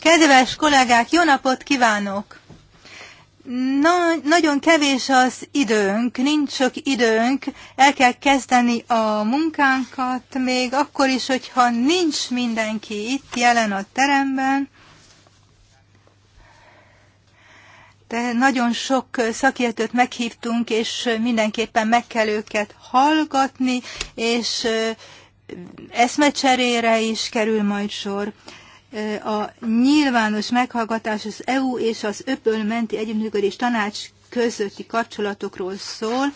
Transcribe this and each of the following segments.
Kedves kollégák, jó napot kívánok! Na, nagyon kevés az időnk, nincs sok időnk, el kell kezdeni a munkánkat, még akkor is, hogyha nincs mindenki itt jelen a teremben. De nagyon sok szakértőt meghívtunk, és mindenképpen meg kell őket hallgatni, és eszmecserére is kerül majd sor. A nyilvános meghallgatás az EU és az öpöl menti együttműködés tanács közötti kapcsolatokról szól.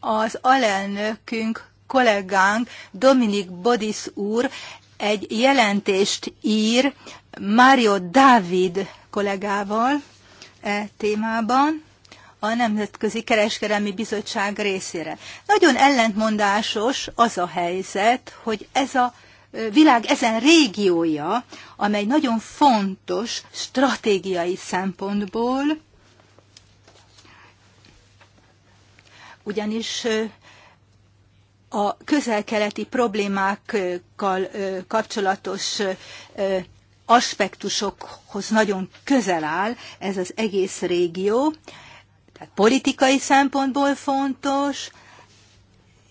Az alelnökünk, kollégánk Dominik Bodis úr egy jelentést ír Mário Dávid kollégával e témában a Nemzetközi Kereskedelmi Bizottság részére. Nagyon ellentmondásos az a helyzet, hogy ez a világ ezen régiója, amely nagyon fontos stratégiai szempontból, ugyanis a Közel-Keleti problémákkal kapcsolatos aspektusokhoz nagyon közel áll ez az egész régió, tehát politikai szempontból fontos,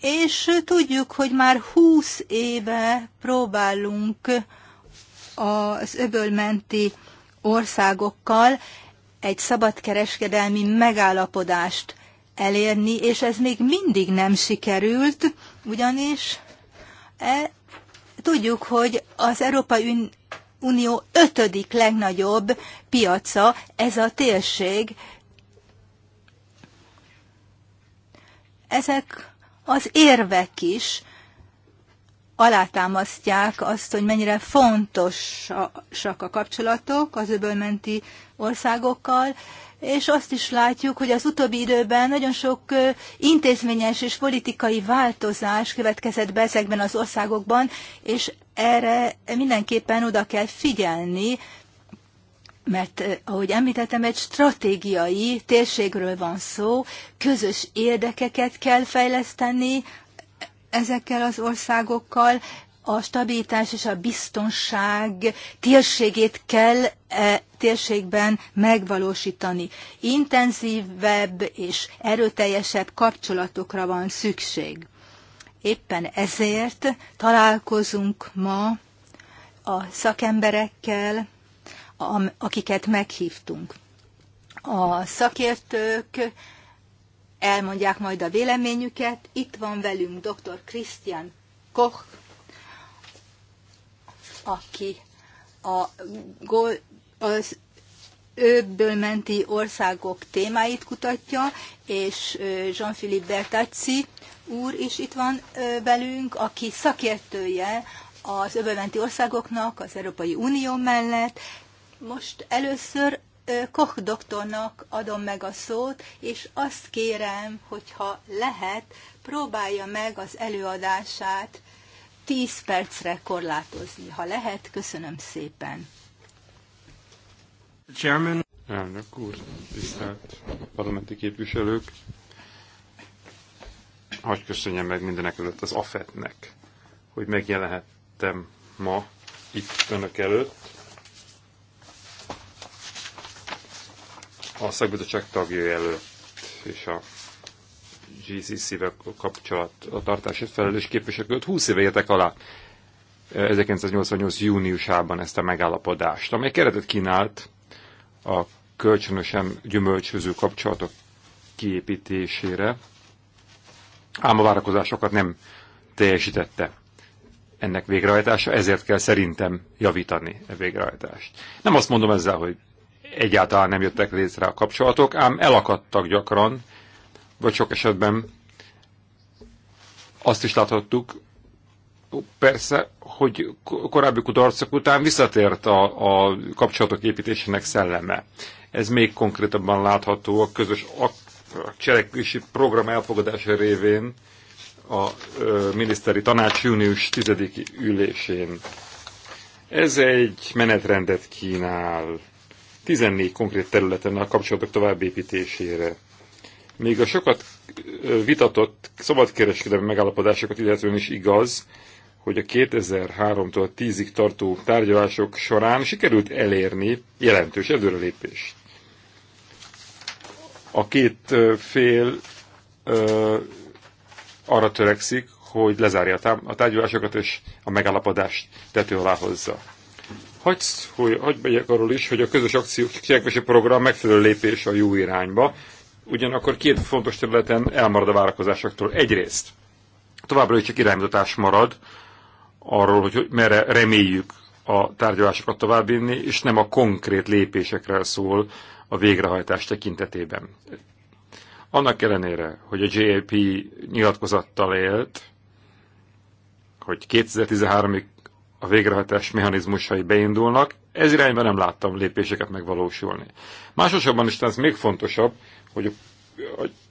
és tudjuk, hogy már 20 éve próbálunk az öbölmenti országokkal egy szabadkereskedelmi megállapodást elérni, és ez még mindig nem sikerült, ugyanis e, tudjuk, hogy az Európai Unió ötödik legnagyobb piaca ez a térség, ezek az érvek is alátámasztják azt, hogy mennyire fontosak a kapcsolatok az öbölmenti országokkal, és azt is látjuk, hogy az utóbbi időben nagyon sok intézményes és politikai változás következett be ezekben az országokban, és erre mindenképpen oda kell figyelni, mert eh, ahogy említettem, egy stratégiai térségről van szó, közös érdekeket kell fejleszteni ezekkel az országokkal, a stabilitás és a biztonság térségét kell e térségben megvalósítani. Intenzívebb és erőteljesebb kapcsolatokra van szükség. Éppen ezért találkozunk ma a szakemberekkel, akiket meghívtunk. A szakértők elmondják majd a véleményüket. Itt van velünk dr. Christian Koch, aki a, az őből menti országok témáit kutatja, és Jean-Philippe Bertazzi úr is itt van velünk, aki szakértője az öbölmenti országoknak az Európai Unió mellett, most először Koch doktornak adom meg a szót, és azt kérem, hogyha lehet, próbálja meg az előadását 10 percre korlátozni. Ha lehet, köszönöm szépen. Chairman. Elnök úr, tisztelt parlamenti képviselők, hagyj köszönjem meg mindenek előtt az AFET-nek, hogy megjelenhettem ma itt önök előtt a szakbizottság tagja előtt és a GCC-vel tartásért felelős képviselőt 20 éve értek alá 1988. júniusában ezt a megállapodást, amely keretet kínált a kölcsönösen gyümölcsöző kapcsolatok kiépítésére, ám a várakozásokat nem teljesítette ennek végrehajtása, ezért kell szerintem javítani a e végrehajtást. Nem azt mondom ezzel, hogy egyáltalán nem jöttek létre a kapcsolatok, ám elakadtak gyakran, vagy sok esetben azt is láthattuk, persze, hogy korábbi kudarcok után visszatért a, a kapcsolatok építésének szelleme. Ez még konkrétabban látható a közös cselekvési program elfogadása révén a ö, miniszteri tanács június 10. ülésén. Ez egy menetrendet kínál 14 konkrét területen a kapcsolatok továbbépítésére. Még a sokat vitatott szabadkereskedelmi megállapodásokat illetően is igaz, hogy a 2003-tól 10-ig tartó tárgyalások során sikerült elérni jelentős előrelépést. A két fél ö, arra törekszik, hogy lezárja a tárgyalásokat és a megállapodást tető alá hozza. Hagy, hogy, hagy megyek arról is, hogy a közös akciók cselekvési program megfelelő lépés a jó irányba, ugyanakkor két fontos területen elmarad a várakozásoktól. Egyrészt továbbra is csak irányzatás marad arról, hogy merre reméljük a tárgyalásokat továbbvinni, és nem a konkrét lépésekre szól a végrehajtás tekintetében. Annak ellenére, hogy a JLP nyilatkozattal élt, hogy 2013-ig a végrehajtás mechanizmusai beindulnak, ez irányban nem láttam lépéseket megvalósulni. Másosabban is ez még fontosabb, hogy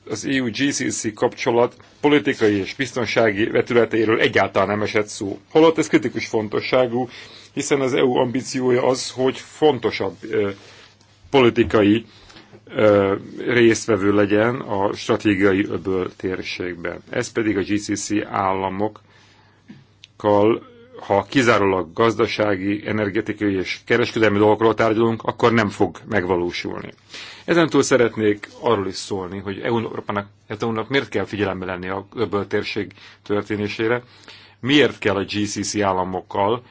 az EU-GCC kapcsolat politikai és biztonsági vetületeiről egyáltalán nem esett szó. Holott ez kritikus fontosságú, hiszen az EU ambíciója az, hogy fontosabb eh, politikai eh, résztvevő legyen a stratégiai öböl térségben. Ez pedig a GCC államokkal ha kizárólag gazdasági, energetikai és kereskedelmi dolgokról tárgyalunk, akkor nem fog megvalósulni. Ezen túl szeretnék arról is szólni, hogy Európának, hát EU-nak miért kell figyelembe lenni a öböl térség történésére, miért kell a GCC államokkal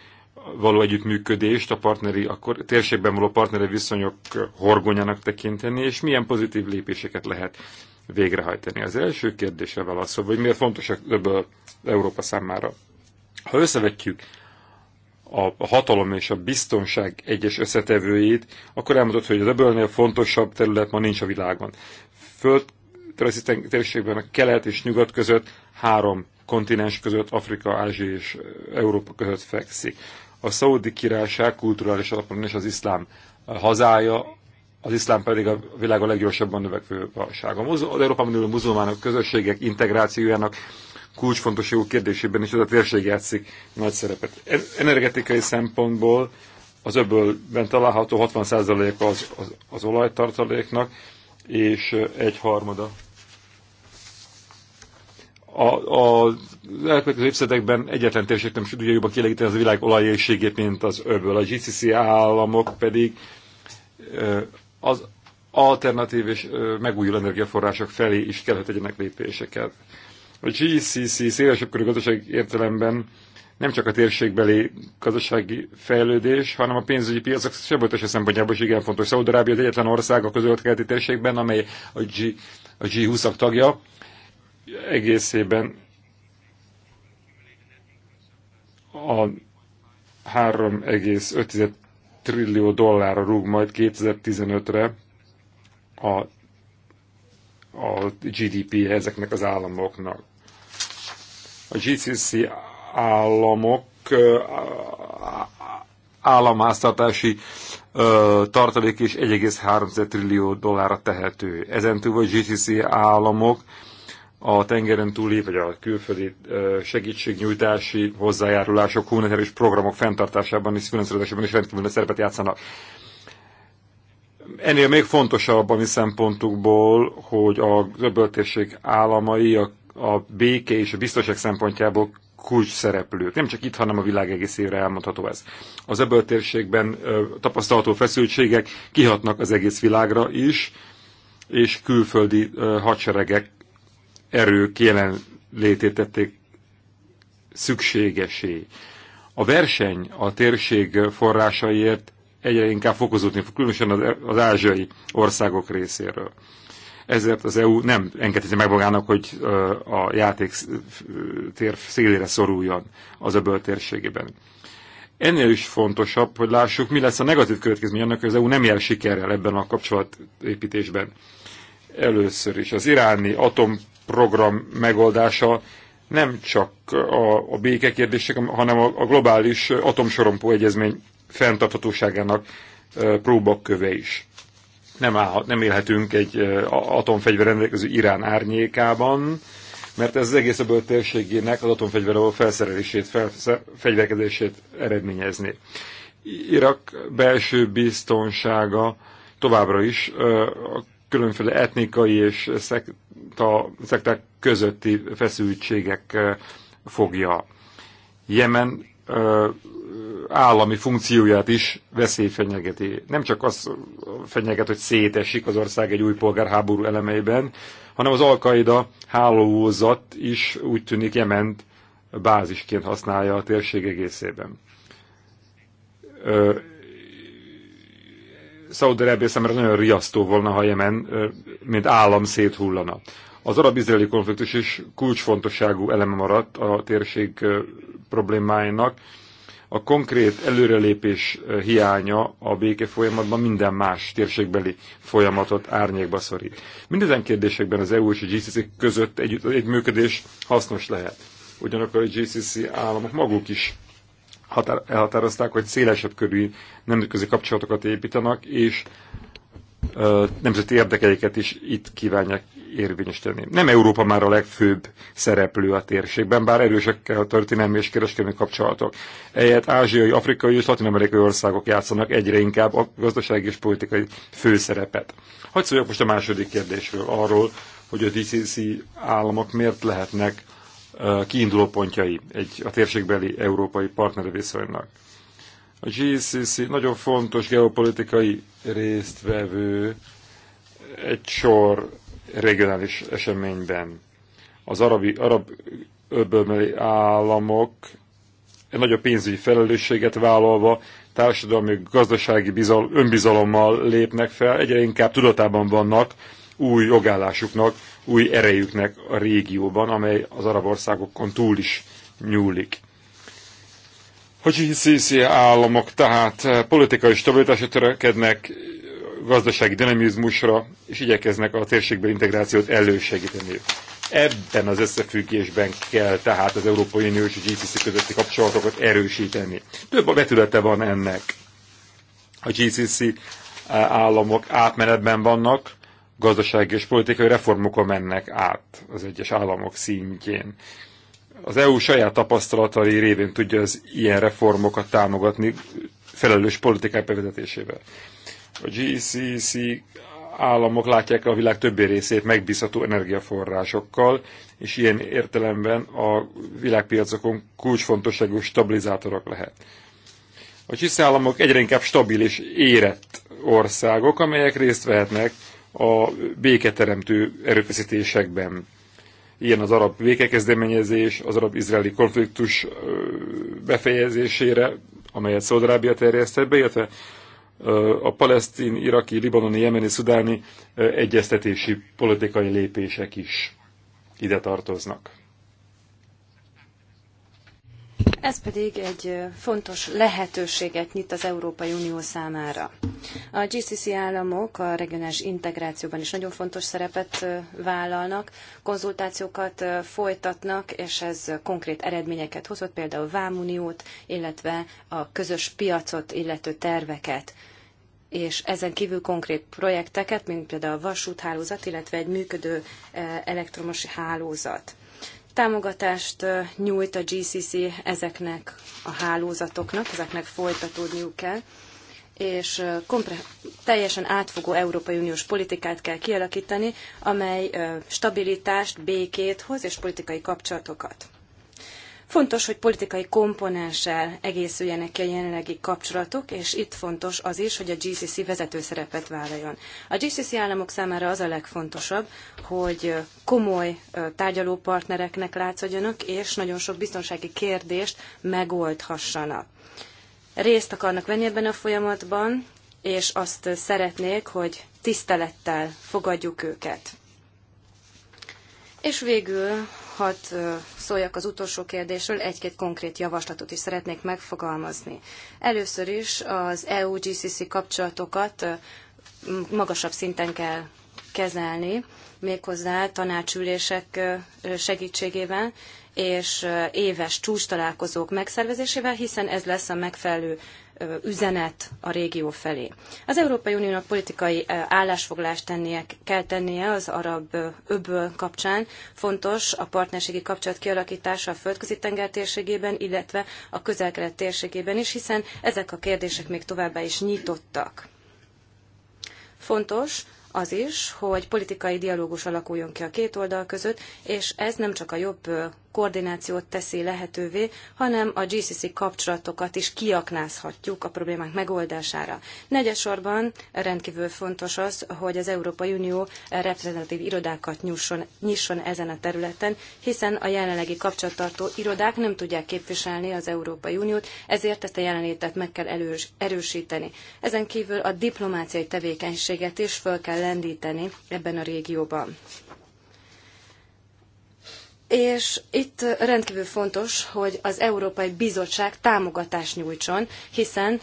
való együttműködést, a partneri, a térségben való partneri viszonyok horgonyának tekinteni, és milyen pozitív lépéseket lehet végrehajtani. Az első kérdésevel Az, hogy miért a öböl Európa számára. Ha összevetjük a hatalom és a biztonság egyes összetevőjét, akkor elmondott, hogy az öbölnél fontosabb terület ma nincs a világon. Föld térségben a kelet és nyugat között három kontinens között, Afrika, Ázsia és Európa között fekszik. A szaudi királyság kulturális alapon és az iszlám hazája, az iszlám pedig a világ a leggyorsabban növekvő valsága. Az Európában ülő muzulmánok közösségek integrációjának jó kérdésében is az a térség játszik nagy szerepet. Energetikai szempontból az öbölben található 60% az, az, az olajtartaléknak, és egy harmada. A, a, az elkövetkező évszedekben egyetlen térség nem tudja jobban kielégíteni az a világ olajérségét, mint az öböl. A GCC államok pedig az alternatív és megújuló energiaforrások felé is kellett tegyenek lépéseket. A GCC szélesebb körű gazdaság értelemben nem csak a térségbeli gazdasági fejlődés, hanem a pénzügyi piacok sebötöse szempontjából is igen fontos. Szaudarábia az egyetlen ország a közölt-keleti térségben, amely a, G, a G20-ak tagja egészében a 3,5 trillió dollárra rúg majd 2015-re a a gdp ezeknek az államoknak. A GCC államok államháztartási tartalék is 1,3 trillió dollárra tehető. Ezen túl a GCC államok a tengeren túli vagy a külföldi segítségnyújtási hozzájárulások, humanitárius programok fenntartásában és finanszírozásában is rendkívül szerepet játszanak. Ennél még fontosabb a mi szempontukból, hogy a öböltérség államai a, a béke és a biztonság szempontjából kulcs szereplők. Nem csak itt, hanem a világ egészére elmondható ez. Az öböltérségben tapasztalható feszültségek kihatnak az egész világra is, és külföldi hadseregek erők jelenlétét tették szükségesé. A verseny a térség forrásaiért egyre inkább fokozódni fog, különösen az, az ázsiai országok részéről. Ezért az EU nem engedheti meg magának, hogy a játék tér szélére szoruljon az öböl térségében. Ennél is fontosabb, hogy lássuk, mi lesz a negatív következmény annak, hogy az EU nem jel sikerrel ebben a kapcsolatépítésben. Először is az iráni atomprogram megoldása nem csak a, a békekérdések, hanem a, a globális atomsorompó egyezmény fenntarthatóságának próbakköve is. Nem, áll, nem élhetünk egy atomfegyver rendelkező Irán árnyékában, mert ez az egész a térségének az atomfegyver felszerelését, fegyverkezését eredményezni. Irak belső biztonsága továbbra is a különféle etnikai és szekta, szekták közötti feszültségek fogja. Jemen állami funkcióját is veszély fenyegeti. Nem csak az fenyeget, hogy szétesik az ország egy új polgárháború elemeiben, hanem az Alkaida hálózat is úgy tűnik Jement bázisként használja a térség egészében. Szaudarábia számára nagyon riasztó volna, ha Jemen, mint állam széthullana. Az arab-izraeli konfliktus is kulcsfontosságú eleme maradt a térség problémáinak, a konkrét előrelépés hiánya a béke folyamatban minden más térségbeli folyamatot árnyékba szorít. Mindezen kérdésekben az EU és a GCC között egy, egy működés hasznos lehet. Ugyanakkor a GCC államok maguk is határ, elhatározták, hogy szélesebb körű nemzetközi kapcsolatokat építenek, és ö, nemzeti érdekeiket is itt kívánják érvényesíteni. Nem Európa már a legfőbb szereplő a térségben, bár erősekkel a történelmi és kereskedelmi kapcsolatok. egyet ázsiai, afrikai és latin-amerikai országok játszanak egyre inkább a gazdasági és politikai főszerepet. Hadd szóljak most a második kérdésről, arról, hogy a DCC államok miért lehetnek kiinduló pontjai egy, a térségbeli európai partner viszonynak. A GCC nagyon fontos geopolitikai résztvevő, egy sor regionális eseményben. Az arabi, arab öbölmeli államok egy nagyobb pénzügyi felelősséget vállalva társadalmi, gazdasági bizal, önbizalommal lépnek fel, egyre inkább tudatában vannak új jogállásuknak, új erejüknek a régióban, amely az arab országokon túl is nyúlik. Hogy hiszi, államok tehát politikai stabilitásra törekednek, gazdasági dinamizmusra, és igyekeznek a térségbeli integrációt elősegíteni. Ebben az összefüggésben kell tehát az Európai Unió és a GCC közötti kapcsolatokat erősíteni. Több a vetülete van ennek. A GCC államok átmenetben vannak, gazdasági és politikai reformokon mennek át az egyes államok szintjén. Az EU saját tapasztalatai révén tudja az ilyen reformokat támogatni felelős politikák bevezetésével. A GCC államok látják a világ többi részét megbízható energiaforrásokkal, és ilyen értelemben a világpiacokon kulcsfontosságú stabilizátorok lehet. A CSZ államok egyre inkább stabil és érett országok, amelyek részt vehetnek a béketeremtő erőfeszítésekben. Ilyen az arab békekezdeményezés, az arab-izraeli konfliktus befejezésére, amelyet Szaudarábia terjesztett be, illetve a palesztin, iraki, libanoni, jemeni, szudáni egyeztetési politikai lépések is ide tartoznak. Ez pedig egy fontos lehetőséget nyit az Európai Unió számára. A GCC államok a regionális integrációban is nagyon fontos szerepet vállalnak, konzultációkat folytatnak, és ez konkrét eredményeket hozott, például Vámuniót, illetve a közös piacot illető terveket és ezen kívül konkrét projekteket, mint például a vasúthálózat, illetve egy működő elektromos hálózat. Támogatást nyújt a GCC ezeknek a hálózatoknak, ezeknek folytatódniuk kell, és teljesen átfogó Európai Uniós politikát kell kialakítani, amely stabilitást, békét hoz és politikai kapcsolatokat. Fontos, hogy politikai komponenssel egészüljenek ki a jelenlegi kapcsolatok, és itt fontos az is, hogy a GCC vezető szerepet vállaljon. A GCC államok számára az a legfontosabb, hogy komoly tárgyalópartnereknek látszódjanak, és nagyon sok biztonsági kérdést megoldhassanak. Részt akarnak venni ebben a folyamatban, és azt szeretnék, hogy tisztelettel fogadjuk őket. És végül hadd szóljak az utolsó kérdésről, egy-két konkrét javaslatot is szeretnék megfogalmazni. Először is az EU-GCC kapcsolatokat magasabb szinten kell kezelni, méghozzá tanácsülések segítségével, és éves csúcstalálkozók megszervezésével, hiszen ez lesz a megfelelő üzenet a régió felé. Az Európai Uniónak politikai állásfoglalást tennie, kell tennie az arab öböl kapcsán. Fontos a partnerségi kapcsolat kialakítása a földközi tenger térségében, illetve a közel-kelet térségében is, hiszen ezek a kérdések még továbbá is nyitottak. Fontos, az is, hogy politikai dialógus alakuljon ki a két oldal között, és ez nem csak a jobb koordinációt teszi lehetővé, hanem a GCC kapcsolatokat is kiaknázhatjuk a problémák megoldására. Negyesorban rendkívül fontos az, hogy az Európai Unió reprezentatív irodákat nyusson, nyisson ezen a területen, hiszen a jelenlegi kapcsolattartó irodák nem tudják képviselni az Európai Uniót, ezért ezt a jelenlétet meg kell erős, erősíteni. Ezen kívül a diplomáciai tevékenységet is föl kell lendíteni ebben a régióban. És itt rendkívül fontos, hogy az Európai Bizottság támogatást nyújtson, hiszen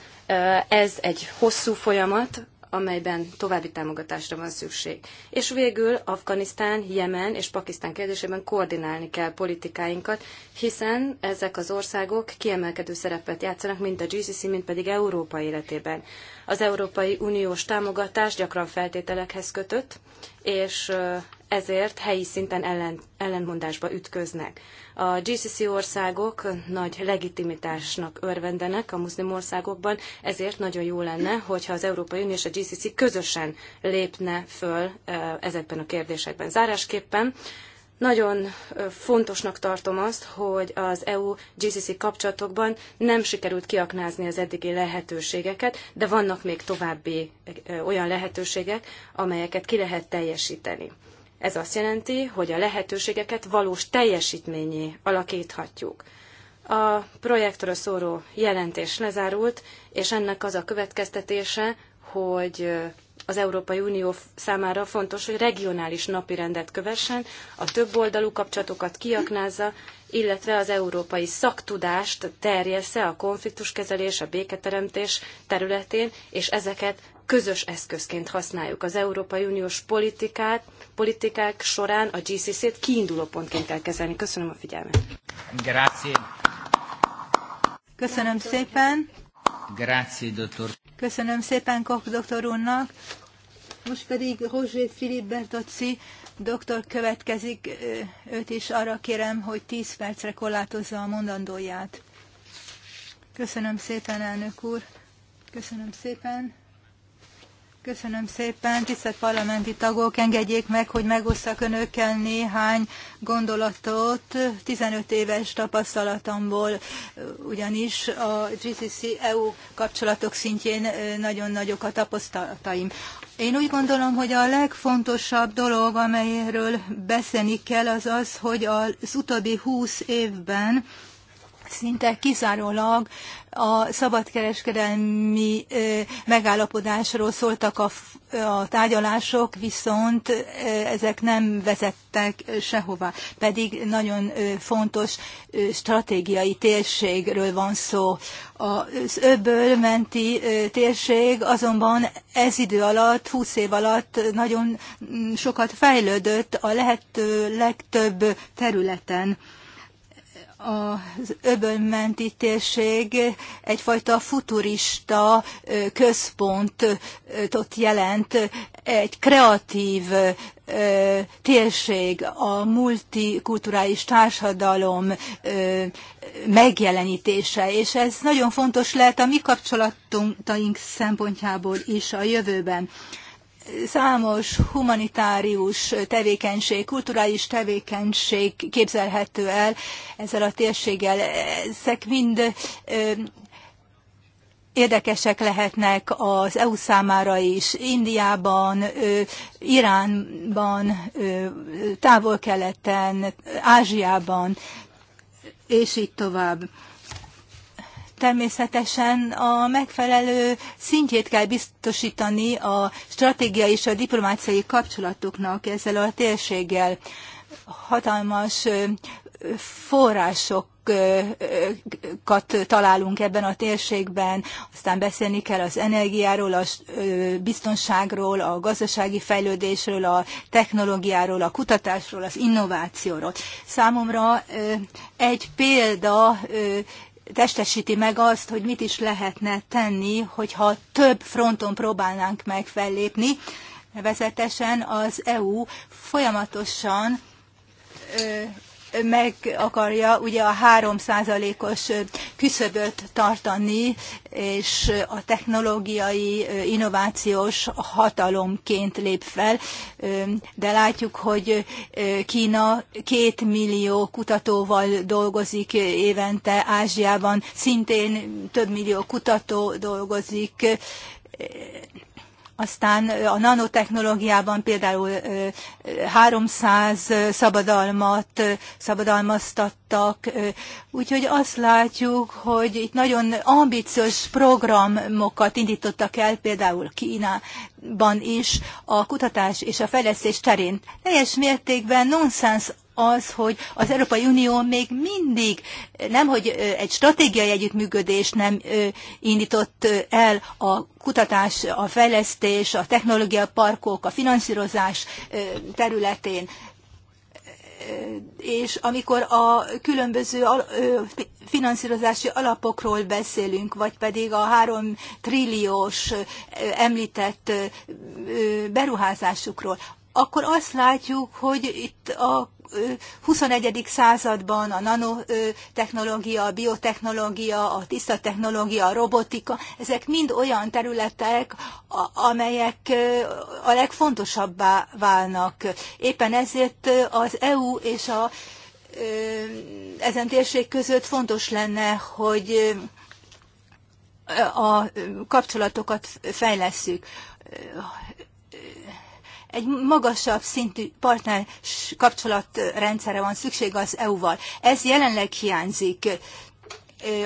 ez egy hosszú folyamat, amelyben további támogatásra van szükség. És végül Afganisztán, Jemen és Pakisztán kérdésében koordinálni kell politikáinkat, hiszen ezek az országok kiemelkedő szerepet játszanak mind a GCC, mind pedig Európa életében. Az Európai Uniós támogatás gyakran feltételekhez kötött, és ezért helyi szinten ellen, ellentmondásba ütköznek. A GCC országok nagy legitimitásnak örvendenek a muszlim országokban, ezért nagyon jó lenne, hogyha az Európai Unió és a GCC közösen lépne föl ezekben a kérdésekben. Zárásképpen nagyon fontosnak tartom azt, hogy az EU-GCC kapcsolatokban nem sikerült kiaknázni az eddigi lehetőségeket, de vannak még további olyan lehetőségek, amelyeket ki lehet teljesíteni. Ez azt jelenti, hogy a lehetőségeket valós teljesítményé alakíthatjuk. A projektről szóró jelentés lezárult, és ennek az a következtetése, hogy az Európai Unió számára fontos, hogy regionális napirendet kövessen, a többoldalú kapcsolatokat kiaknázza, illetve az európai szaktudást terjessze a konfliktuskezelés, a béketeremtés területén, és ezeket közös eszközként használjuk. Az Európai Uniós politikát, politikák során a GCC-t kiinduló pontként kell kezelni. Köszönöm a figyelmet. Grazie. Köszönöm szépen. Grazie, doktor. Köszönöm szépen Koch doktor úrnak. Most pedig Roger Philippe Bertozzi doktor következik, őt is arra kérem, hogy 10 percre korlátozza a mondandóját. Köszönöm szépen, elnök úr. Köszönöm szépen. Köszönöm szépen, tisztelt parlamenti tagok, engedjék meg, hogy megosszak önökkel néhány gondolatot 15 éves tapasztalatomból, ugyanis a GCC-EU kapcsolatok szintjén nagyon nagyok a tapasztalataim. Én úgy gondolom, hogy a legfontosabb dolog, amelyről beszélni kell, az az, hogy az utóbbi 20 évben szinte kizárólag a szabadkereskedelmi megállapodásról szóltak a, a tárgyalások, viszont ezek nem vezettek sehova. Pedig nagyon fontos stratégiai térségről van szó. Az öbből menti térség azonban ez idő alatt, 20 év alatt nagyon sokat fejlődött a lehető legtöbb területen az öbölmenti térség egyfajta futurista központot jelent, egy kreatív térség, a multikulturális társadalom megjelenítése, és ez nagyon fontos lehet a mi kapcsolataink szempontjából is a jövőben számos humanitárius tevékenység, kulturális tevékenység képzelhető el ezzel a térséggel. Ezek mind érdekesek lehetnek az EU számára is, Indiában, Iránban, távol-keleten, Ázsiában, és így tovább természetesen a megfelelő szintjét kell biztosítani a stratégiai és a diplomáciai kapcsolatoknak ezzel a térséggel. Hatalmas források találunk ebben a térségben, aztán beszélni kell az energiáról, a biztonságról, a gazdasági fejlődésről, a technológiáról, a kutatásról, az innovációról. Számomra egy példa testesíti meg azt, hogy mit is lehetne tenni, hogyha több fronton próbálnánk meg fellépni. Nevezetesen az EU folyamatosan meg akarja ugye a 3 os küszöböt tartani, és a technológiai innovációs hatalomként lép fel, de látjuk, hogy Kína két millió kutatóval dolgozik évente, Ázsiában szintén több millió kutató dolgozik, aztán a nanotechnológiában például 300 szabadalmat szabadalmaztattak, úgyhogy azt látjuk, hogy itt nagyon ambiciós programokat indítottak el, például Kínában is a kutatás és a fejlesztés terén. Teljes mértékben nonsens az, hogy az Európai Unió még mindig nem, hogy egy stratégiai együttműködés nem indított el a kutatás, a fejlesztés, a technológia parkok, a finanszírozás területén. És amikor a különböző finanszírozási alapokról beszélünk, vagy pedig a három trilliós említett beruházásukról, akkor azt látjuk, hogy itt a 21. században a nanotechnológia, a biotechnológia, a tiszta technológia, a robotika, ezek mind olyan területek, amelyek a legfontosabbá válnak. Éppen ezért az EU és a ezen térség között fontos lenne, hogy a kapcsolatokat fejlesszük egy magasabb szintű partner kapcsolatrendszere van szükség az EU-val. Ez jelenleg hiányzik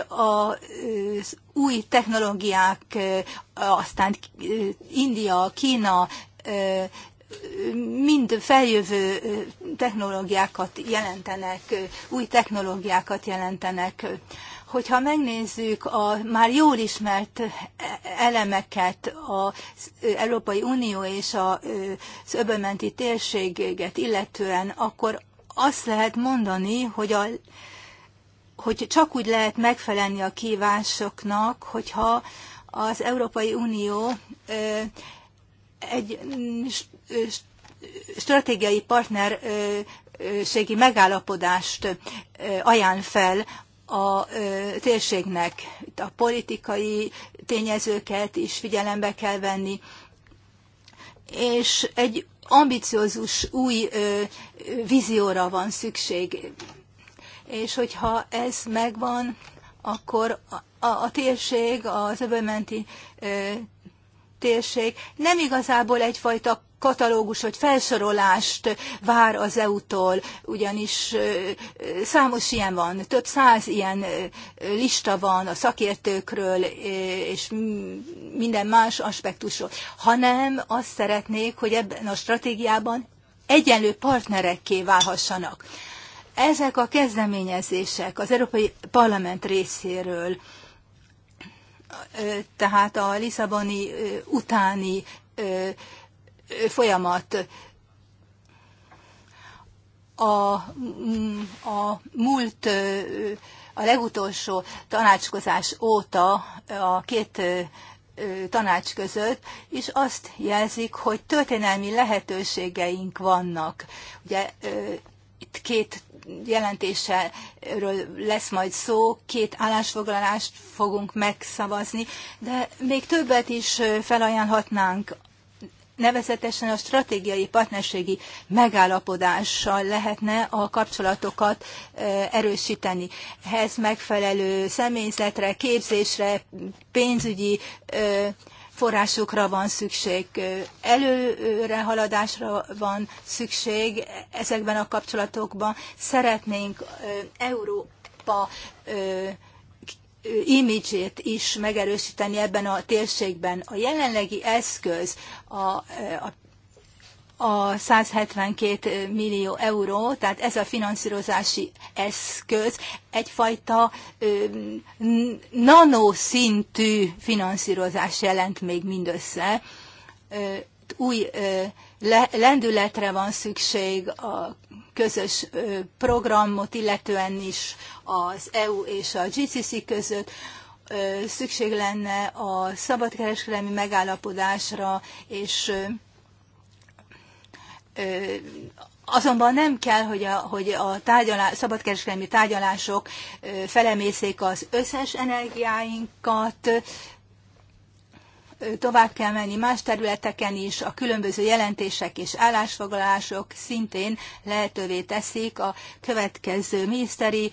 az új technológiák, aztán India, Kína, mind feljövő technológiákat jelentenek, új technológiákat jelentenek. Hogyha megnézzük a már jól ismert elemeket az Európai Unió és az öbömenti térséget illetően, akkor azt lehet mondani, hogy a hogy csak úgy lehet megfelelni a kívásoknak, hogyha az Európai Unió egy stratégiai partnerségi megállapodást ajánl fel a térségnek. Itt a politikai tényezőket is figyelembe kell venni, és egy ambiciózus új vízióra van szükség. És hogyha ez megvan, akkor a, a, a térség, az öbölmenti térség nem igazából egyfajta katalógus vagy felsorolást vár az EU-tól, ugyanis számos ilyen van, több száz ilyen lista van a szakértőkről és minden más aspektusról, hanem azt szeretnék, hogy ebben a stratégiában egyenlő partnerekké válhassanak. Ezek a kezdeményezések az Európai Parlament részéről, tehát a Lisszaboni utáni folyamat. A, a múlt, a legutolsó tanácskozás óta a két tanács között, és azt jelzik, hogy történelmi lehetőségeink vannak. Ugye itt két jelentéséről lesz majd szó, két állásfoglalást fogunk megszavazni, de még többet is felajánlhatnánk nevezetesen a stratégiai partnerségi megállapodással lehetne a kapcsolatokat erősíteni. Ehhez megfelelő személyzetre, képzésre, pénzügyi forrásokra van szükség, előre haladásra van szükség ezekben a kapcsolatokban. Szeretnénk Európa imidzsét is megerősíteni ebben a térségben. A jelenlegi eszköz a, a a 172 millió euró, tehát ez a finanszírozási eszköz egyfajta ö, nanoszintű finanszírozás jelent még mindössze. Ö, új ö, le, lendületre van szükség a közös programot illetően is az EU és a GCC között, szükség lenne a szabadkereskedelmi megállapodásra, és azonban nem kell, hogy a, hogy a tárgyalás, szabadkereskedelmi tárgyalások felemészék az összes energiáinkat, tovább kell menni más területeken is, a különböző jelentések és állásfoglalások szintén lehetővé teszik a következő miniszteri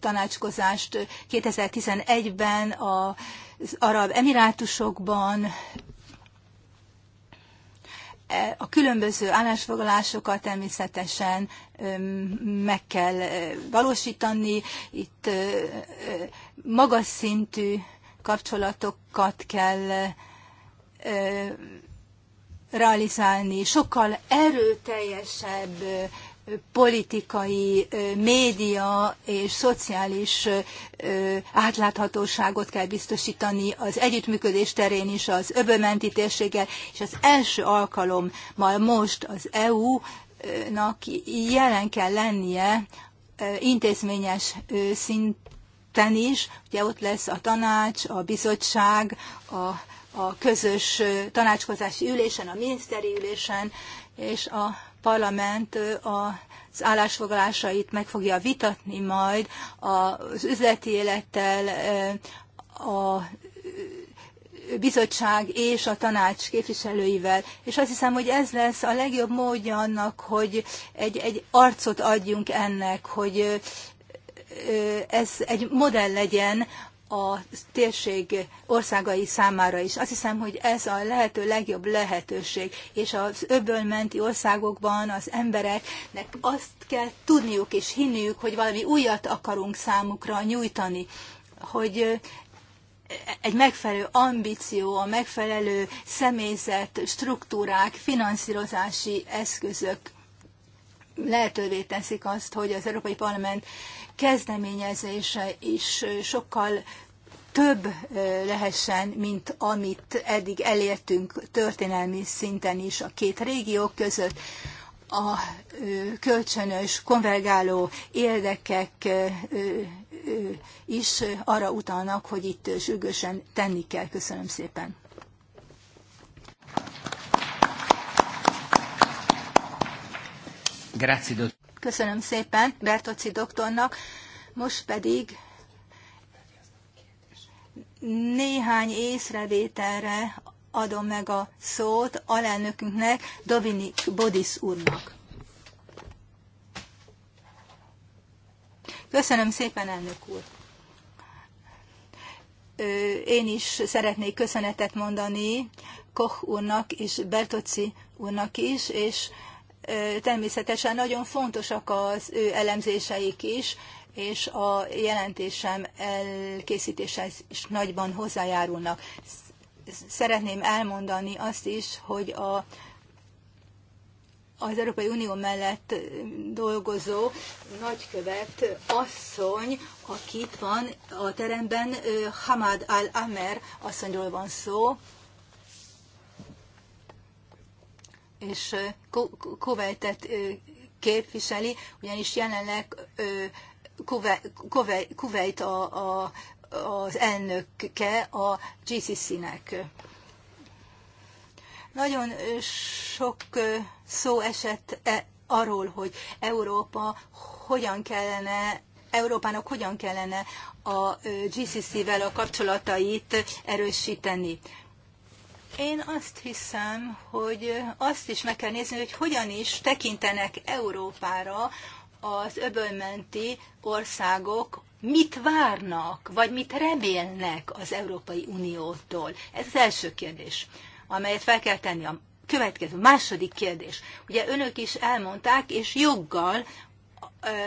tanácskozást 2011-ben az Arab Emirátusokban, e, a különböző állásfoglalásokat természetesen meg kell valósítani. Itt magas szintű kapcsolatokat kell realizálni, sokkal erőteljesebb politikai, média és szociális átláthatóságot kell biztosítani az együttműködés terén is, az öbömenti térséggel, és az első alkalommal most az EU-nak jelen kell lennie intézményes szint ten is, ugye ott lesz a tanács, a bizottság, a, a közös tanácskozási ülésen, a miniszteri ülésen, és a parlament az állásfoglalásait meg fogja vitatni majd az üzleti élettel, a bizottság és a tanács képviselőivel, és azt hiszem, hogy ez lesz a legjobb módja annak, hogy egy, egy arcot adjunk ennek, hogy ez egy modell legyen a térség országai számára is. Azt hiszem, hogy ez a lehető legjobb lehetőség, és az öbölmenti országokban az embereknek azt kell tudniuk és hinniük, hogy valami újat akarunk számukra nyújtani, hogy egy megfelelő ambíció, a megfelelő személyzet, struktúrák, finanszírozási eszközök lehetővé teszik azt, hogy az Európai Parlament kezdeményezése is sokkal több lehessen, mint amit eddig elértünk történelmi szinten is a két régió között. A kölcsönös, konvergáló érdekek is arra utalnak, hogy itt sürgősen tenni kell. Köszönöm szépen. Grazie, Köszönöm szépen Bertoci doktornak. Most pedig néhány észrevételre adom meg a szót alelnökünknek, Dominik Bodis úrnak. Köszönöm szépen, elnök úr! Én is szeretnék köszönetet mondani Koch úrnak és Bertocci úrnak is, és természetesen nagyon fontosak az ő elemzéseik is, és a jelentésem elkészítéséhez is nagyban hozzájárulnak. Szeretném elmondani azt is, hogy a, az Európai Unió mellett dolgozó nagykövet asszony, aki itt van a teremben, Hamad al-Amer asszonyról van szó, és Kuwaitet képviseli, ugyanis jelenleg Kuwait a, a, az elnöke a GCC-nek. Nagyon sok szó esett -e arról, hogy Európa hogyan kellene, Európának hogyan kellene a GCC-vel a kapcsolatait erősíteni. Én azt hiszem, hogy azt is meg kell nézni, hogy hogyan is tekintenek Európára az öbölmenti országok, mit várnak, vagy mit remélnek az Európai Uniótól. Ez az első kérdés, amelyet fel kell tenni a következő, második kérdés. Ugye önök is elmondták, és joggal,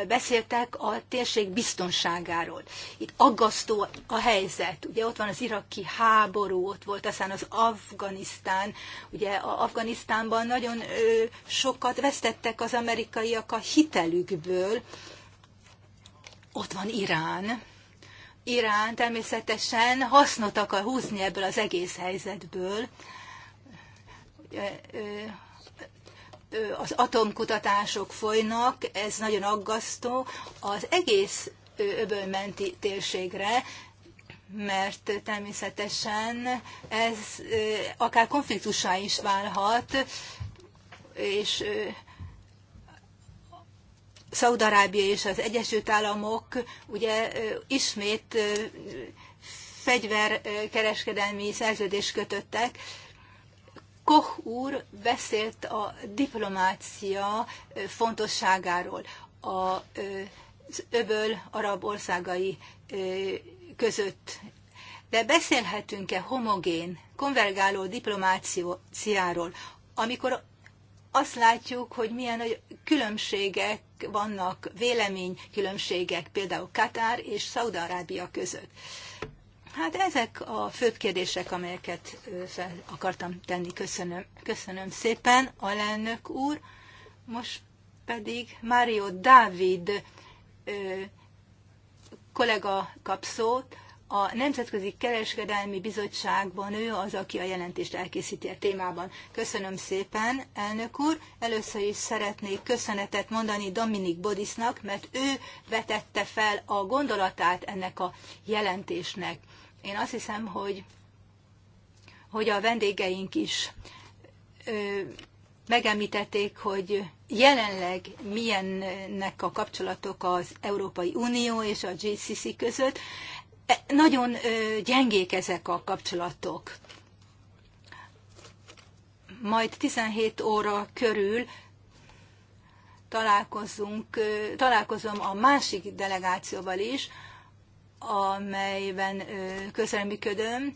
beszéltek a térség biztonságáról. Itt aggasztó a helyzet. Ugye ott van az iraki háború, ott volt aztán az Afganisztán. Ugye a Afganisztánban nagyon sokat vesztettek az amerikaiak a hitelükből. Ott van Irán. Irán természetesen hasznot akar húzni ebből az egész helyzetből. Ugye, az atomkutatások folynak, ez nagyon aggasztó az egész öbölmenti térségre, mert természetesen ez akár konfliktussá is válhat, és Szaudarábia és az Egyesült Államok ugye ismét fegyverkereskedelmi szerződést kötöttek, Koch úr beszélt a diplomácia fontosságáról az öböl arab országai között. De beszélhetünk-e homogén, konvergáló diplomáciáról, amikor azt látjuk, hogy milyen nagy különbségek vannak, véleménykülönbségek például Katár és Szaudarábia között. Hát ezek a főbb kérdések, amelyeket fel akartam tenni. Köszönöm, köszönöm szépen, alelnök úr. Most pedig Mário Dávid kollega kap szót. A Nemzetközi Kereskedelmi Bizottságban ő az, aki a jelentést elkészíti a témában. Köszönöm szépen, elnök úr. Először is szeretnék köszönetet mondani Dominik Bodisnak, mert ő vetette fel a gondolatát ennek a jelentésnek. Én azt hiszem, hogy, hogy a vendégeink is ö, megemlítették, hogy jelenleg milyennek a kapcsolatok az Európai Unió és a GCC között. E, nagyon gyengék ezek a kapcsolatok. Majd 17 óra körül találkozunk, találkozom a másik delegációval is, amelyben közreműködöm,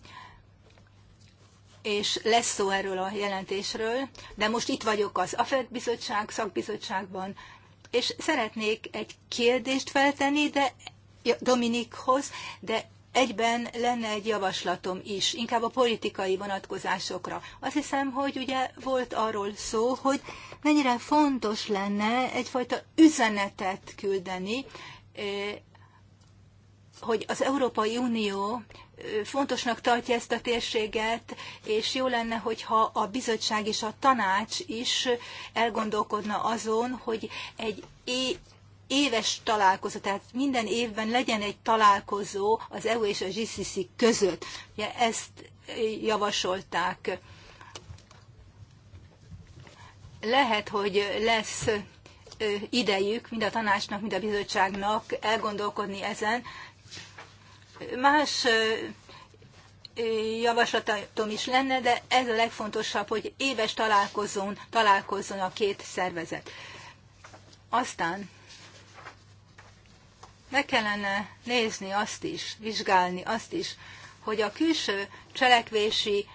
és lesz szó erről a jelentésről, de most itt vagyok az AFED bizottság, szakbizottságban, és szeretnék egy kérdést feltenni, de Dominikhoz, de egyben lenne egy javaslatom is, inkább a politikai vonatkozásokra. Azt hiszem, hogy ugye volt arról szó, hogy mennyire fontos lenne egyfajta üzenetet küldeni, hogy az Európai Unió fontosnak tartja ezt a térséget, és jó lenne, hogyha a bizottság és a tanács is elgondolkodna azon, hogy egy éves találkozó, tehát minden évben legyen egy találkozó az EU és a GCC között. Ugye ezt javasolták. Lehet, hogy lesz idejük mind a tanácsnak, mind a bizottságnak elgondolkodni ezen, Más javaslatom is lenne, de ez a legfontosabb, hogy éves találkozón találkozzon a két szervezet. Aztán meg kellene nézni azt is, vizsgálni azt is, hogy a külső cselekvési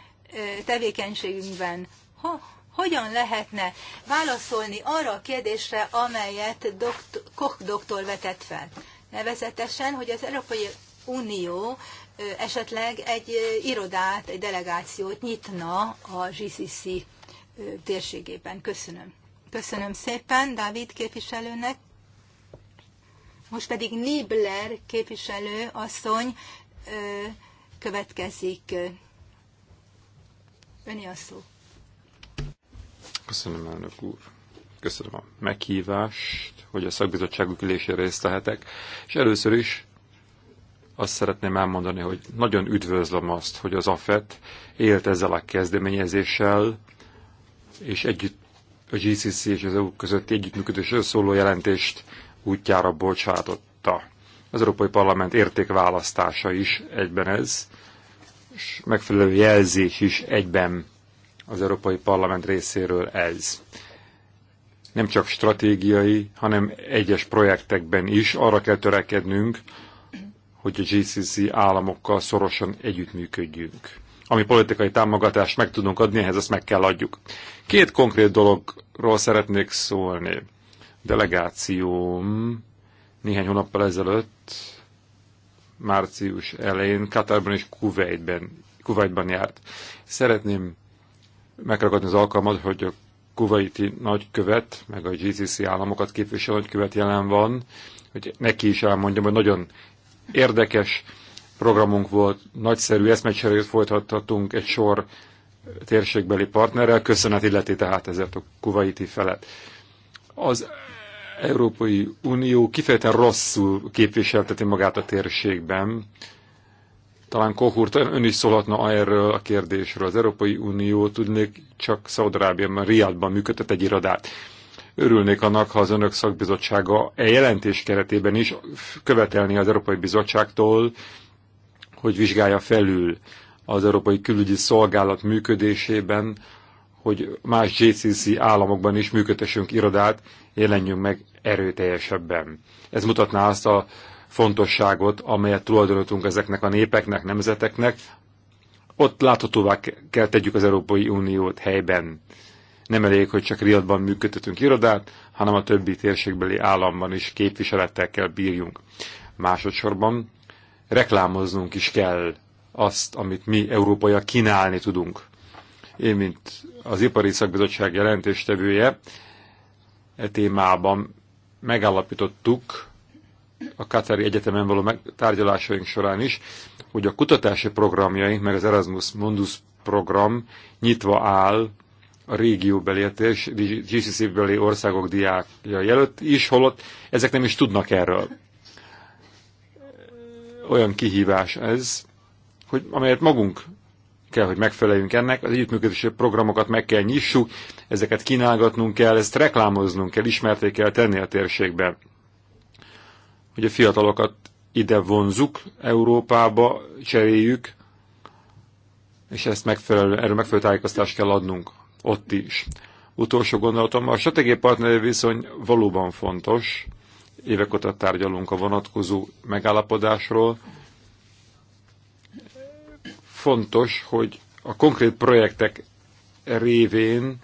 tevékenységünkben ho, hogyan lehetne válaszolni arra a kérdésre, amelyet doktor, Koch doktor vetett fel. Nevezetesen, hogy az Európai Unió esetleg egy irodát, egy delegációt nyitna a GCC térségében. Köszönöm. Köszönöm szépen Dávid képviselőnek. Most pedig Nibler képviselő asszony következik. Öni a szó. Köszönöm, elnök úr. Köszönöm a meghívást, hogy a szakbizottságuk ülésére részt lehetek. És először is azt szeretném elmondani, hogy nagyon üdvözlöm azt, hogy az AFET élt ezzel a kezdeményezéssel, és együtt a GCC és az EU közötti együttműködésről szóló jelentést útjára bocsátotta. Az Európai Parlament értékválasztása is egyben ez, és megfelelő jelzés is egyben az Európai Parlament részéről ez. Nem csak stratégiai, hanem egyes projektekben is arra kell törekednünk, hogy a GCC államokkal szorosan együttműködjünk. Ami politikai támogatást meg tudunk adni, ehhez azt meg kell adjuk. Két konkrét dologról szeretnék szólni. Delegációm néhány hónappal ezelőtt, március elején, Katarban és Kuwaitben, Kuwaitban járt. Szeretném megragadni az alkalmat, hogy a kuwaiti nagykövet, meg a GCC államokat képviselő nagykövet jelen van, hogy neki is elmondjam, hogy nagyon érdekes programunk volt, nagyszerű eszmecserét folytathatunk egy sor térségbeli partnerrel, köszönet illeti tehát ezért a kuvaiti felett. Az Európai Unió kifejezetten rosszul képviselteti magát a térségben. Talán Kohurt ön is szólhatna erről a kérdésről. Az Európai Unió tudnék csak Szaudarábiában, Riadban működtet egy irodát. Örülnék annak, ha az önök szakbizottsága e jelentés keretében is követelni az Európai Bizottságtól, hogy vizsgálja felül az Európai Külügyi Szolgálat működésében, hogy más JCC államokban is működtessünk irodát, jelenjünk meg erőteljesebben. Ez mutatná azt a fontosságot, amelyet tulajdonítunk ezeknek a népeknek, nemzeteknek. Ott láthatóvá kell tegyük az Európai Uniót helyben. Nem elég, hogy csak Riadban működtetünk irodát, hanem a többi térségbeli államban is képviselettel kell bírjunk. Másodszorban reklámoznunk is kell azt, amit mi európaiak kínálni tudunk. Én, mint az Ipari Szakbizottság jelentéstevője, e témában megállapítottuk a Katari Egyetemen való tárgyalásaink során is, hogy a kutatási programjaink, meg az Erasmus Mundus program nyitva áll a régióbeli, a GCC-beli országok diákja jelölt is, holott ezek nem is tudnak erről. Olyan kihívás ez, hogy amelyet magunk kell, hogy megfeleljünk ennek, az együttműködési programokat meg kell nyissuk, ezeket kínálgatnunk kell, ezt reklámoznunk kell, ismerté kell tenni a térségben. Hogy a fiatalokat ide vonzuk, Európába cseréljük, és ezt megfelelő, erről megfelelő tájékoztást kell adnunk ott is. Utolsó gondolatom, a stratégiai partneri viszony valóban fontos. Évek óta tárgyalunk a vonatkozó megállapodásról. Fontos, hogy a konkrét projektek révén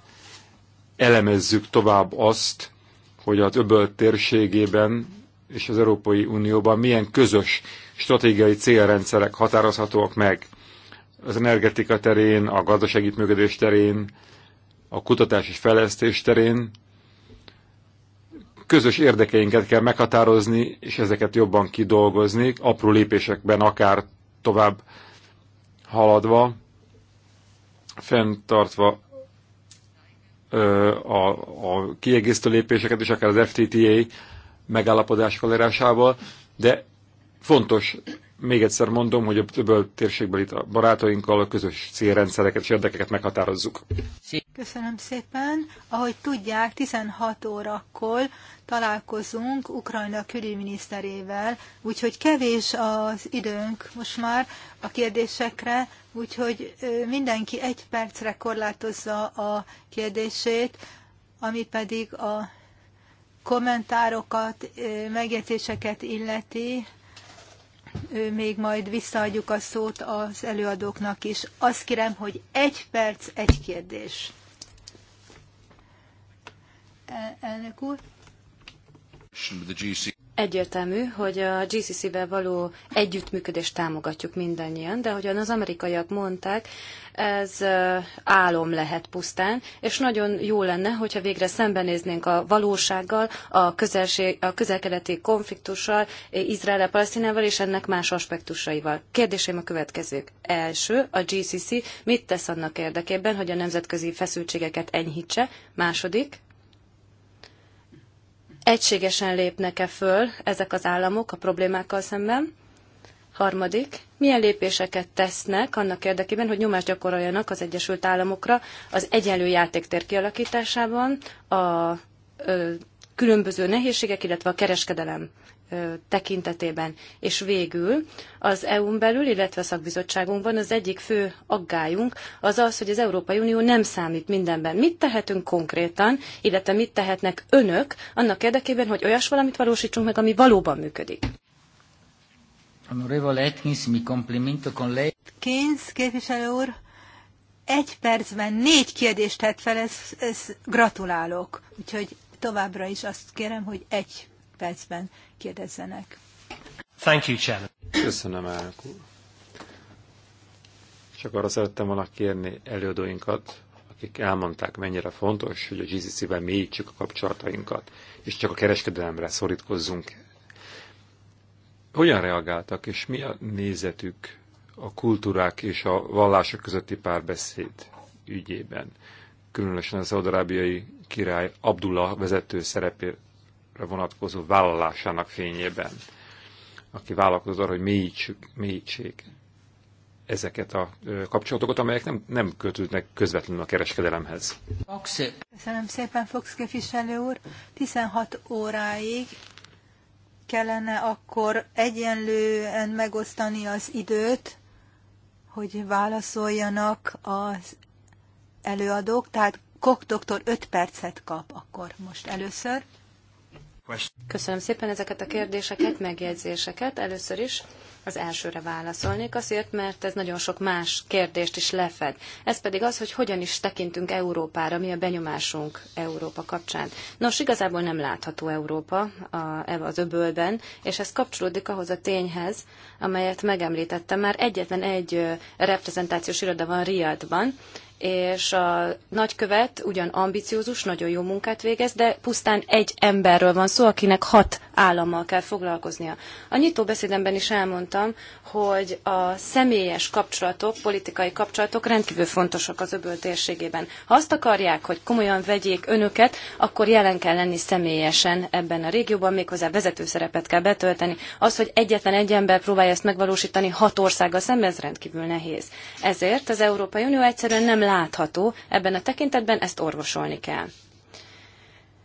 elemezzük tovább azt, hogy az öböl térségében és az Európai Unióban milyen közös stratégiai célrendszerek határozhatóak meg az energetika terén, a gazdaságítműködés terén, a kutatás és fejlesztés terén közös érdekeinket kell meghatározni, és ezeket jobban kidolgozni, apró lépésekben akár tovább haladva, fenntartva ö, a, a kiegészítő lépéseket, és akár az FTTA megállapodás elérásával, de fontos még egyszer mondom, hogy a többől térségből itt a barátainkkal a közös célrendszereket és érdekeket meghatározzuk. Köszönöm szépen. Ahogy tudják, 16 órakor találkozunk Ukrajna külügyminiszterével, úgyhogy kevés az időnk most már a kérdésekre, úgyhogy mindenki egy percre korlátozza a kérdését, ami pedig a kommentárokat, megjegyzéseket illeti még majd visszaadjuk a szót az előadóknak is. Azt kérem, hogy egy perc, egy kérdés. E, elnök úr? Egyértelmű, hogy a GCC-vel való együttműködést támogatjuk mindannyian, de ahogyan az amerikaiak mondták, ez álom lehet pusztán, és nagyon jó lenne, hogyha végre szembenéznénk a valósággal, a, közelség, a közelkeleti konfliktussal, izrael palesztinával és ennek más aspektusaival. Kérdéseim a következők. Első, a GCC mit tesz annak érdekében, hogy a nemzetközi feszültségeket enyhítse? Második, egységesen lépnek-e föl ezek az államok a problémákkal szemben? Harmadik, milyen lépéseket tesznek annak érdekében, hogy nyomást gyakoroljanak az Egyesült Államokra az egyenlő játéktér kialakításában, a ö, különböző nehézségek, illetve a kereskedelem tekintetében. És végül az EU-n belül, illetve a szakbizottságunkban az egyik fő aggályunk az az, hogy az Európai Unió nem számít mindenben. Mit tehetünk konkrétan, illetve mit tehetnek önök annak érdekében, hogy olyas valamit valósítsunk meg, ami valóban működik? Honorable mi képviselő úr, egy percben négy kérdést tett fel, ez, ez gratulálok. Úgyhogy továbbra is azt kérem, hogy egy percben kérdezzenek. Thank you, Chairman. Köszönöm, elnök úr. Csak arra szerettem volna kérni előadóinkat, akik elmondták, mennyire fontos, hogy a GCC-vel mélyítsük a kapcsolatainkat, és csak a kereskedelemre szorítkozzunk. Hogyan reagáltak, és mi a nézetük a kultúrák és a vallások közötti párbeszéd ügyében? Különösen a szaudarábiai király Abdullah vezető szerepét vonatkozó vállalásának fényében, aki vállalkozott arra, hogy mélyítsük, mélyítsék ezeket a kapcsolatokat, amelyek nem, nem kötődnek közvetlenül a kereskedelemhez. Köszönöm szépen, Fox képviselő úr. 16 óráig kellene akkor egyenlően megosztani az időt, hogy válaszoljanak az előadók, tehát Kok doktor 5 percet kap akkor most először. Köszönöm szépen ezeket a kérdéseket, megjegyzéseket. Először is az elsőre válaszolnék azért, mert ez nagyon sok más kérdést is lefed. Ez pedig az, hogy hogyan is tekintünk Európára, mi a benyomásunk Európa kapcsán. Nos, igazából nem látható Európa az öbölben, és ez kapcsolódik ahhoz a tényhez, amelyet megemlítettem már. Egyetlen egy reprezentációs iroda van Riadban, és a nagykövet ugyan ambiciózus, nagyon jó munkát végez, de pusztán egy emberről van szó, akinek hat állammal kell foglalkoznia. A nyitó beszédemben is elmondtam, hogy a személyes kapcsolatok, politikai kapcsolatok rendkívül fontosak az öböl térségében. Ha azt akarják, hogy komolyan vegyék önöket, akkor jelen kell lenni személyesen ebben a régióban, méghozzá vezető szerepet kell betölteni. Az, hogy egyetlen egy ember próbálja ezt megvalósítani hat országgal szemben, ez rendkívül nehéz. Ezért az Európai Unió egyszerűen nem látható ebben a tekintetben, ezt orvosolni kell.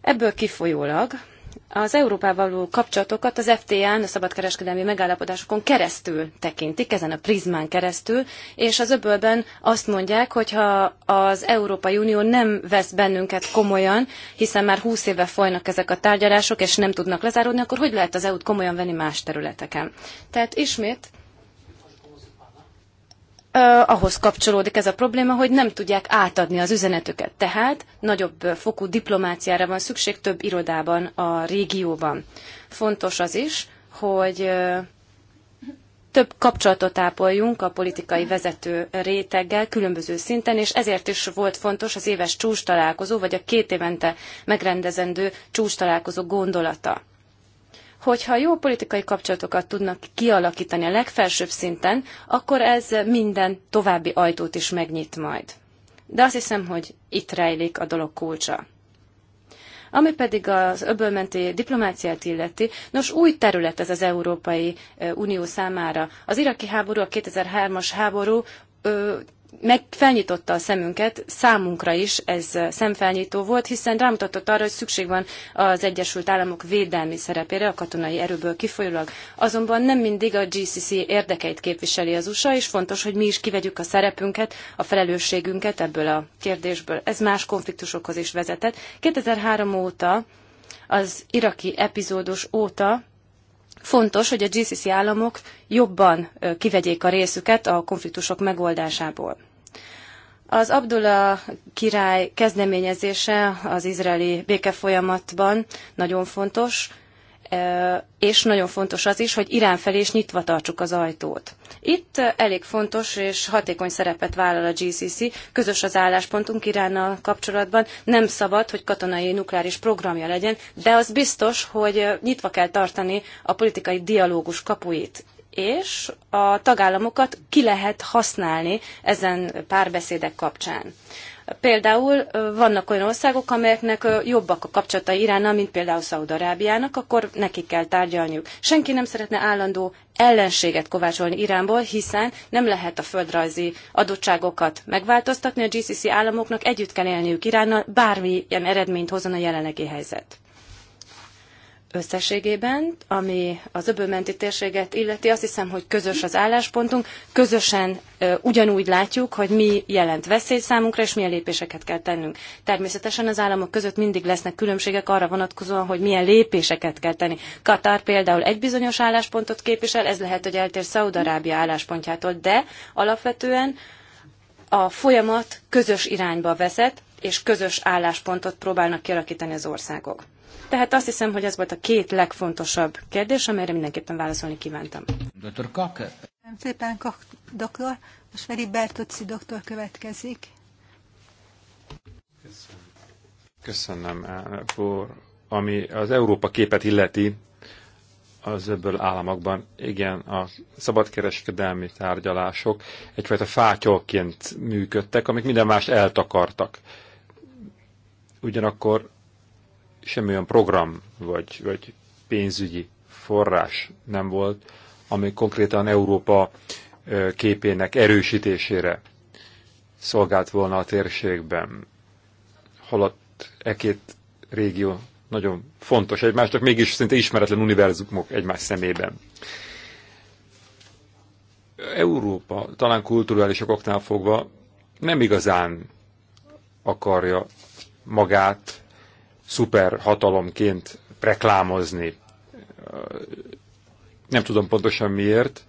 Ebből kifolyólag az Európával való kapcsolatokat az FTA-n, a szabadkereskedelmi megállapodásokon keresztül tekintik, ezen a prizmán keresztül, és az öbölben azt mondják, hogy ha az Európai Unió nem vesz bennünket komolyan, hiszen már 20 éve folynak ezek a tárgyalások, és nem tudnak lezáródni, akkor hogy lehet az EU-t komolyan venni más területeken? Tehát ismét ahhoz kapcsolódik ez a probléma, hogy nem tudják átadni az üzenetüket. Tehát nagyobb fokú diplomáciára van szükség több irodában a régióban. Fontos az is, hogy több kapcsolatot ápoljunk a politikai vezető réteggel különböző szinten, és ezért is volt fontos az éves csúcs találkozó, vagy a két évente megrendezendő csúcs találkozó gondolata hogyha jó politikai kapcsolatokat tudnak kialakítani a legfelsőbb szinten, akkor ez minden további ajtót is megnyit majd. De azt hiszem, hogy itt rejlik a dolog kulcsa. Ami pedig az öbölmenti diplomáciát illeti, nos új terület ez az Európai Unió számára. Az iraki háború, a 2003-as háború meg felnyitotta a szemünket, számunkra is ez szemfelnyitó volt, hiszen rámutatott arra, hogy szükség van az Egyesült Államok védelmi szerepére a katonai erőből kifolyólag. Azonban nem mindig a GCC érdekeit képviseli az USA, és fontos, hogy mi is kivegyük a szerepünket, a felelősségünket ebből a kérdésből. Ez más konfliktusokhoz is vezetett. 2003 óta, az iraki epizódos óta Fontos, hogy a GCC államok jobban kivegyék a részüket a konfliktusok megoldásából. Az Abdullah király kezdeményezése az izraeli békefolyamatban nagyon fontos és nagyon fontos az is, hogy Irán felé is nyitva tartsuk az ajtót. Itt elég fontos és hatékony szerepet vállal a GCC, közös az álláspontunk Iránnal kapcsolatban, nem szabad, hogy katonai nukleáris programja legyen, de az biztos, hogy nyitva kell tartani a politikai dialógus kapuit és a tagállamokat ki lehet használni ezen párbeszédek kapcsán. Például vannak olyan országok, amelyeknek jobbak a kapcsolatai Iránnal, mint például Szaudarábiának, akkor nekik kell tárgyalniuk. Senki nem szeretne állandó ellenséget kovácsolni Iránból, hiszen nem lehet a földrajzi adottságokat megváltoztatni, a GCC államoknak együtt kell élniük Iránnal, bármilyen eredményt hozzon a jelenlegi helyzet összességében, ami az öbölmenti térséget illeti, azt hiszem, hogy közös az álláspontunk, közösen ö, ugyanúgy látjuk, hogy mi jelent veszély számunkra, és milyen lépéseket kell tennünk. Természetesen az államok között mindig lesznek különbségek arra vonatkozóan, hogy milyen lépéseket kell tenni. Katar például egy bizonyos álláspontot képvisel, ez lehet, hogy eltér Szaudarábia álláspontjától, de alapvetően a folyamat közös irányba vezet, és közös álláspontot próbálnak kialakítani az országok. Tehát azt hiszem, hogy ez volt a két legfontosabb kérdés, amelyre mindenképpen válaszolni kívántam. Dr. Kaka. Nem szépen, doktor. Most pedig Bertocci doktor következik. Köszönöm. Köszönöm, elnök úr. Ami az Európa képet illeti, az öbből államokban, igen, a szabadkereskedelmi tárgyalások egyfajta fátyolként működtek, amik minden más eltakartak. Ugyanakkor semmilyen program vagy, vagy pénzügyi forrás nem volt, ami konkrétan Európa képének erősítésére szolgált volna a térségben. Holott e két régió nagyon fontos egymásnak, mégis szinte ismeretlen univerzumok egymás szemében. Európa talán kulturális okoknál fogva nem igazán akarja magát szuperhatalomként reklámozni. Nem tudom pontosan miért.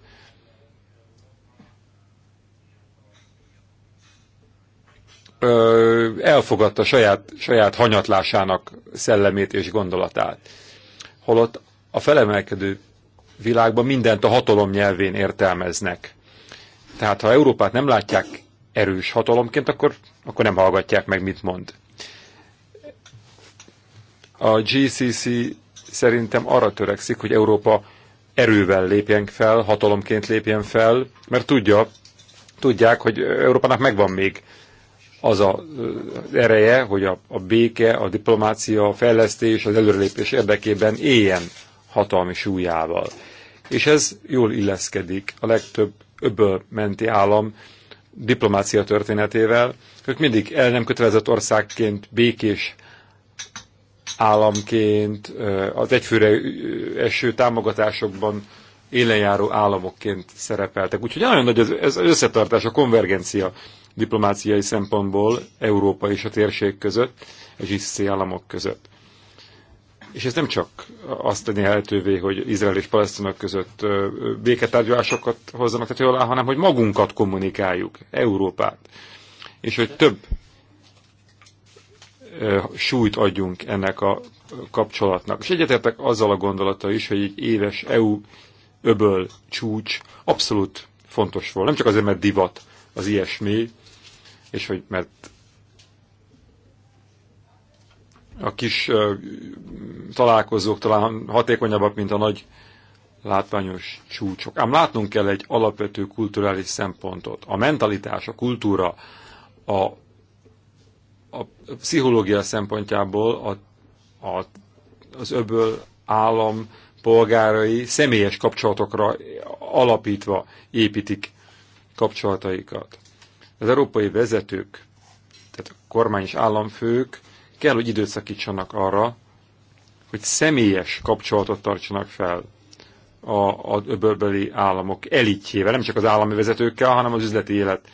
Elfogadta saját, saját hanyatlásának szellemét és gondolatát. Holott a felemelkedő világban mindent a hatalom nyelvén értelmeznek. Tehát ha Európát nem látják erős hatalomként, akkor, akkor nem hallgatják meg, mit mond. A GCC szerintem arra törekszik, hogy Európa erővel lépjen fel, hatalomként lépjen fel, mert tudja, tudják, hogy Európának megvan még az a ereje, hogy a, a béke, a diplomácia, a fejlesztés, az előrelépés érdekében éljen hatalmi súlyával. És ez jól illeszkedik a legtöbb öböl menti állam diplomácia történetével. Ők mindig el nem kötelezett országként békés államként, az egyfőre eső támogatásokban élenjáró államokként szerepeltek. Úgyhogy nagyon nagy az, ez az összetartás, a konvergencia diplomáciai szempontból Európa és a térség között, és ICC államok között. És ez nem csak azt tenni lehetővé, hogy Izrael és Palesztinok között béketárgyalásokat hozzanak jól áll, hanem hogy magunkat kommunikáljuk, Európát. És hogy több súlyt adjunk ennek a kapcsolatnak. És egyetértek azzal a gondolata is, hogy egy éves EU öböl csúcs abszolút fontos volt. Nem csak azért, mert divat az ilyesmi, és hogy mert a kis uh, találkozók talán hatékonyabbak, mint a nagy látványos csúcsok. Ám látnunk kell egy alapvető kulturális szempontot. A mentalitás, a kultúra, a a pszichológia szempontjából a, a, az öböl állam polgárai személyes kapcsolatokra alapítva építik kapcsolataikat. Az európai vezetők, tehát a kormány és államfők kell, hogy időt szakítsanak arra, hogy személyes kapcsolatot tartsanak fel a, a öbölbeli államok elitjével, nem csak az állami vezetőkkel, hanem az üzleti élet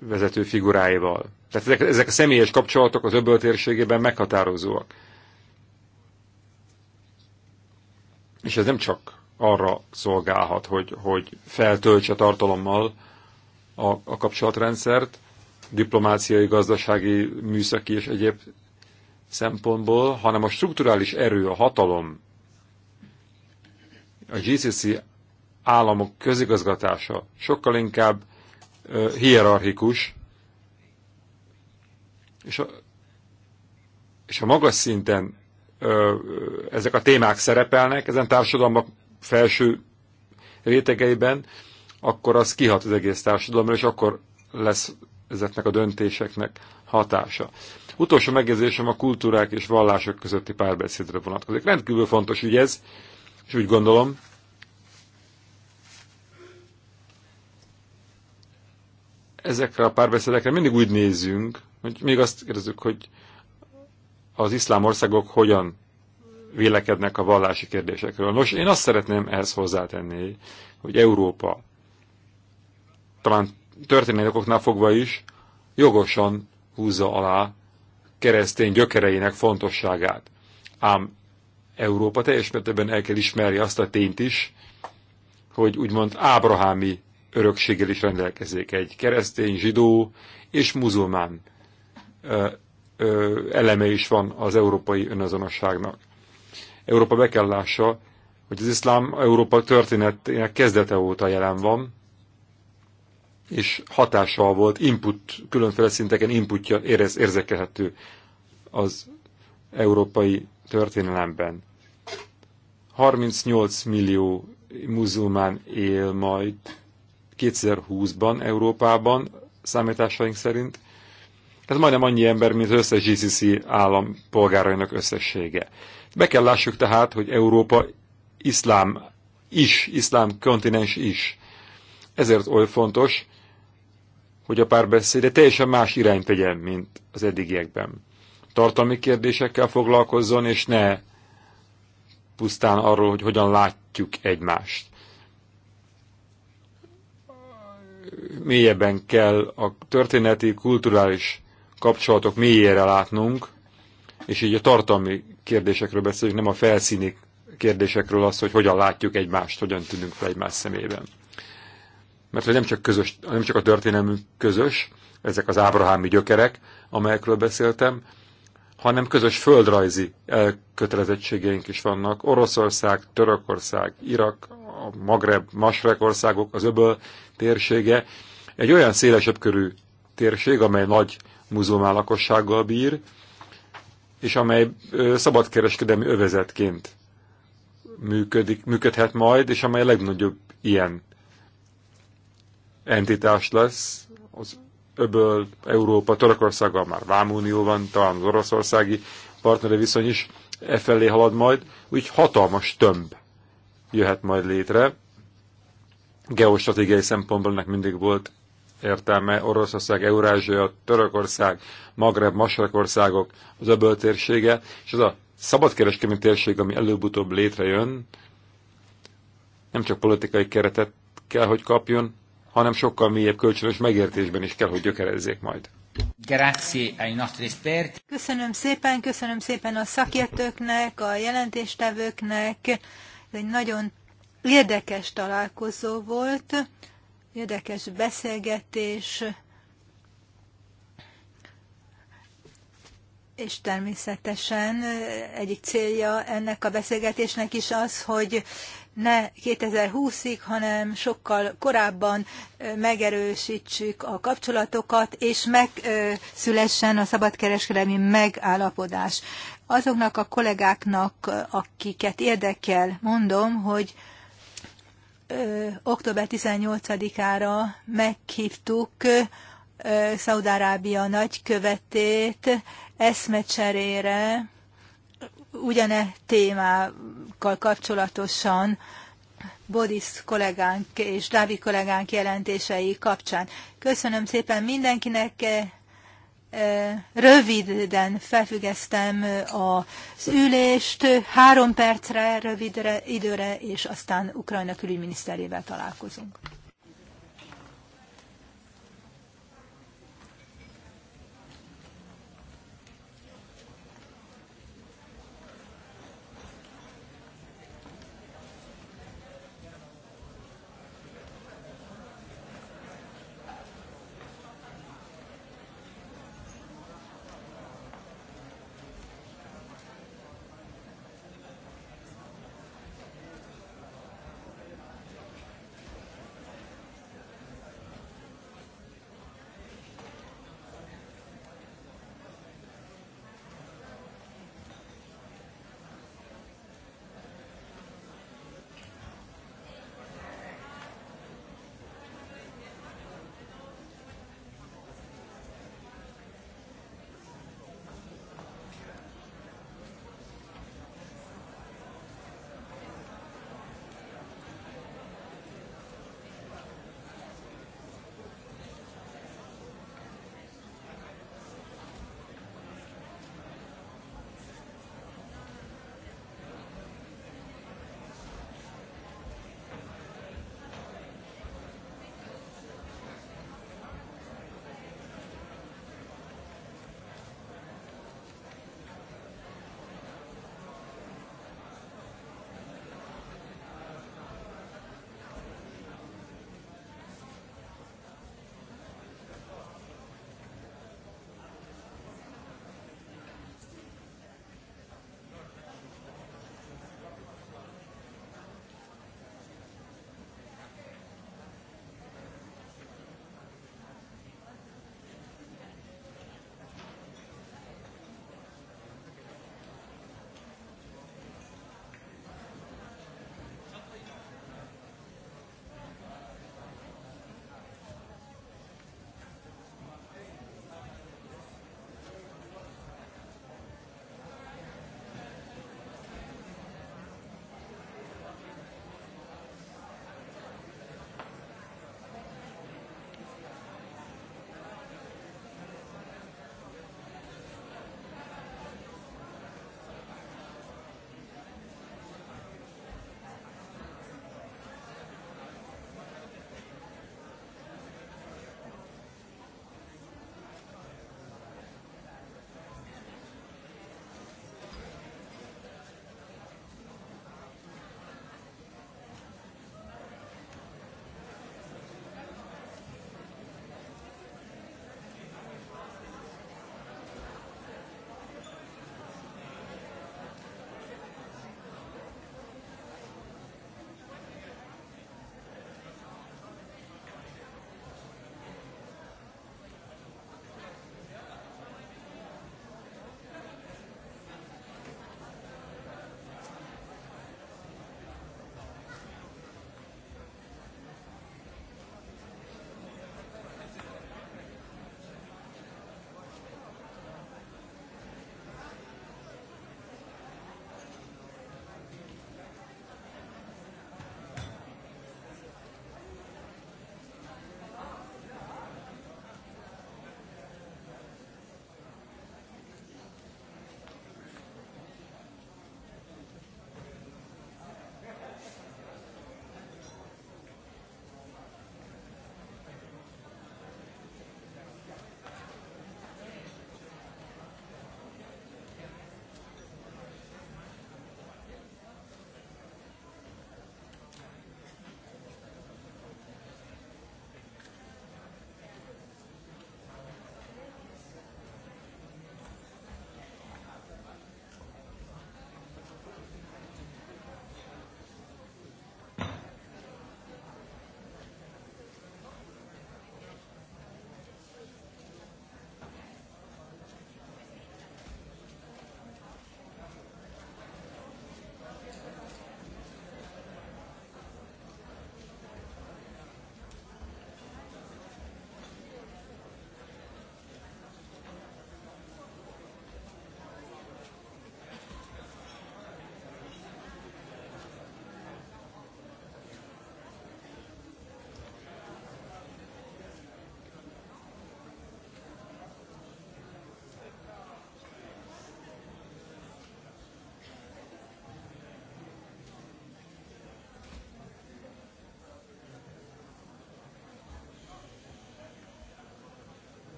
vezető figuráival. Tehát ezek, ezek a személyes kapcsolatok az öböl térségében meghatározóak. És ez nem csak arra szolgálhat, hogy, hogy feltöltse tartalommal a, a kapcsolatrendszert, diplomáciai, gazdasági, műszaki és egyéb szempontból, hanem a strukturális erő, a hatalom, a GCC államok közigazgatása sokkal inkább hierarchikus, és a, és a magas szinten ö, ezek a témák szerepelnek ezen társadalmak felső rétegeiben, akkor az kihat az egész társadalomra, és akkor lesz ezeknek a döntéseknek hatása. Utolsó megjegyzésem a kultúrák és vallások közötti párbeszédre vonatkozik. Rendkívül fontos ügy ez, és úgy gondolom, ezekre a párbeszédekre mindig úgy nézünk, hogy még azt kérdezzük, hogy az iszlám országok hogyan vélekednek a vallási kérdésekről. Nos, én azt szeretném ehhez hozzátenni, hogy Európa talán történelmi okoknál fogva is jogosan húzza alá keresztény gyökereinek fontosságát. Ám Európa teljes mértékben el kell ismerni azt a tényt is, hogy úgymond ábrahámi örökséggel is rendelkezik. Egy keresztény, zsidó és muzulmán eleme is van az európai önazonosságnak. Európa be kell lássa, hogy az iszlám Európa történetének kezdete óta jelen van, és hatással volt, input, különféle szinteken inputja érez, érzekelhető az európai történelemben. 38 millió muzulmán él majd 2020-ban Európában számításaink szerint. Ez majdnem annyi ember, mint az összes GCC állam polgárainak összessége. Be kell lássuk tehát, hogy Európa iszlám is, iszlám kontinens is. Ezért oly fontos, hogy a párbeszéde teljesen más irányt tegyen, mint az eddigiekben. Tartalmi kérdésekkel foglalkozzon, és ne pusztán arról, hogy hogyan látjuk egymást. mélyebben kell a történeti, kulturális kapcsolatok mélyére látnunk, és így a tartalmi kérdésekről beszélünk, nem a felszíni kérdésekről az, hogy hogyan látjuk egymást, hogyan tűnünk fel egymás szemében. Mert hogy nem csak, közös, nem csak a történelmünk közös, ezek az ábrahámi gyökerek, amelyekről beszéltem, hanem közös földrajzi elkötelezettségeink is vannak. Oroszország, Törökország, Irak, a Magreb, Masrek országok, az öböl térsége, egy olyan szélesebb körű térség, amely nagy muzulmán lakossággal bír, és amely szabadkereskedelmi övezetként működik, működhet majd, és amely a legnagyobb ilyen entitás lesz. Az öböl, Európa, Törökországgal már Vámunió van, talán az oroszországi partneri viszony is e felé halad majd, úgy hatalmas tömb jöhet majd létre. Geostratégiai szempontból ennek mindig volt értelme Oroszország, Eurázsia, Törökország, Magreb, Masrakországok, az öböl térsége, és az a szabadkereskedelmi térség, ami előbb-utóbb létrejön, nem csak politikai keretet kell, hogy kapjon, hanem sokkal mélyebb kölcsönös megértésben is kell, hogy gyökerezzék majd. Köszönöm szépen, köszönöm szépen a szakértőknek, a jelentéstevőknek, egy nagyon érdekes találkozó volt, érdekes beszélgetés, és természetesen egyik célja ennek a beszélgetésnek is az, hogy ne 2020-ig, hanem sokkal korábban megerősítsük a kapcsolatokat, és megszülessen a szabadkereskedelmi megállapodás. Azoknak a kollégáknak, akiket érdekel, mondom, hogy ö, október 18-ára meghívtuk Szaudarábia nagykövetét eszmecserére ugyane témákkal kapcsolatosan Bodis kollégánk és Dávid kollégánk jelentései kapcsán. Köszönöm szépen mindenkinek, röviden felfüggesztem az ülést, három percre, rövidre, időre, és aztán Ukrajna külügyminiszterével találkozunk.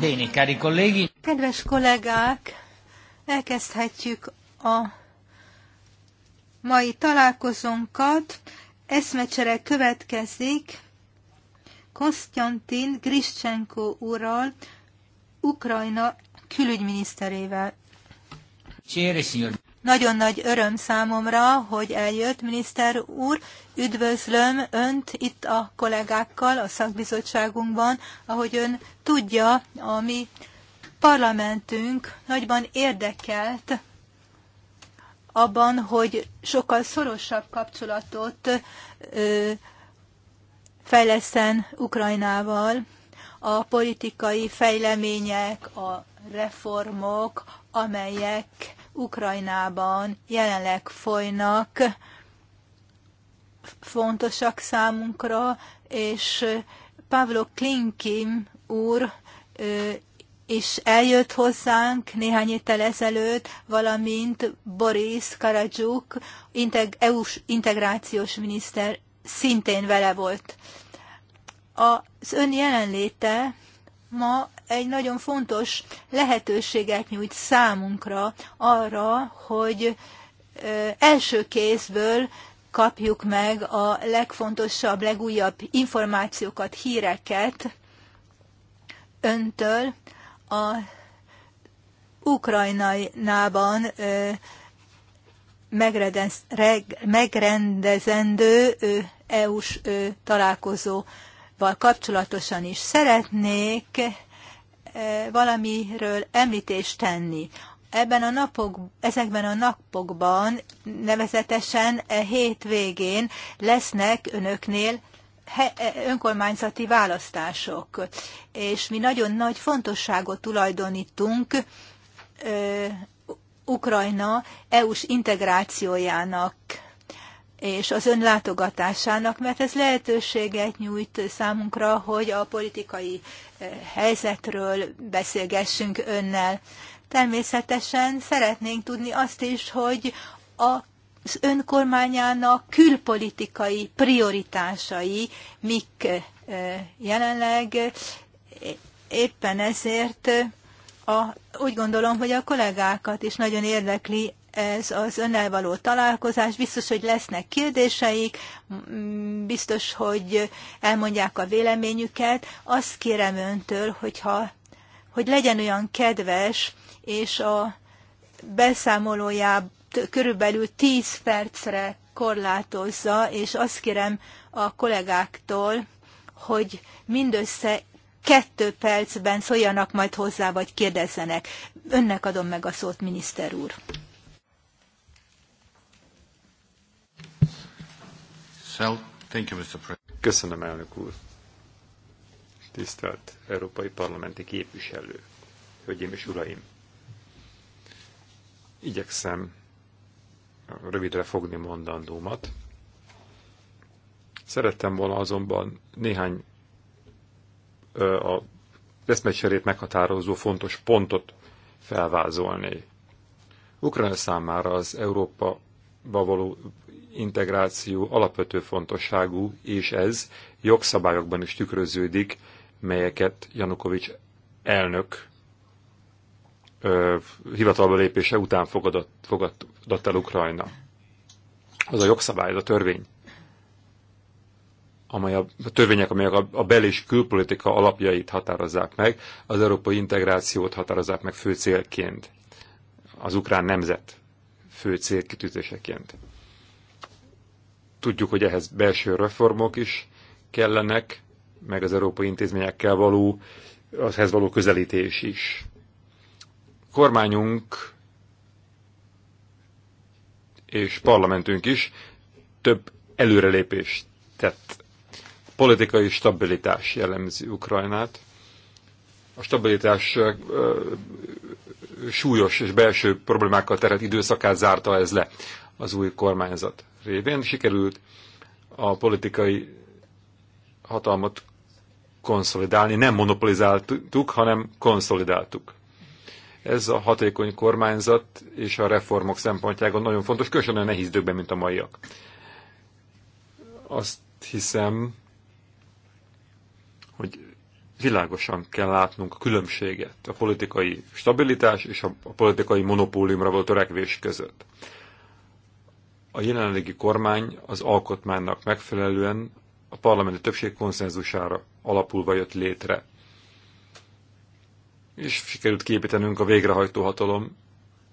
Déni, cari colleghi. Kedves kollégák, elkezdhetjük a mai találkozónkat. Eszmecsere következik Konstantin Grischenko úrral, Ukrajna külügyminiszterével. Csére, nagyon nagy öröm számomra, hogy eljött, miniszter úr. Üdvözlöm Önt itt a kollégákkal a szakbizottságunkban. Ahogy Ön tudja, a mi parlamentünk nagyban érdekelt abban, hogy sokkal szorosabb kapcsolatot ö, Ukrajnával. A politikai fejlemények, a reformok, amelyek Ukrajnában jelenleg folynak, fontosak számunkra, és Pavlo Klinkim úr és eljött hozzánk néhány héttel ezelőtt, valamint Boris Karadzsuk, integ- EU-s integrációs miniszter, szintén vele volt. Az ön jelenléte ma egy nagyon fontos lehetőséget nyújt számunkra arra, hogy első kézből kapjuk meg a legfontosabb, legújabb információkat, híreket öntől a Ukrajnában megrendezendő EU-s találkozó kapcsolatosan is szeretnék eh, valamiről említést tenni. Ebben a napok, ezekben a napokban, nevezetesen e hétvégén lesznek önöknél e, önkormányzati választások, és mi nagyon nagy fontosságot tulajdonítunk Ukrajna EU-s integrációjának és az ön látogatásának, mert ez lehetőséget nyújt számunkra, hogy a politikai eh, helyzetről beszélgessünk önnel. Természetesen szeretnénk tudni azt is, hogy az önkormányának külpolitikai prioritásai mik eh, jelenleg, éppen ezért eh, a, úgy gondolom, hogy a kollégákat is nagyon érdekli ez az önnel való találkozás. Biztos, hogy lesznek kérdéseik, biztos, hogy elmondják a véleményüket. Azt kérem öntől, hogyha, hogy legyen olyan kedves, és a beszámolójába körülbelül 10 percre korlátozza, és azt kérem a kollégáktól, hogy mindössze kettő percben szóljanak majd hozzá, vagy kérdezzenek. Önnek adom meg a szót, miniszter úr. Köszönöm, elnök úr. Tisztelt Európai Parlamenti képviselő, hölgyeim és uraim. Igyekszem rövidre fogni mondandómat. Szerettem volna azonban néhány a veszmegyserét meghatározó fontos pontot felvázolni. Ukrajna számára az Európa való integráció alapvető fontosságú, és ez jogszabályokban is tükröződik, melyeket Janukovics elnök ö, hivatalba lépése után fogadott, fogadott el Ukrajna. Az a jogszabály, az a törvény, amely a, a törvények, amelyek a, a bel- és külpolitika alapjait határozzák meg, az európai integrációt határozzák meg fő célként, az ukrán nemzet fő célkitűzéseként. Tudjuk, hogy ehhez belső reformok is kellenek, meg az európai intézményekkel való, azhez való közelítés is. Kormányunk és parlamentünk is több előrelépést tett. Politikai stabilitás jellemzi Ukrajnát. A stabilitás súlyos és belső problémákkal terelt időszakát zárta ez le az új kormányzat révén sikerült a politikai hatalmat konszolidálni. Nem monopolizáltuk, hanem konszolidáltuk. Ez a hatékony kormányzat és a reformok szempontjából nagyon fontos, különösen olyan nehéz időkben, mint a maiak. Azt hiszem, hogy világosan kell látnunk a különbséget a politikai stabilitás és a politikai monopóliumra való törekvés között a jelenlegi kormány az alkotmánynak megfelelően a parlamenti többség konszenzusára alapulva jött létre. És sikerült képítenünk a végrehajtó hatalom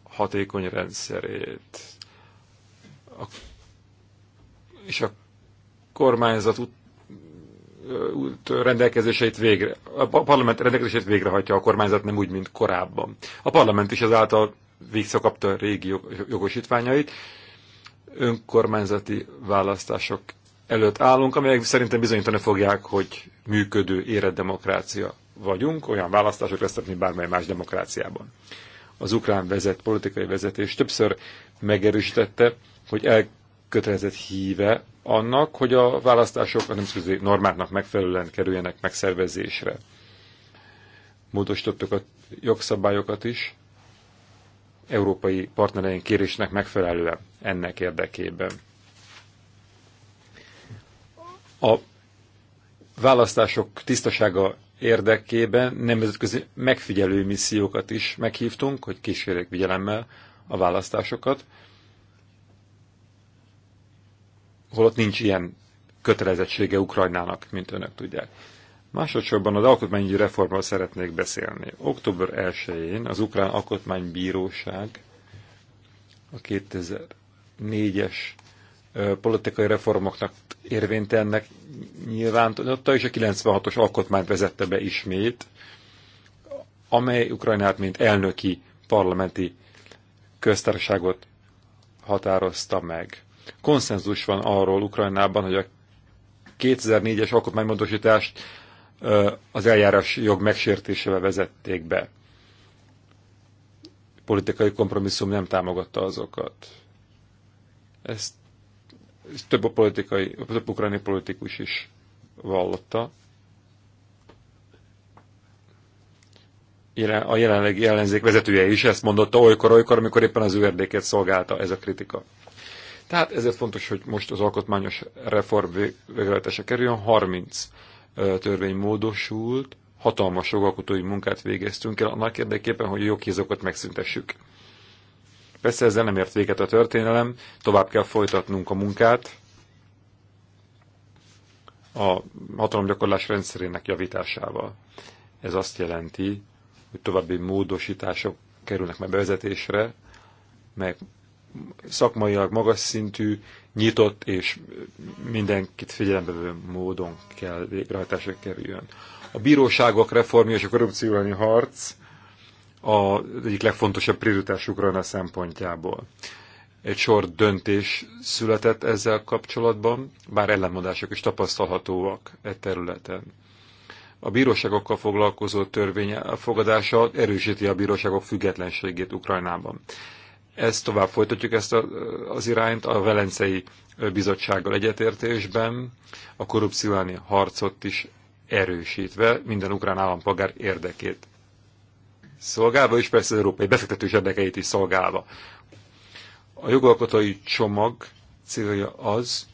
hatékony rendszerét. A, és a kormányzat ut, ut, rendelkezéseit végre, a parlament rendelkezéseit végrehajtja a kormányzat nem úgy, mint korábban. A parlament is azáltal visszakapta a régi jogosítványait, önkormányzati választások előtt állunk, amelyek szerintem bizonyítani fogják, hogy működő, érett demokrácia vagyunk, olyan választások lesznek, mint bármely más demokráciában. Az ukrán vezet, politikai vezetés többször megerősítette, hogy elkötelezett híve annak, hogy a választások a nemzetközi normáknak megfelelően kerüljenek megszervezésre. Módosítottuk a jogszabályokat is, európai partnereink kérésnek megfelelően ennek érdekében. A választások tisztasága érdekében nemzetközi megfigyelő missziókat is meghívtunk, hogy kísérjék figyelemmel a választásokat, holott nincs ilyen kötelezettsége Ukrajnának, mint önök tudják. Másodszorban az alkotmányi reformról szeretnék beszélni. Október 1-én az Ukrán Alkotmánybíróság a 2004-es politikai reformoknak érvényt ennek nyilvánította, és a 96-os alkotmányt vezette be ismét, amely Ukrajnát, mint elnöki parlamenti köztársaságot határozta meg. Konszenzus van arról Ukrajnában, hogy a 2004-es alkotmánymódosítást az eljárás jog megsértésével vezették be. Politikai kompromisszum nem támogatta azokat. Ezt, ezt több a politikai, több ukráni politikus is vallotta. a jelenlegi ellenzék vezetője is ezt mondotta olykor-olykor, amikor éppen az ő érdékét szolgálta ez a kritika. Tehát ezért fontos, hogy most az alkotmányos reform végrehajtása kerüljön. 30 törvény módosult, hatalmas jogalkotói munkát végeztünk el annak érdekében, hogy a jogkézokat megszüntessük. Persze ezzel nem ért véget a történelem, tovább kell folytatnunk a munkát a hatalomgyakorlás rendszerének javításával. Ez azt jelenti, hogy további módosítások kerülnek meg bevezetésre, meg szakmailag magas szintű, nyitott és mindenkit figyelembe módon kell végrehajtásra kerüljön. A bíróságok reformja és a korrupció elleni harc az egyik legfontosabb prioritás Ukrajna szempontjából. Egy sor döntés született ezzel kapcsolatban, bár ellenmondások is tapasztalhatóak e területen. A bíróságokkal foglalkozó törvény elfogadása erősíti a bíróságok függetlenségét Ukrajnában. Ezt tovább folytatjuk, ezt a, az irányt a Velencei Bizottsággal egyetértésben, a korrupcióáni harcot is erősítve minden ukrán állampolgár érdekét szolgálva, és persze az európai befektetős érdekeit is szolgálva. A jogalkotói csomag célja az,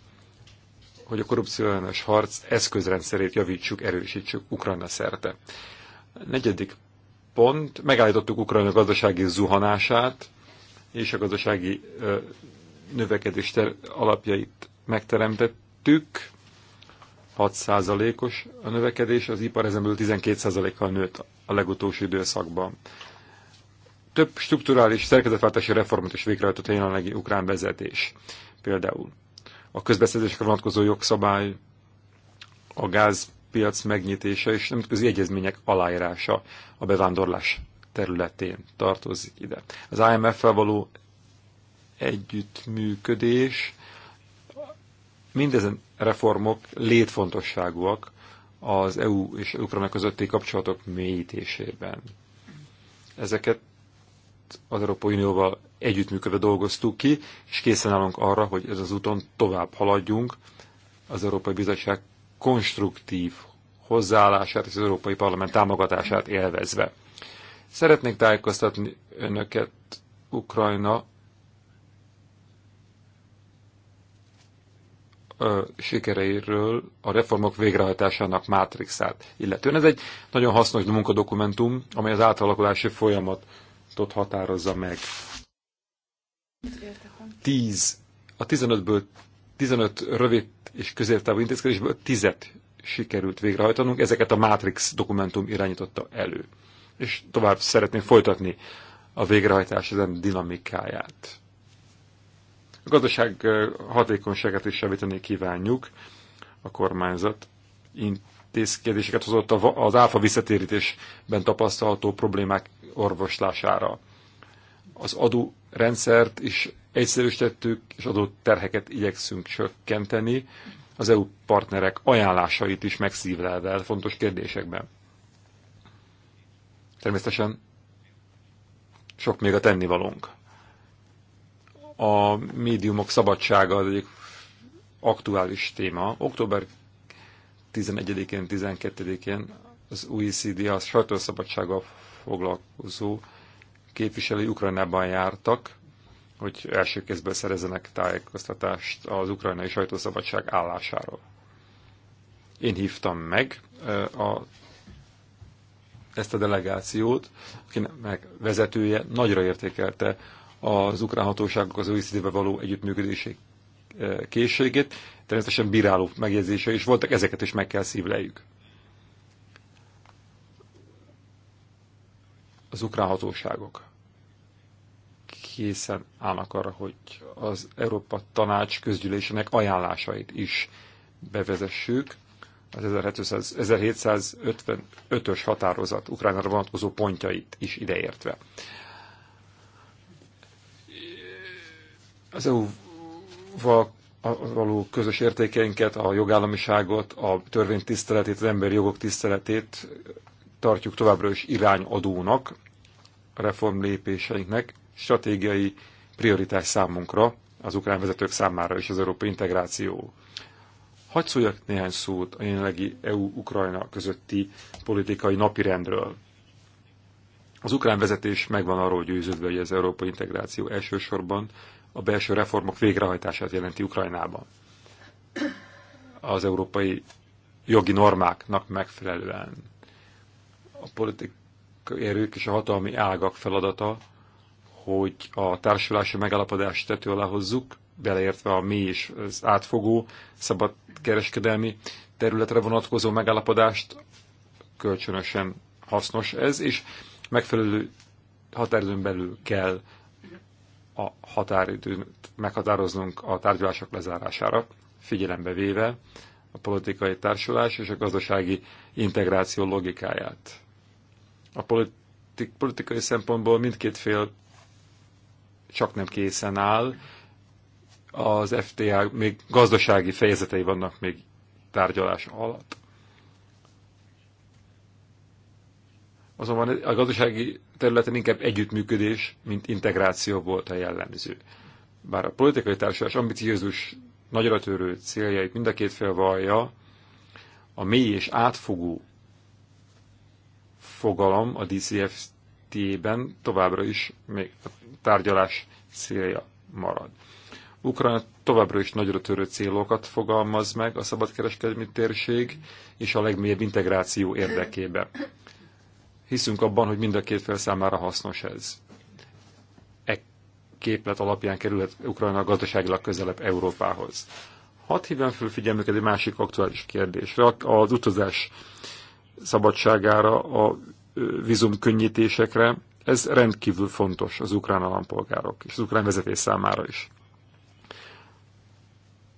hogy a korrupciós harc eszközrendszerét javítsuk, erősítsük Ukrajna szerte. A negyedik pont, megállítottuk Ukrajna gazdasági zuhanását, és a gazdasági növekedés alapjait megteremtettük. 6%-os a növekedés, az ipar ezen belül 12%-kal nőtt a legutolsó időszakban. Több strukturális szerkezetváltási reformot is végrehajtott a jelenlegi ukrán vezetés. Például a közbeszerzésre vonatkozó jogszabály, a gázpiac megnyitása és nemzetközi egyezmények aláírása a bevándorlás területén tartozik ide. Az IMF-fel való együttműködés, mindezen reformok létfontosságúak az EU és Ukrajna közötti kapcsolatok mélyítésében. Ezeket az Európai Unióval együttműködve dolgoztuk ki, és készen állunk arra, hogy ez az úton tovább haladjunk. Az Európai Bizottság konstruktív hozzáállását és az Európai Parlament támogatását élvezve. Szeretnék tájékoztatni önöket Ukrajna sikereiről, a reformok végrehajtásának mátrixát illetően. Ez egy nagyon hasznos munkadokumentum, amely az átalakulási folyamatot határozza meg. Tíz, a 15-ből 15 rövid és középtávú intézkedésből 10 sikerült végrehajtanunk, ezeket a Matrix dokumentum irányította elő és tovább szeretném folytatni a végrehajtás ezen dinamikáját. A gazdaság hatékonyságát is javítani kívánjuk. A kormányzat intézkedéseket hozott az áfa visszatérítésben tapasztalható problémák orvoslására. Az adórendszert is egyszerűsítettük, és adó terheket igyekszünk csökkenteni, az EU partnerek ajánlásait is megszívlelve fontos kérdésekben. Természetesen sok még a tennivalónk. A médiumok szabadsága az egyik aktuális téma. Október 11-én, 12-én az OECD a sajtószabadsággal foglalkozó képviselői Ukrajnában jártak, hogy első kézből szerezenek tájékoztatást az ukrajnai sajtószabadság állásáról. Én hívtam meg eh, a ezt a delegációt, akinek vezetője nagyra értékelte az ukrán hatóságok az OECD-be való együttműködési eh, készségét. Természetesen bíráló megjegyzése is voltak, ezeket is meg kell szívlejük. Az ukrán hatóságok készen állnak arra, hogy az Európa Tanács közgyűlésének ajánlásait is bevezessük az 1755-ös határozat Ukrajnára vonatkozó pontjait is ideértve. Az EU-val való közös értékeinket, a jogállamiságot, a törvény tiszteletét, az emberi jogok tiszteletét tartjuk továbbra is irányadónak, reformlépéseinknek, stratégiai prioritás számunkra, az ukrán vezetők számára és az európai integráció Hagy szóljak néhány szót a jelenlegi EU-Ukrajna közötti politikai napirendről. Az ukrán vezetés megvan arról győződve, hogy az európai integráció elsősorban a belső reformok végrehajtását jelenti Ukrajnában. Az európai jogi normáknak megfelelően. A politikai erők és a hatalmi ágak feladata, hogy a társulási megállapodást tető alá hozzuk, beleértve a mi és az átfogó szabad kereskedelmi területre vonatkozó megállapodást, kölcsönösen hasznos ez, és megfelelő határidőn belül kell a határidőt meghatároznunk a tárgyalások lezárására, figyelembe véve a politikai társulás és a gazdasági integráció logikáját. A politik, politikai szempontból mindkét fél csak nem készen áll, az FTA még gazdasági fejezetei vannak még tárgyalás alatt. Azonban a gazdasági területen inkább együttműködés, mint integráció volt a jellemző. Bár a politikai társadalás ambiciózus, nagyra törő céljait mind a két fél vallja, a mély és átfogó fogalom a DCFT-ben továbbra is még a tárgyalás célja marad. Ukrajna továbbra is nagyra törő célokat fogalmaz meg a szabadkereskedelmi térség és a legmélyebb integráció érdekében. Hiszünk abban, hogy mind a két fél számára hasznos ez. E képlet alapján kerülhet Ukrajna gazdaságilag közelebb Európához. Hadd hívjam fel figyelmüket egy másik aktuális kérdésre, az utazás szabadságára, a vízumkönnyítésekre. Ez rendkívül fontos az ukrán állampolgárok és az ukrán vezetés számára is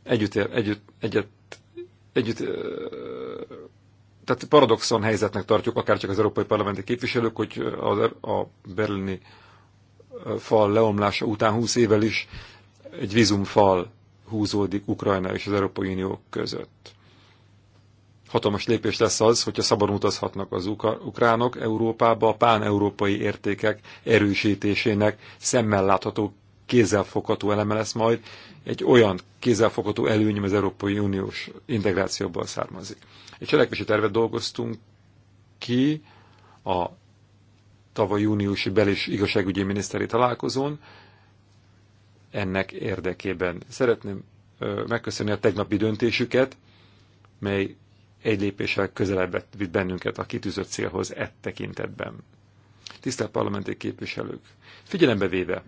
együtt, együtt, egyet, együtt, tehát paradoxon helyzetnek tartjuk, akár csak az európai parlamenti képviselők, hogy a, er, a berlini fal leomlása után 20 évvel is egy vízumfal húzódik Ukrajna és az Európai Unió között. Hatalmas lépés lesz az, hogyha szabadon utazhatnak az ukránok Európába, a pán-európai értékek erősítésének szemmel látható kézzelfogható eleme lesz majd, egy olyan kézzelfogható előny, az Európai Uniós integrációból származik. Egy cselekvési tervet dolgoztunk ki a tavaly júniusi bel- és igazságügyi miniszteri találkozón, ennek érdekében. Szeretném megköszönni a tegnapi döntésüket, mely egy lépéssel közelebb vitt bennünket a kitűzött célhoz e tekintetben. Tisztelt parlamenti képviselők! Figyelembe véve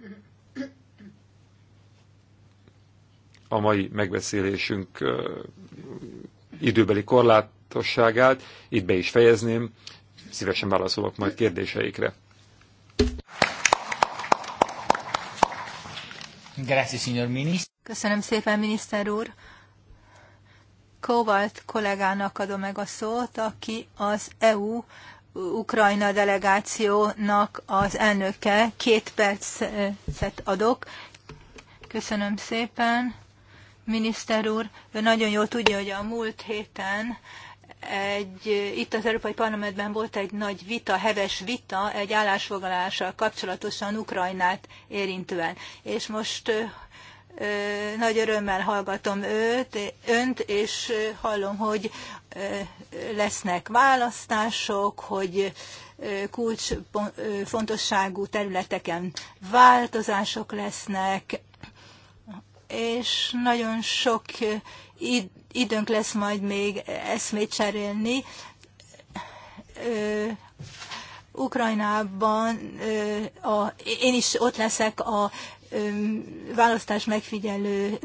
a mai megbeszélésünk időbeli korlátosságát. Itt be is fejezném, szívesen válaszolok majd kérdéseikre. signor Köszönöm szépen, miniszter úr. Kovalt kollégának adom meg a szót, aki az EU Ukrajna delegációnak az elnöke. Két percet adok. Köszönöm szépen. Miniszter úr, ő nagyon jól tudja, hogy a múlt héten egy, itt az Európai Parlamentben volt egy nagy vita, heves vita egy állásfoglalással kapcsolatosan Ukrajnát érintően. És most ö, ö, nagy örömmel hallgatom őt, önt, és hallom, hogy ö, lesznek választások, hogy kulcsfontosságú területeken változások lesznek, és nagyon sok időnk lesz majd még eszmét cserélni. Ukrajnában a, én is ott leszek a választás megfigyelő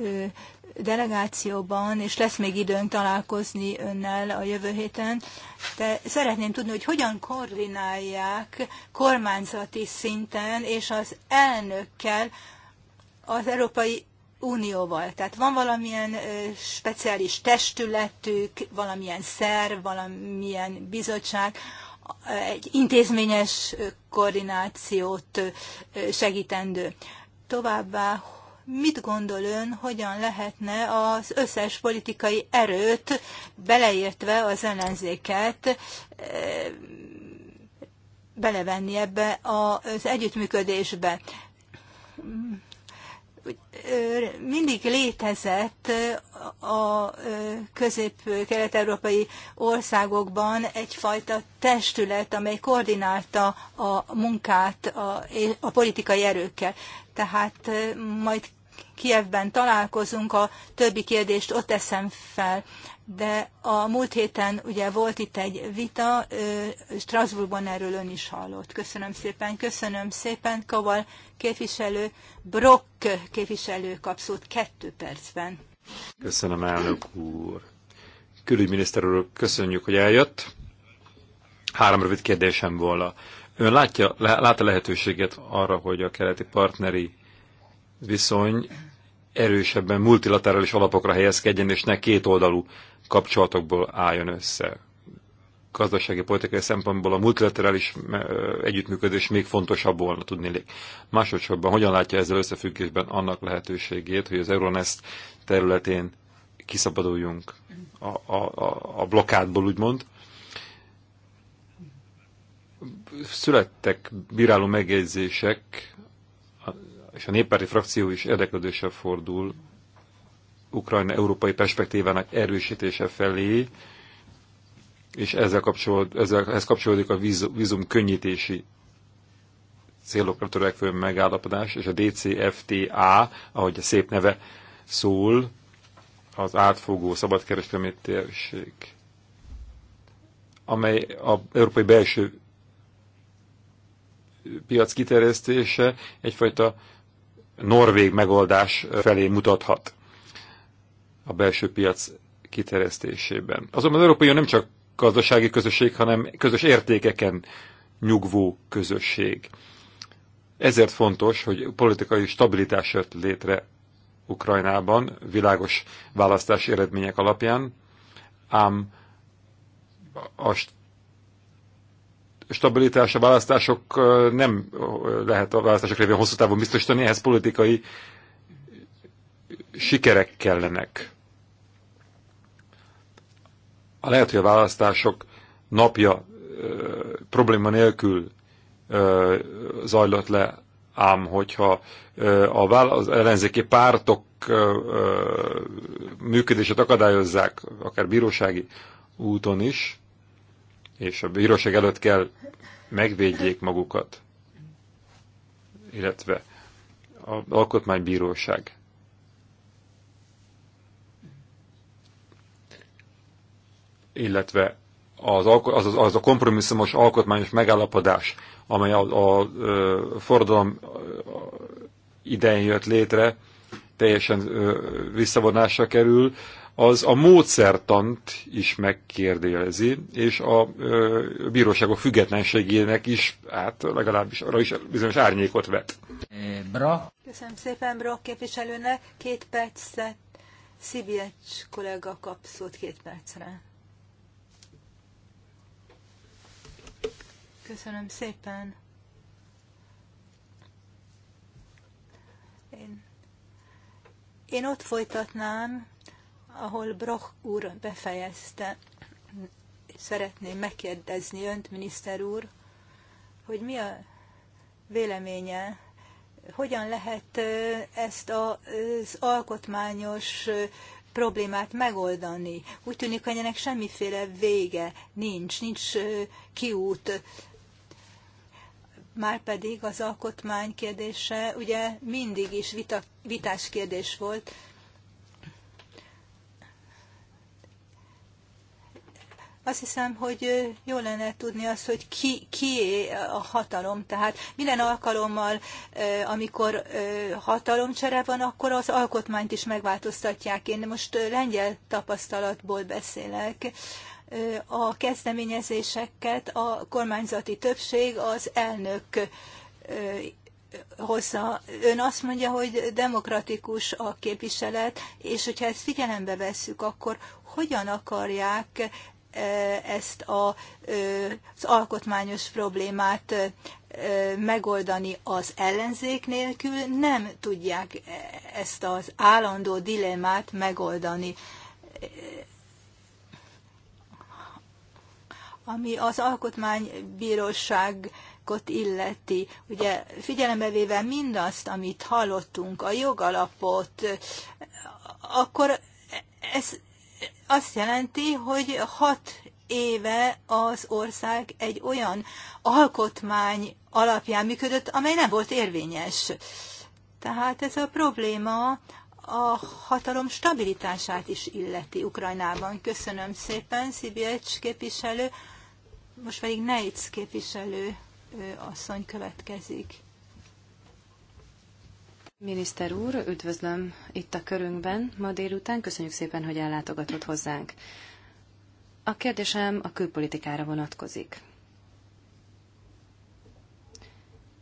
delegációban, és lesz még időnk találkozni önnel a jövő héten, de szeretném tudni, hogy hogyan koordinálják kormányzati szinten és az elnökkel az európai Unióval. Tehát van valamilyen speciális testületük, valamilyen szerv, valamilyen bizottság, egy intézményes koordinációt segítendő. Továbbá, mit gondol ön, hogyan lehetne az összes politikai erőt, beleértve az ellenzéket, belevenni ebbe az együttműködésbe? mindig létezett a közép-kelet-európai országokban egyfajta testület, amely koordinálta a munkát a, a politikai erőkkel. Tehát majd Kievben találkozunk, a többi kérdést ott teszem fel de a múlt héten ugye volt itt egy vita, Strasbourgban erről ön is hallott. Köszönöm szépen, köszönöm szépen, Kaval képviselő, Brock képviselő kapszót kettő percben. Köszönöm, elnök úr. Külügyminiszter úr, köszönjük, hogy eljött. Három rövid kérdésem volna. Ön látja, lát a lehetőséget arra, hogy a keleti partneri viszony erősebben multilaterális alapokra helyezkedjen, és ne kétoldalú kapcsolatokból álljon össze. Gazdasági politikai szempontból a multilaterális együttműködés még fontosabb volna tudni Másodszorban hogyan látja ezzel összefüggésben annak lehetőségét, hogy az Euronest területén kiszabaduljunk a, a, a blokádból, úgymond. Születtek bíráló megjegyzések, és a néppárti frakció is érdeklődéssel fordul Ukrajna európai perspektívának erősítése felé, és ezzel, kapcsolód, ezzel ez kapcsolódik a vízum könnyítési célokra törekvő megállapodás, és a DCFTA, ahogy a szép neve szól, az átfogó szabadkereskedelmi térség, amely a európai belső piac kiterjesztése egyfajta norvég megoldás felé mutathat a belső piac kiterjesztésében. Azonban az Európai Unió nem csak gazdasági közösség, hanem közös értékeken nyugvó közösség. Ezért fontos, hogy politikai stabilitás jött létre Ukrajnában, világos választási eredmények alapján, ám a stabilitás a választások nem lehet a választások révén hosszú távon biztosítani, ehhez politikai sikerek kellenek a lehet, hogy a választások napja ö, probléma nélkül ö, zajlott le, ám hogyha ö, a vála- az ellenzéki pártok ö, ö, működését akadályozzák, akár bírósági úton is, és a bíróság előtt kell megvédjék magukat, illetve a alkotmánybíróság illetve az, az, az a kompromisszumos alkotmányos megállapodás, amely a, a, a forradalom idején jött létre, teljesen visszavonásra kerül, az a módszertant is megkérdőjelezi, és a ö, bíróságok függetlenségének is, hát legalábbis arra is bizonyos árnyékot vet. Bra. Köszönöm szépen Bra képviselőnek. Két percet Szibiecs kollega kap szót két percre. Köszönöm szépen. Én, én ott folytatnám, ahol Broch úr befejezte. Szeretném megkérdezni önt, miniszter úr, hogy mi a véleménye, hogyan lehet ezt az alkotmányos problémát megoldani. Úgy tűnik, hogy ennek semmiféle vége nincs, nincs kiút márpedig az alkotmány kérdése ugye mindig is vita, vitás kérdés volt. Azt hiszem, hogy jó lenne tudni azt, hogy ki, ki a hatalom. Tehát minden alkalommal, amikor hatalomcsere van, akkor az alkotmányt is megváltoztatják. Én most lengyel tapasztalatból beszélek a kezdeményezéseket a kormányzati többség, az elnök hozza. Ön azt mondja, hogy demokratikus a képviselet, és hogyha ezt figyelembe vesszük, akkor hogyan akarják ezt a, az alkotmányos problémát megoldani az ellenzék nélkül, nem tudják e, ezt az állandó dilemmát megoldani. ami az alkotmánybíróságot illeti. Ugye figyelembe véve mindazt, amit hallottunk, a jogalapot, akkor ez azt jelenti, hogy hat éve az ország egy olyan alkotmány alapján működött, amely nem volt érvényes. Tehát ez a probléma a hatalom stabilitását is illeti Ukrajnában. Köszönöm szépen, Szibiecs képviselő. Most pedig Neitz képviselő asszony következik. Miniszter úr, üdvözlöm itt a körünkben ma délután. Köszönjük szépen, hogy ellátogatott hozzánk. A kérdésem a külpolitikára vonatkozik.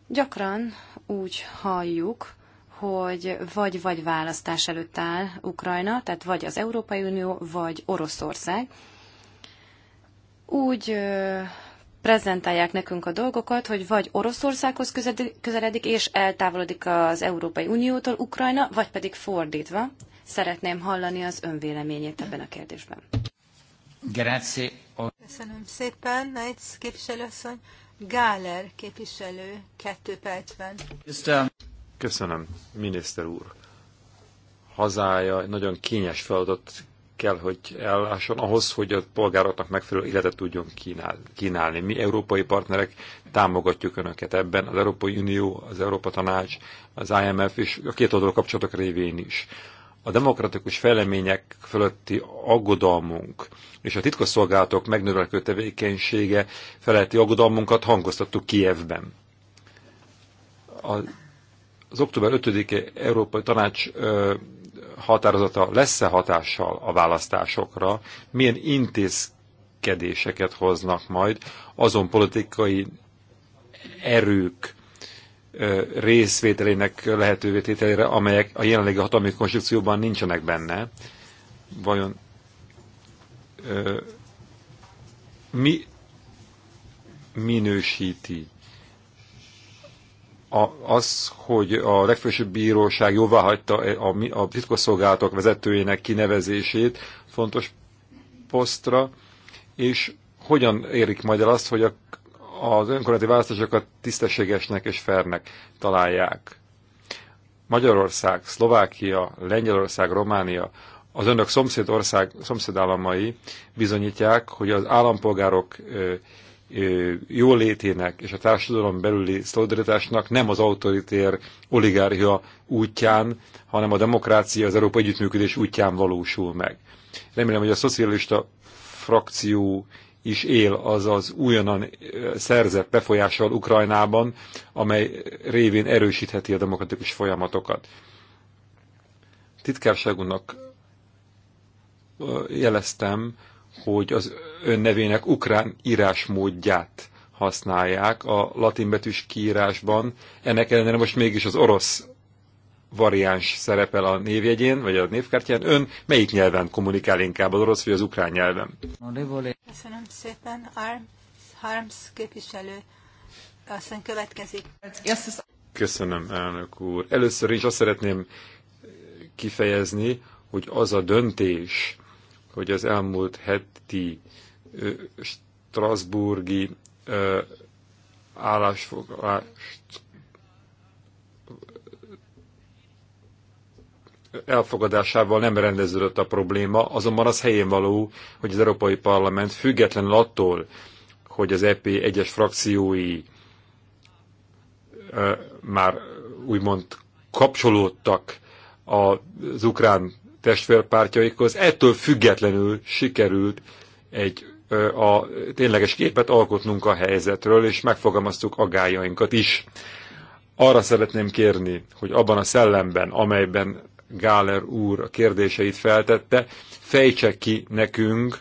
Gyakran úgy halljuk, hogy vagy-vagy választás előtt áll Ukrajna, tehát vagy az Európai Unió, vagy Oroszország. Úgy prezentálják nekünk a dolgokat, hogy vagy Oroszországhoz közeledik és eltávolodik az Európai Uniótól Ukrajna, vagy pedig fordítva. Szeretném hallani az önvéleményét ebben a kérdésben. Köszönöm szépen, Neitz képviselőasszony. Gáler képviselő, 2 percben. Köszönöm, miniszter úr. Hazája nagyon kényes feladat kell, hogy ellásson ahhoz, hogy a polgároknak megfelelő életet tudjon kínálni. Mi európai partnerek támogatjuk Önöket ebben, az Európai Unió, az Európa Tanács, az IMF és a két oldalú kapcsolatok révén is. A demokratikus fejlemények fölötti aggodalmunk és a titkosszolgálatok megnövelkő tevékenysége feletti aggodalmunkat hangoztattuk Kievben. A az október 5-e Európai Tanács határozata lesz-e hatással a választásokra, milyen intézkedéseket hoznak majd azon politikai erők részvételének lehetővé tételére, amelyek a jelenlegi hatalmi konstrukcióban nincsenek benne. Vajon mi minősíti a, az, hogy a legfősebb bíróság jóvá hagyta a, a, a titkosszolgálatok vezetőjének kinevezését fontos posztra, és hogyan érik majd el azt, hogy a, az önkormányzati választásokat tisztességesnek és fernek találják. Magyarország, Szlovákia, Lengyelország, Románia, az önök szomszéd ország, szomszédállamai bizonyítják, hogy az állampolgárok jólétének és a társadalom belüli szolidaritásnak nem az autoritér oligárhia útján, hanem a demokrácia az Európa együttműködés útján valósul meg. Remélem, hogy a szocialista frakció is él az az újonnan szerzett befolyással Ukrajnában, amely révén erősítheti a demokratikus folyamatokat. Titkárságunknak jeleztem, hogy az önnevének ukrán írásmódját használják a latinbetűs kiírásban. Ennek ellenére most mégis az orosz variáns szerepel a névjegyén, vagy a névkártyán. Ön melyik nyelven kommunikál inkább, az orosz vagy az ukrán nyelven? Köszönöm szépen. Harms képviselő, aztán következik. Köszönöm, elnök úr. Először is azt szeretném kifejezni, hogy az a döntés, hogy az elmúlt heti Strasburgi állásfoglalást elfogadásával nem rendeződött a probléma, azonban az helyén való, hogy az Európai Parlament függetlenül attól, hogy az EP egyes frakciói már úgymond kapcsolódtak az ukrán testvérpártjaikhoz, ettől függetlenül sikerült egy a tényleges képet alkotnunk a helyzetről, és megfogalmaztuk agájainkat is. Arra szeretném kérni, hogy abban a szellemben, amelyben Gáler úr a kérdéseit feltette, fejtse ki nekünk,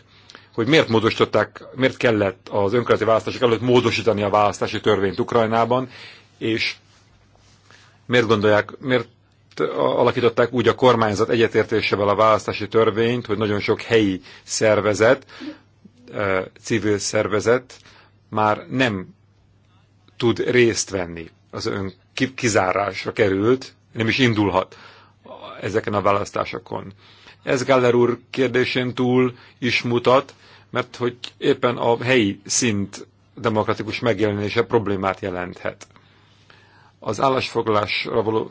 hogy miért módosították, miért kellett az önkormányzati választások előtt módosítani a választási törvényt Ukrajnában, és miért gondolják, miért alakították úgy a kormányzat egyetértésével a választási törvényt, hogy nagyon sok helyi szervezet civil szervezet már nem tud részt venni, az ön kizárásra került, nem is indulhat ezeken a választásokon. Ez Galler úr kérdésén túl is mutat, mert hogy éppen a helyi szint demokratikus megjelenése problémát jelenthet. Az állásfoglalásra való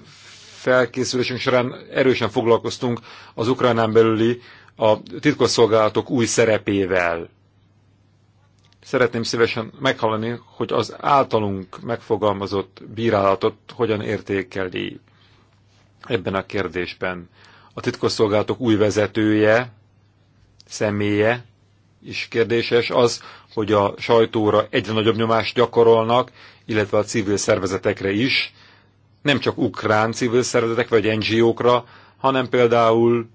felkészülésünk során erősen foglalkoztunk az Ukrajnán belüli a titkosszolgálatok új szerepével Szeretném szívesen meghallani, hogy az általunk megfogalmazott bírálatot hogyan értékeli ebben a kérdésben. A titkosszolgálatok új vezetője, személye is kérdéses az, hogy a sajtóra egyre nagyobb nyomást gyakorolnak, illetve a civil szervezetekre is, nem csak ukrán civil szervezetek vagy NGO-kra, hanem például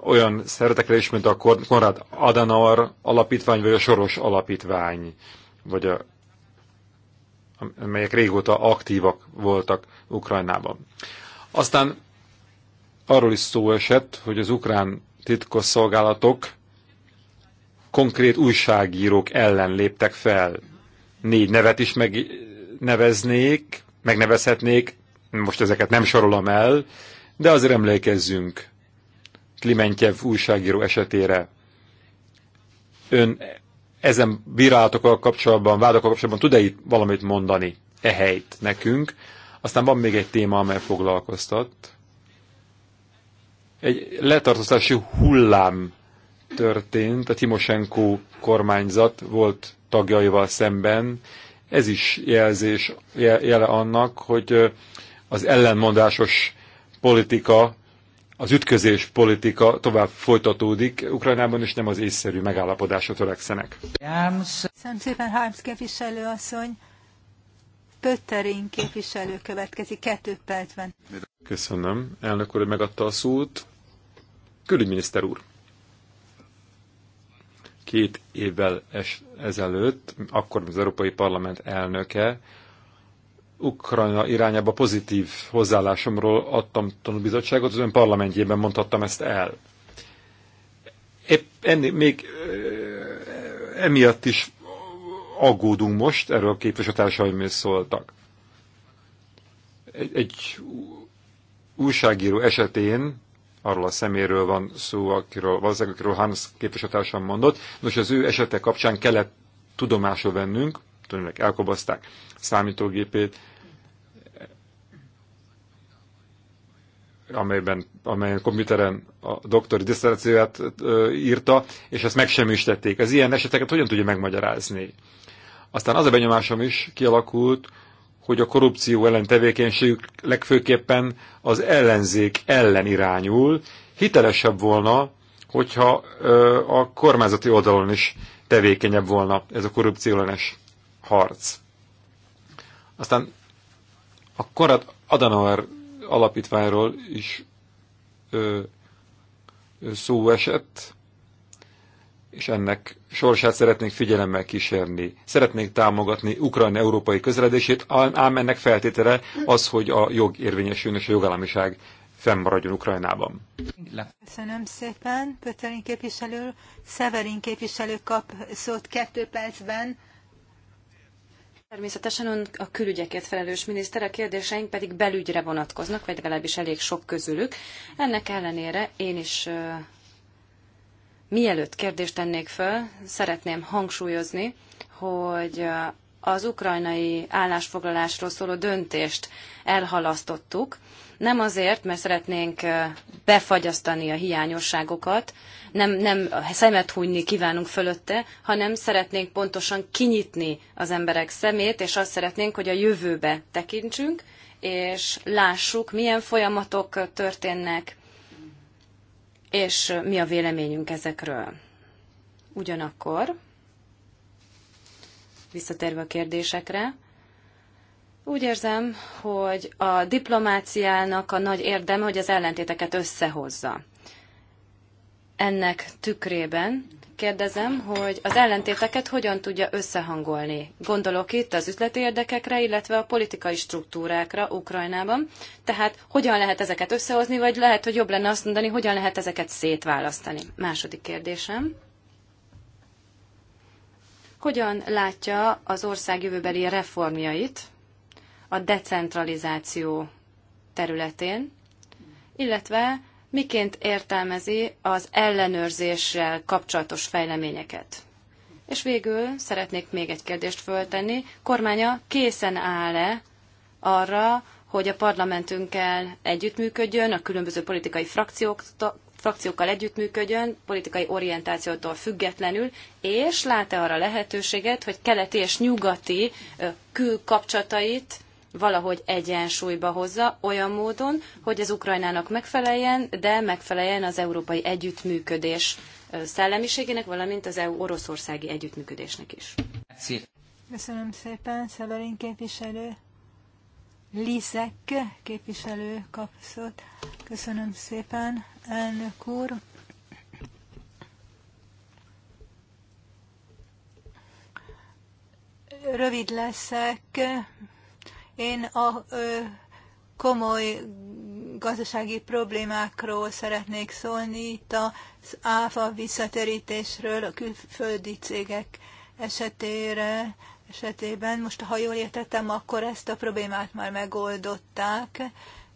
olyan szeretekre is, mint a Konrad Adenauer alapítvány, vagy a Soros alapítvány, vagy a, amelyek régóta aktívak voltak Ukrajnában. Aztán arról is szó esett, hogy az ukrán titkosszolgálatok konkrét újságírók ellen léptek fel. Négy nevet is megneveznék, megnevezhetnék, most ezeket nem sorolom el, de azért emlékezzünk Klimentjev újságíró esetére. Ön ezen bírálatokkal kapcsolatban, vádakkal kapcsolatban tud-e itt valamit mondani ehelyt nekünk? Aztán van még egy téma, amely foglalkoztat. Egy letartóztási hullám történt a Timosenko kormányzat volt tagjaival szemben. Ez is jelzés, jele annak, hogy az ellenmondásos politika az ütközés politika tovább folytatódik Ukrajnában, és nem az észszerű megállapodásra törekszenek. Köszönöm szépen, Harms képviselőasszony. Pötterin képviselő következik kettő percben. Köszönöm. Elnök úr megadta a szót. Külügyminiszter úr. Két évvel ezelőtt, akkor az Európai Parlament elnöke Ukrajna irányába pozitív hozzáállásomról adtam tanúbizottságot, az ön parlamentjében mondhattam ezt el. Épp enni, még emiatt is aggódunk most, erről a képviselőtársaim is szóltak. Egy, egy újságíró esetén, arról a szeméről van szó, akiről, valószínűleg akiről Hans képviselőtársam mondott, nos az ő esete kapcsán kellett tudomásul vennünk, tulajdonképpen elkobozták számítógépét, amelyben, amelyen komputeren a doktori diszertációját írta, és ezt megsemmisítették. Az ilyen eseteket hogyan tudja megmagyarázni? Aztán az a benyomásom is kialakult, hogy a korrupció ellen tevékenységük legfőképpen az ellenzék ellen irányul. Hitelesebb volna, hogyha ö, a kormányzati oldalon is tevékenyebb volna ez a korrupció ellenes harc. Aztán a Konrad Adenauer alapítványról is ö, szó esett, és ennek sorsát szeretnénk figyelemmel kísérni. Szeretnénk támogatni Ukrajna európai közeledését, ám ennek feltétele az, hogy a jog érvényesüljön és a jogállamiság fennmaradjon Ukrajnában. Köszönöm szépen, Pöterin képviselő. Szeverin képviselő kap szót kettő percben Természetesen ön a külügyekért felelős miniszter, a kérdéseink pedig belügyre vonatkoznak, vagy legalábbis elég sok közülük. Ennek ellenére én is uh, mielőtt kérdést tennék föl, szeretném hangsúlyozni, hogy az ukrajnai állásfoglalásról szóló döntést elhalasztottuk. Nem azért, mert szeretnénk befagyasztani a hiányosságokat, nem, nem szemet hunyni kívánunk fölötte, hanem szeretnénk pontosan kinyitni az emberek szemét, és azt szeretnénk, hogy a jövőbe tekintsünk, és lássuk, milyen folyamatok történnek, és mi a véleményünk ezekről. Ugyanakkor visszatérve a kérdésekre. Úgy érzem, hogy a diplomáciának a nagy érdeme, hogy az ellentéteket összehozza. Ennek tükrében kérdezem, hogy az ellentéteket hogyan tudja összehangolni. Gondolok itt az üzleti érdekekre, illetve a politikai struktúrákra Ukrajnában. Tehát hogyan lehet ezeket összehozni, vagy lehet, hogy jobb lenne azt mondani, hogyan lehet ezeket szétválasztani. Második kérdésem. Hogyan látja az ország jövőbeli reformjait a decentralizáció területén, illetve miként értelmezi az ellenőrzéssel kapcsolatos fejleményeket? És végül szeretnék még egy kérdést föltenni. Kormánya készen áll-e arra, hogy a parlamentünkkel együttműködjön, a különböző politikai frakciók, frakciókkal együttműködjön, politikai orientációtól függetlenül, és lát-e arra lehetőséget, hogy keleti és nyugati külkapcsolatait valahogy egyensúlyba hozza olyan módon, hogy az Ukrajnának megfeleljen, de megfeleljen az európai együttműködés szellemiségének, valamint az EU-oroszországi együttműködésnek is. Köszönöm szépen, Szeverin képviselő. Lizek képviselő kapszott. Köszönöm szépen, elnök úr. Rövid leszek. Én a ö, komoly gazdasági problémákról szeretnék szólni, itt az áfa visszatérítésről a külföldi cégek esetére esetében, most ha jól értettem, akkor ezt a problémát már megoldották,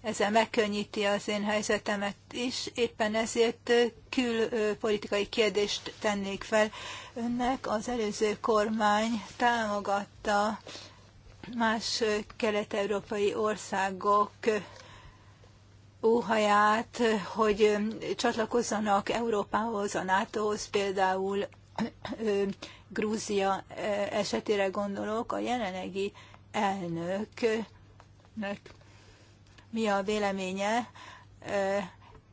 ezzel megkönnyíti az én helyzetemet is, éppen ezért külpolitikai kérdést tennék fel. Önnek az előző kormány támogatta más kelet-európai országok óhaját, hogy csatlakozzanak Európához, a NATO-hoz például Grúzia esetére gondolok, a jelenlegi elnöknek mi a véleménye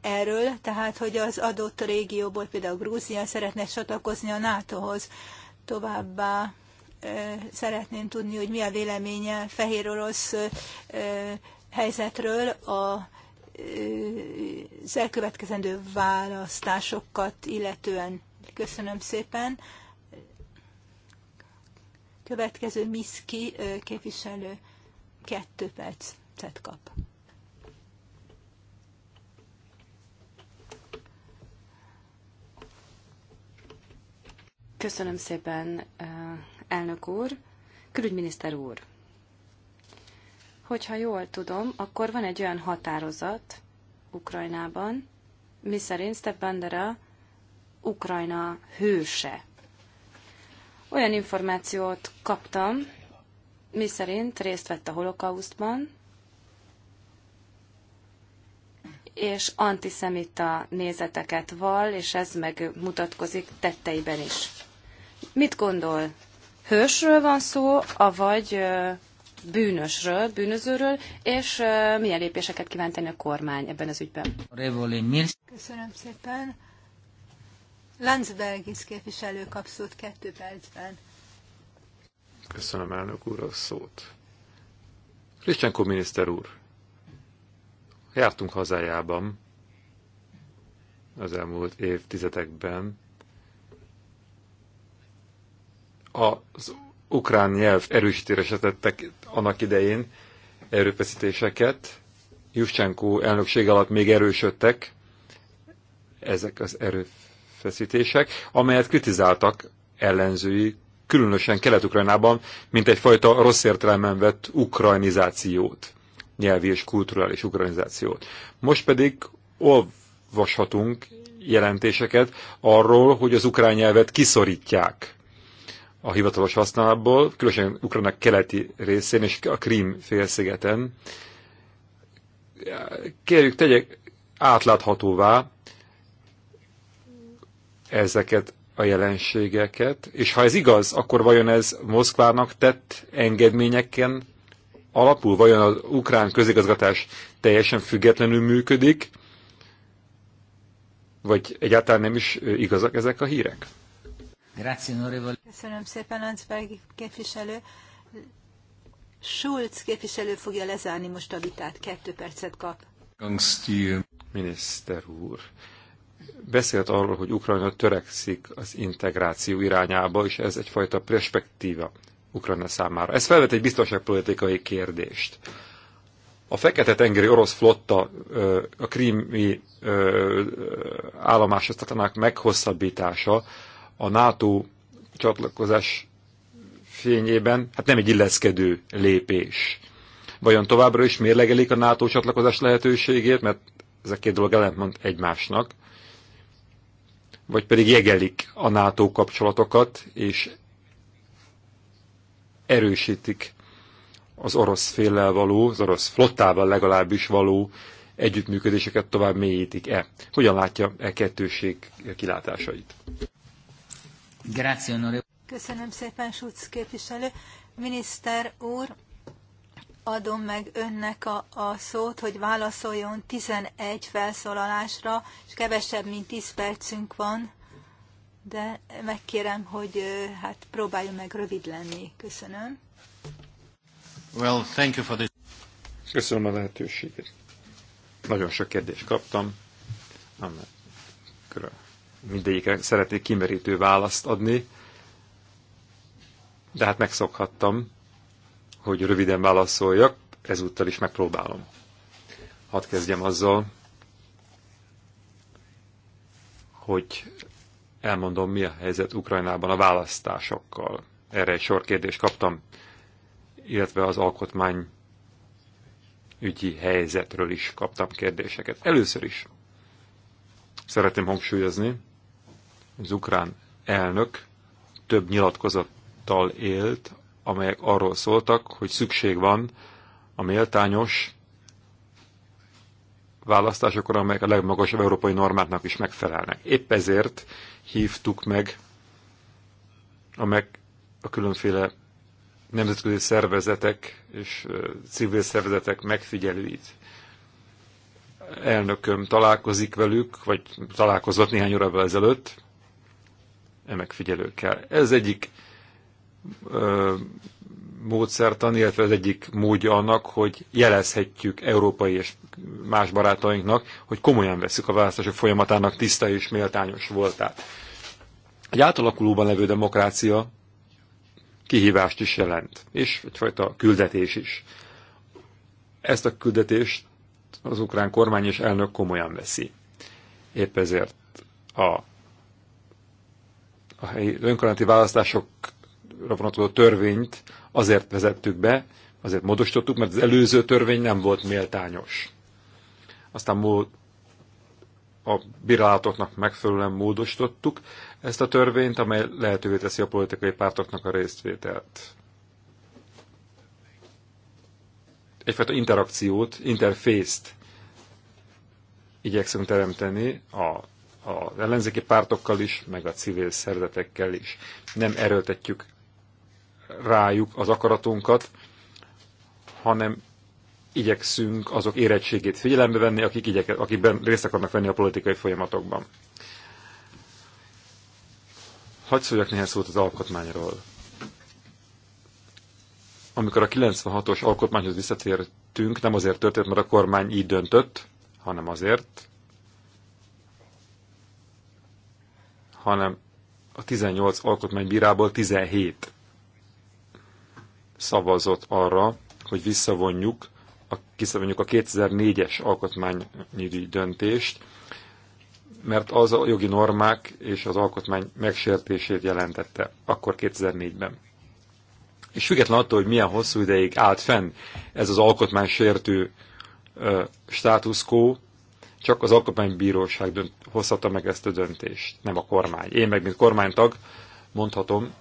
erről, tehát hogy az adott régióból, például Grúzia szeretne csatlakozni a NATO-hoz. Továbbá szeretném tudni, hogy mi a véleménye fehér orosz helyzetről a az elkövetkezendő választásokat illetően. Köszönöm szépen. Következő Miszki képviselő kettő percet kap. Köszönöm szépen, elnök úr. Külügyminiszter úr, hogyha jól tudom, akkor van egy olyan határozat Ukrajnában, miszerint Stepp Bandera Ukrajna hőse olyan információt kaptam, miszerint részt vett a holokausztban, és antiszemita nézeteket val, és ez megmutatkozik tetteiben is. Mit gondol? Hősről van szó, avagy bűnösről, bűnözőről, és milyen lépéseket kíván tenni a kormány ebben az ügyben? Köszönöm szépen. Landsbergis képviselő kap kettő percben. Köszönöm elnök úr a szót. Krisztyankó miniszter úr, jártunk hazájában az elmúlt évtizedekben. Az ukrán nyelv erősítésre tettek annak idején erőfeszítéseket. Juszcsenko elnökség alatt még erősödtek ezek az erőfeszítések erőfeszítések, amelyet kritizáltak ellenzői, különösen Kelet-Ukrajnában, mint egyfajta rossz értelemben vett ukrajnizációt, nyelvi és kulturális ukrajnizációt. Most pedig olvashatunk jelentéseket arról, hogy az ukrán nyelvet kiszorítják a hivatalos használatból, különösen Ukrajna keleti részén és a Krím félszigeten. Kérjük, tegyek átláthatóvá ezeket a jelenségeket, és ha ez igaz, akkor vajon ez Moszkvának tett engedményeken alapul? Vajon az ukrán közigazgatás teljesen függetlenül működik? Vagy egyáltalán nem is igazak ezek a hírek? Köszönöm szépen, Lanzberg képviselő. Schulz képviselő fogja lezárni most a vitát. Kettő percet kap. Miniszter úr, beszélt arról, hogy Ukrajna törekszik az integráció irányába, és ez egyfajta perspektíva Ukrajna számára. Ez felvet egy biztonságpolitikai kérdést. A Fekete-tengeri orosz flotta a krími állomásosztatának meghosszabbítása a NATO csatlakozás fényében, hát nem egy illeszkedő lépés. Vajon továbbra is mérlegelik a NATO csatlakozás lehetőségét, mert ez a két dolog ellentmond egymásnak vagy pedig jegelik a NATO kapcsolatokat, és erősítik az orosz féllel való, az orosz flottával legalábbis való együttműködéseket tovább mélyítik-e? Hogyan látja e kettőség kilátásait? Köszönöm szépen, Schutz képviselő. Miniszter úr, adom meg önnek a, a szót, hogy válaszoljon 11 felszólalásra, és kevesebb, mint 10 percünk van, de megkérem, hogy hát próbáljon meg rövid lenni. Köszönöm. Well, thank you for this. Köszönöm a lehetőséget. Nagyon sok kérdést kaptam, amely mindegyikre szeretnék kimerítő választ adni, de hát megszokhattam hogy röviden válaszoljak, ezúttal is megpróbálom. Hadd kezdjem azzal, hogy elmondom, mi a helyzet Ukrajnában a választásokkal. Erre egy sor kérdést kaptam, illetve az alkotmány ügyi helyzetről is kaptam kérdéseket. Először is szeretném hangsúlyozni, az ukrán elnök több nyilatkozattal élt amelyek arról szóltak, hogy szükség van a méltányos választásokra, amelyek a legmagasabb európai normáknak is megfelelnek. Épp ezért hívtuk meg a, meg a különféle nemzetközi szervezetek és civil szervezetek megfigyelőit. Elnököm találkozik velük, vagy találkozott néhány órával ezelőtt, e megfigyelőkkel. Ez egyik módszertan, illetve az egyik módja annak, hogy jelezhetjük európai és más barátainknak, hogy komolyan veszük a választások folyamatának tiszta és méltányos voltát. Egy átalakulóban levő demokrácia kihívást is jelent, és egyfajta küldetés is. Ezt a küldetést az ukrán kormány és elnök komolyan veszi. Épp ezért a, a helyi önkormányzati választások vonatkozó törvényt azért vezettük be, azért módosítottuk, mert az előző törvény nem volt méltányos. Aztán múlt a bírálatoknak megfelelően módosítottuk ezt a törvényt, amely lehetővé teszi a politikai pártoknak a résztvételt. Egyfajta interakciót, interfészt igyekszünk teremteni a, az ellenzéki pártokkal is, meg a civil szervezetekkel is. Nem erőltetjük rájuk az akaratunkat, hanem igyekszünk azok érettségét figyelembe venni, akik, igyek, akikben részt akarnak venni a politikai folyamatokban. Hagy szóljak néhány szót az alkotmányról. Amikor a 96-os alkotmányhoz visszatértünk, nem azért történt, mert a kormány így döntött, hanem azért, hanem a 18 alkotmánybírából 17 szavazott arra, hogy visszavonjuk a, visszavonjuk a 2004-es alkotmányi döntést, mert az a jogi normák és az alkotmány megsértését jelentette, akkor 2004-ben. És független attól, hogy milyen hosszú ideig állt fenn ez az alkotmány sértő státuszkó, csak az alkotmánybíróság dönt, hozhatta meg ezt a döntést, nem a kormány. Én meg, mint kormánytag mondhatom,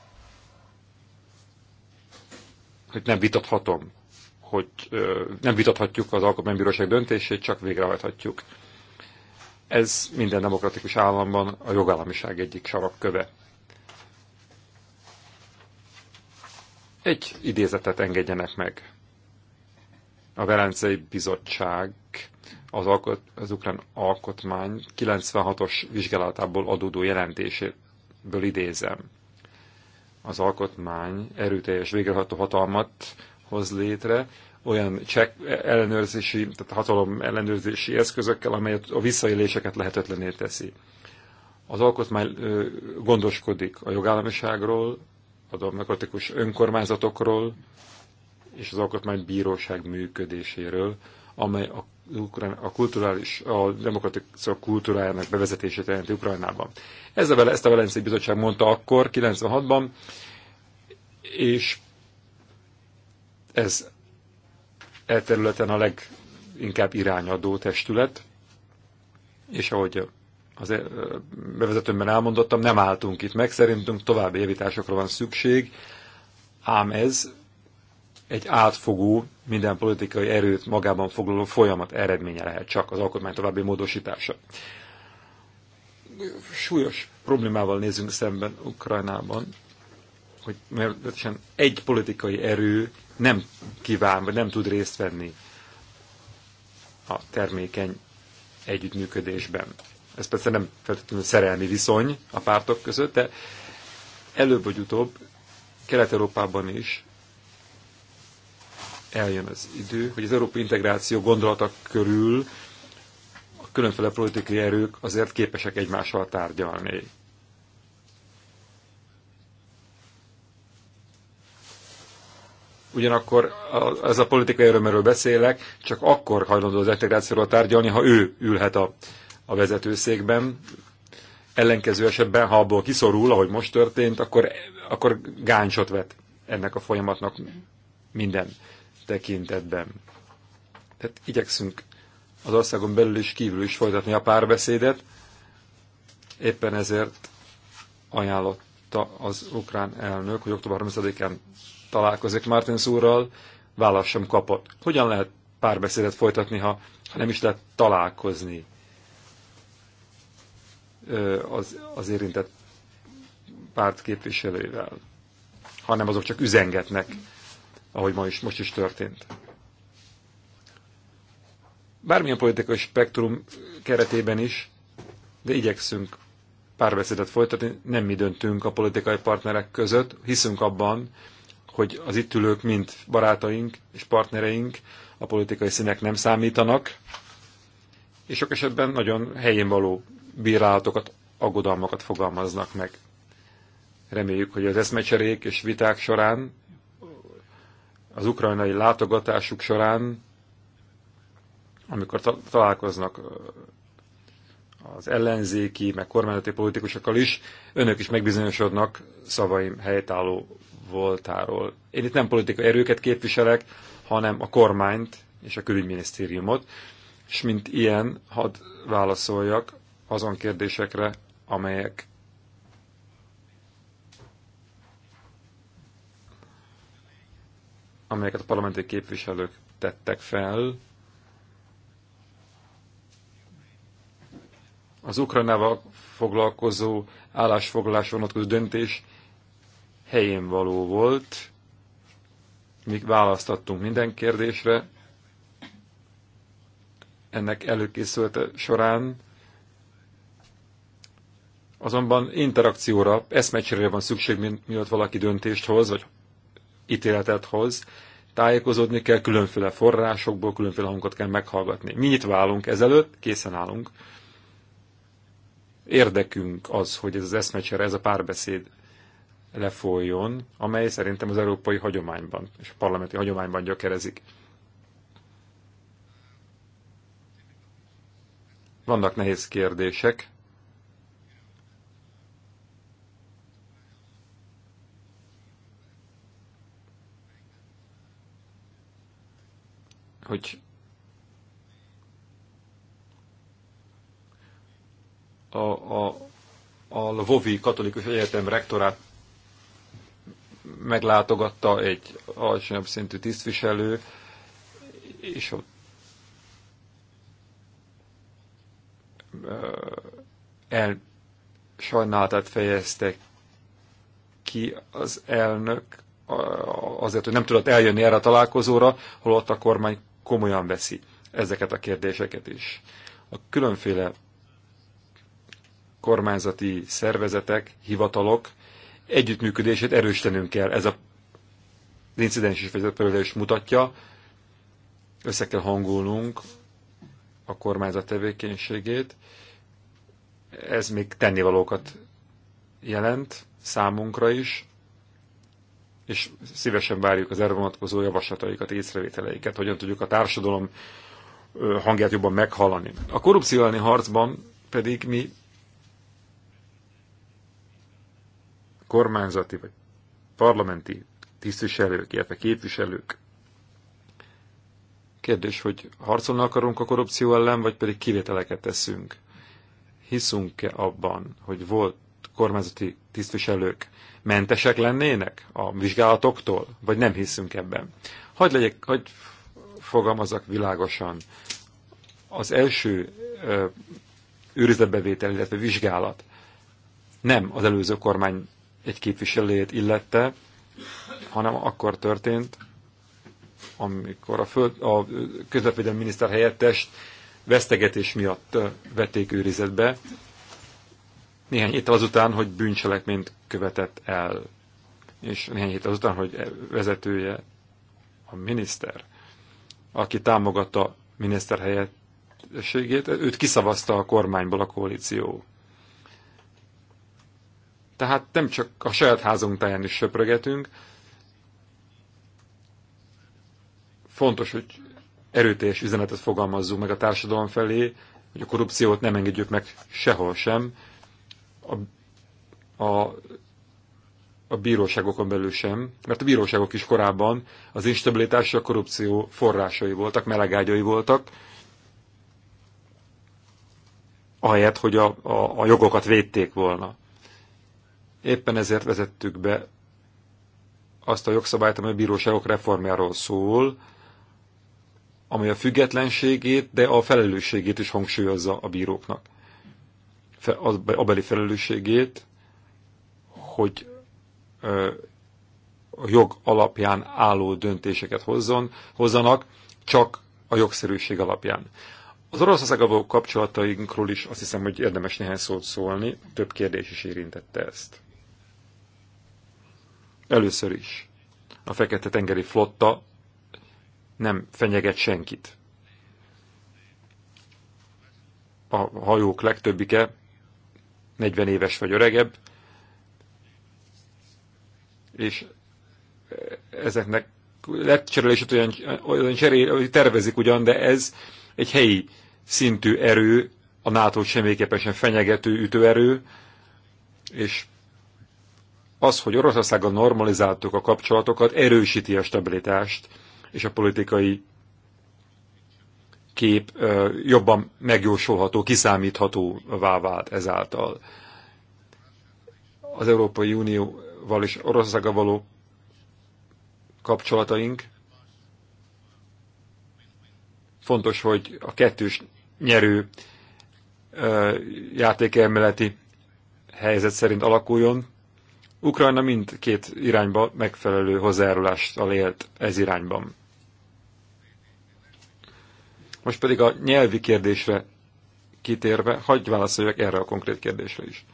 hogy nem vitathatom, hogy nem vitathatjuk az alkotmánybíróság döntését, csak végrehajthatjuk. Ez minden demokratikus államban a jogállamiság egyik sarokköve. Egy idézetet engedjenek meg. A Velencei Bizottság az, alkot, az ukrán alkotmány 96-os vizsgálatából adódó jelentéséből idézem az alkotmány erőteljes végrehajtó hatalmat hoz létre, olyan csekk ellenőrzési, tehát hatalom ellenőrzési eszközökkel, amely a visszaéléseket lehetetlené teszi. Az alkotmány gondoskodik a jogállamiságról, a demokratikus önkormányzatokról és az alkotmánybíróság működéséről, amely a a, kulturális, a demokratikus kultúrájának bevezetését jelenti Ukrajnában. Ez a, ezt a Velencei Bizottság mondta akkor, 96-ban, és ez e területen a leginkább irányadó testület, és ahogy az bevezetőmben elmondottam, nem álltunk itt meg, szerintünk további javításokra van szükség, ám ez egy átfogó, minden politikai erőt magában foglaló folyamat eredménye lehet csak az alkotmány további módosítása. Súlyos problémával nézünk szemben Ukrajnában, hogy mert egy politikai erő nem kíván, vagy nem tud részt venni a termékeny együttműködésben. Ez persze nem feltétlenül szerelmi viszony a pártok között, de előbb vagy utóbb Kelet-Európában is eljön az idő, hogy az európai integráció gondolatak körül a különféle politikai erők azért képesek egymással tárgyalni. Ugyanakkor ez a politikai örömről beszélek, csak akkor hajlandó az integrációról tárgyalni, ha ő ülhet a, a vezetőszékben. Ellenkező esetben, ha abból kiszorul, ahogy most történt, akkor, akkor gáncsot vet ennek a folyamatnak minden tekintetben. Tehát igyekszünk az országon belül és kívül is folytatni a párbeszédet, éppen ezért ajánlotta az ukrán elnök, hogy október 30-án találkozik Martin Szúrral, válasz sem kapott. Hogyan lehet párbeszédet folytatni, ha, ha nem is lehet találkozni az, az érintett párt képviselővel, hanem azok csak üzengetnek ahogy ma is, most is történt. Bármilyen politikai spektrum keretében is, de igyekszünk párbeszédet folytatni, nem mi döntünk a politikai partnerek között, hiszünk abban, hogy az itt ülők mint barátaink és partnereink, a politikai színek nem számítanak, és sok esetben nagyon helyén való bírálatokat, aggodalmakat fogalmaznak meg. Reméljük, hogy az eszmecserék és viták során az ukrajnai látogatásuk során, amikor ta találkoznak az ellenzéki, meg kormányzati politikusokkal is, önök is megbizonyosodnak szavaim helytálló voltáról. Én itt nem politikai erőket képviselek, hanem a kormányt és a külügyminisztériumot, és mint ilyen hadd válaszoljak azon kérdésekre, amelyek amelyeket a parlamenti képviselők tettek fel. Az Ukrajnával foglalkozó állásfoglalás vonatkozó döntés helyén való volt. Mi választattunk minden kérdésre. Ennek előkészülete során azonban interakcióra, eszmecserére van szükség, mielőtt valaki döntést hoz, vagy ítéletet hoz, tájékozódni kell, különféle forrásokból, különféle hangokat kell meghallgatni. Mi nyitva állunk ezelőtt, készen állunk. Érdekünk az, hogy ez az eszmecsere, ez a párbeszéd lefolyjon, amely szerintem az európai hagyományban és a parlamenti hagyományban gyökerezik. Vannak nehéz kérdések, hogy a, a, a Lvovi Katolikus Egyetem rektorát meglátogatta egy alacsonyabb szintű tisztviselő, és ott el sajnálatát fejezte ki az elnök azért, hogy nem tudott eljönni erre a találkozóra, holott a kormány komolyan veszi ezeket a kérdéseket is. A különféle kormányzati szervezetek, hivatalok együttműködését erősítenünk kell. Ez a incidenses vezetőpörülés mutatja, össze kell hangulnunk a kormányzat tevékenységét. Ez még tennivalókat jelent számunkra is, és szívesen várjuk az erre vonatkozó javaslataikat, észrevételeiket, hogyan tudjuk a társadalom hangját jobban meghallani. A korrupció elleni harcban pedig mi kormányzati vagy parlamenti tisztviselők, illetve képviselők. Kérdés, hogy harcolni akarunk a korrupció ellen, vagy pedig kivételeket teszünk? Hiszünk-e abban, hogy volt kormányzati tisztviselők mentesek lennének a vizsgálatoktól, vagy nem hiszünk ebben. Hogy legyek, hogy fogalmazzak világosan. Az első ö, őrizetbevétel, illetve vizsgálat nem az előző kormány egy képviselőjét illette, hanem akkor történt, amikor a, föld, a közvetvédelmi miniszter helyettest vesztegetés miatt vették őrizetbe, néhány héttel azután, hogy bűncselekményt követett el, és néhány héttel azután, hogy vezetője a miniszter, aki támogatta miniszter helyettségét, őt kiszavazta a kormányból a koalíció. Tehát nem csak a saját házunk táján is söprögetünk, fontos, hogy erőteljes üzenetet fogalmazzunk meg a társadalom felé, hogy a korrupciót nem engedjük meg sehol sem, a, a, a bíróságokon belül sem, mert a bíróságok is korábban az instabilitás és a korrupció forrásai voltak, melegágyai voltak, ahelyett, hogy a, a, a jogokat védték volna. Éppen ezért vezettük be azt a jogszabályt, amely a bíróságok reformjáról szól, amely a függetlenségét, de a felelősségét is hangsúlyozza a bíróknak az abeli felelősségét, hogy a jog alapján álló döntéseket hozzon, hozzanak, csak a jogszerűség alapján. Az Oroszországgal való kapcsolatainkról is azt hiszem, hogy érdemes néhány szót szólni, több kérdés is érintette ezt. Először is. A Fekete-tengeri flotta nem fenyeget senkit. A hajók legtöbbike 40 éves vagy öregebb, és ezeknek cserélését olyan, olyan cserél, tervezik ugyan, de ez egy helyi szintű erő, a NATO semmiképpen sem fenyegető ütőerő, és az, hogy Oroszországgal normalizáltuk a kapcsolatokat, erősíti a stabilitást és a politikai kép jobban megjósolható, kiszámíthatóvá vált ezáltal. Az Európai Unióval és Oroszországgal való kapcsolataink fontos, hogy a kettős nyerő játékelméleti helyzet szerint alakuljon. Ukrajna mindkét irányba megfelelő hozzájárulással élt ez irányban. Most pedig a nyelvi kérdésre kitérve, hagyj válaszoljak erre a konkrét kérdésre is.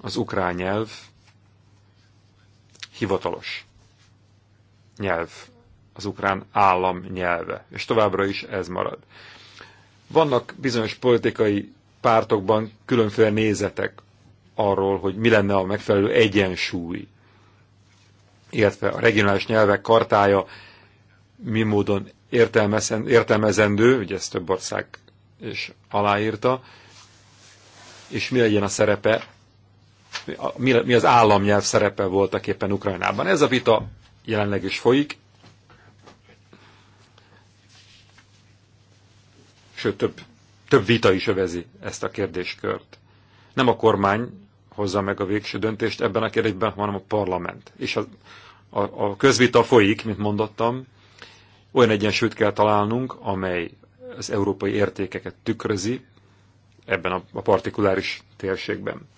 Az ukrán nyelv hivatalos nyelv, az ukrán állam nyelve, és továbbra is ez marad. Vannak bizonyos politikai pártokban különféle nézetek arról, hogy mi lenne a megfelelő egyensúly, illetve a regionális nyelvek kartája mi módon értelmezendő, ugye ezt több ország is aláírta, és mi legyen a szerepe, mi, mi az államnyelv szerepe voltak éppen Ukrajnában. Ez a vita jelenleg is folyik, sőt több, több vita is övezi ezt a kérdéskört. Nem a kormány hozza meg a végső döntést ebben a kérdésben, hanem a parlament. És a, a, a közvita folyik, mint mondottam, olyan egyensúlyt kell találnunk, amely az európai értékeket tükrözi ebben a, a partikuláris térségben.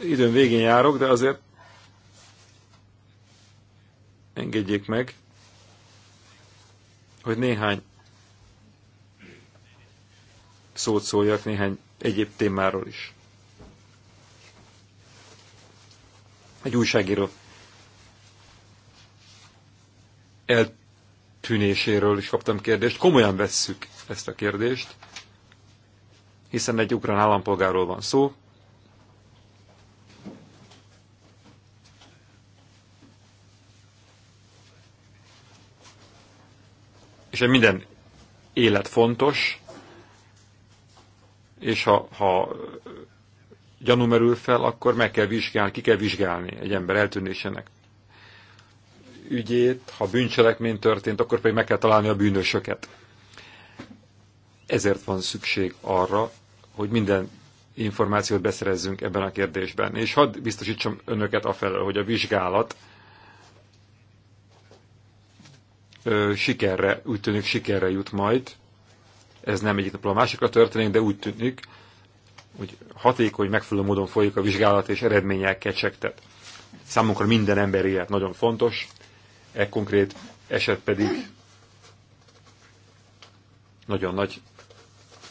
Időn végén járok, de azért engedjék meg, hogy néhány szót szóljak néhány egyéb témáról is. egy újságíró eltűnéséről is kaptam kérdést. Komolyan vesszük ezt a kérdést, hiszen egy ukrán állampolgáról van szó, és minden élet fontos, és ha, ha gyanú merül fel, akkor meg kell vizsgálni, ki kell vizsgálni egy ember eltűnésének ügyét, ha bűncselekmény történt, akkor pedig meg kell találni a bűnösöket. Ezért van szükség arra, hogy minden információt beszerezzünk ebben a kérdésben. És hadd biztosítsam önöket afelől, hogy a vizsgálat ö, sikerre, úgy tűnik sikerre jut majd. Ez nem egyik napról a másikra történik, de úgy tűnik, hogy hatékony, megfelelő módon folyik a vizsgálat és eredmények kecsegtet. Számunkra minden ember élet nagyon fontos, e konkrét eset pedig nagyon nagy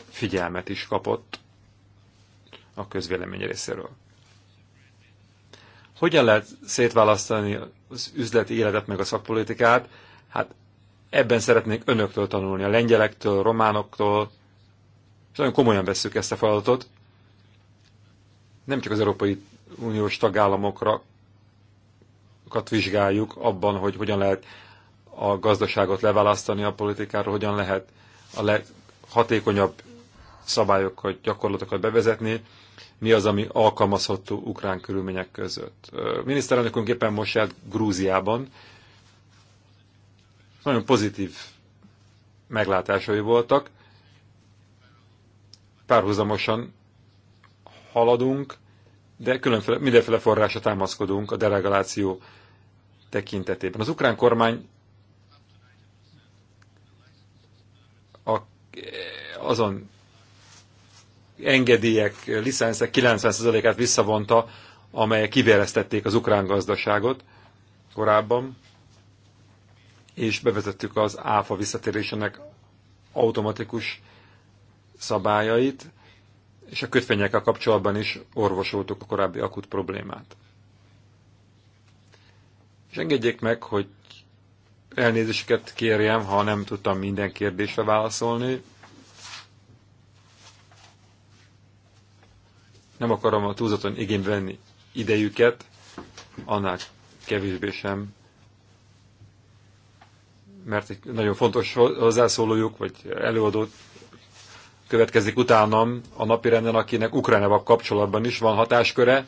figyelmet is kapott a közvélemény részéről. Hogyan lehet szétválasztani az üzleti életet meg a szakpolitikát? Hát ebben szeretnék önöktől tanulni, a lengyelektől, a románoktól, és nagyon komolyan vesszük ezt a feladatot, nem csak az Európai Uniós tagállamokra vizsgáljuk abban, hogy hogyan lehet a gazdaságot leválasztani a politikáról, hogyan lehet a leghatékonyabb szabályokat, gyakorlatokat bevezetni, mi az, ami alkalmazható ukrán körülmények között. Miniszterelnökünk éppen most járt Grúziában. Nagyon pozitív meglátásai voltak. Párhuzamosan haladunk, de különféle, mindenféle forrásra támaszkodunk a delegáció tekintetében. Az ukrán kormány a, azon engedélyek, licenszek 90%-át visszavonta, amelyek kivéreztették az ukrán gazdaságot korábban, és bevezettük az áfa visszatérésének automatikus szabályait, és a kötvényekkel kapcsolatban is orvosoltuk a korábbi akut problémát. És engedjék meg, hogy elnézéseket kérjem, ha nem tudtam minden kérdésre válaszolni. Nem akarom a túlzaton igénybe venni idejüket, annál kevésbé sem, mert egy nagyon fontos hozzászólójuk, vagy előadót következik utánam a napirenden, akinek Ukrajnával kapcsolatban is van hatásköre.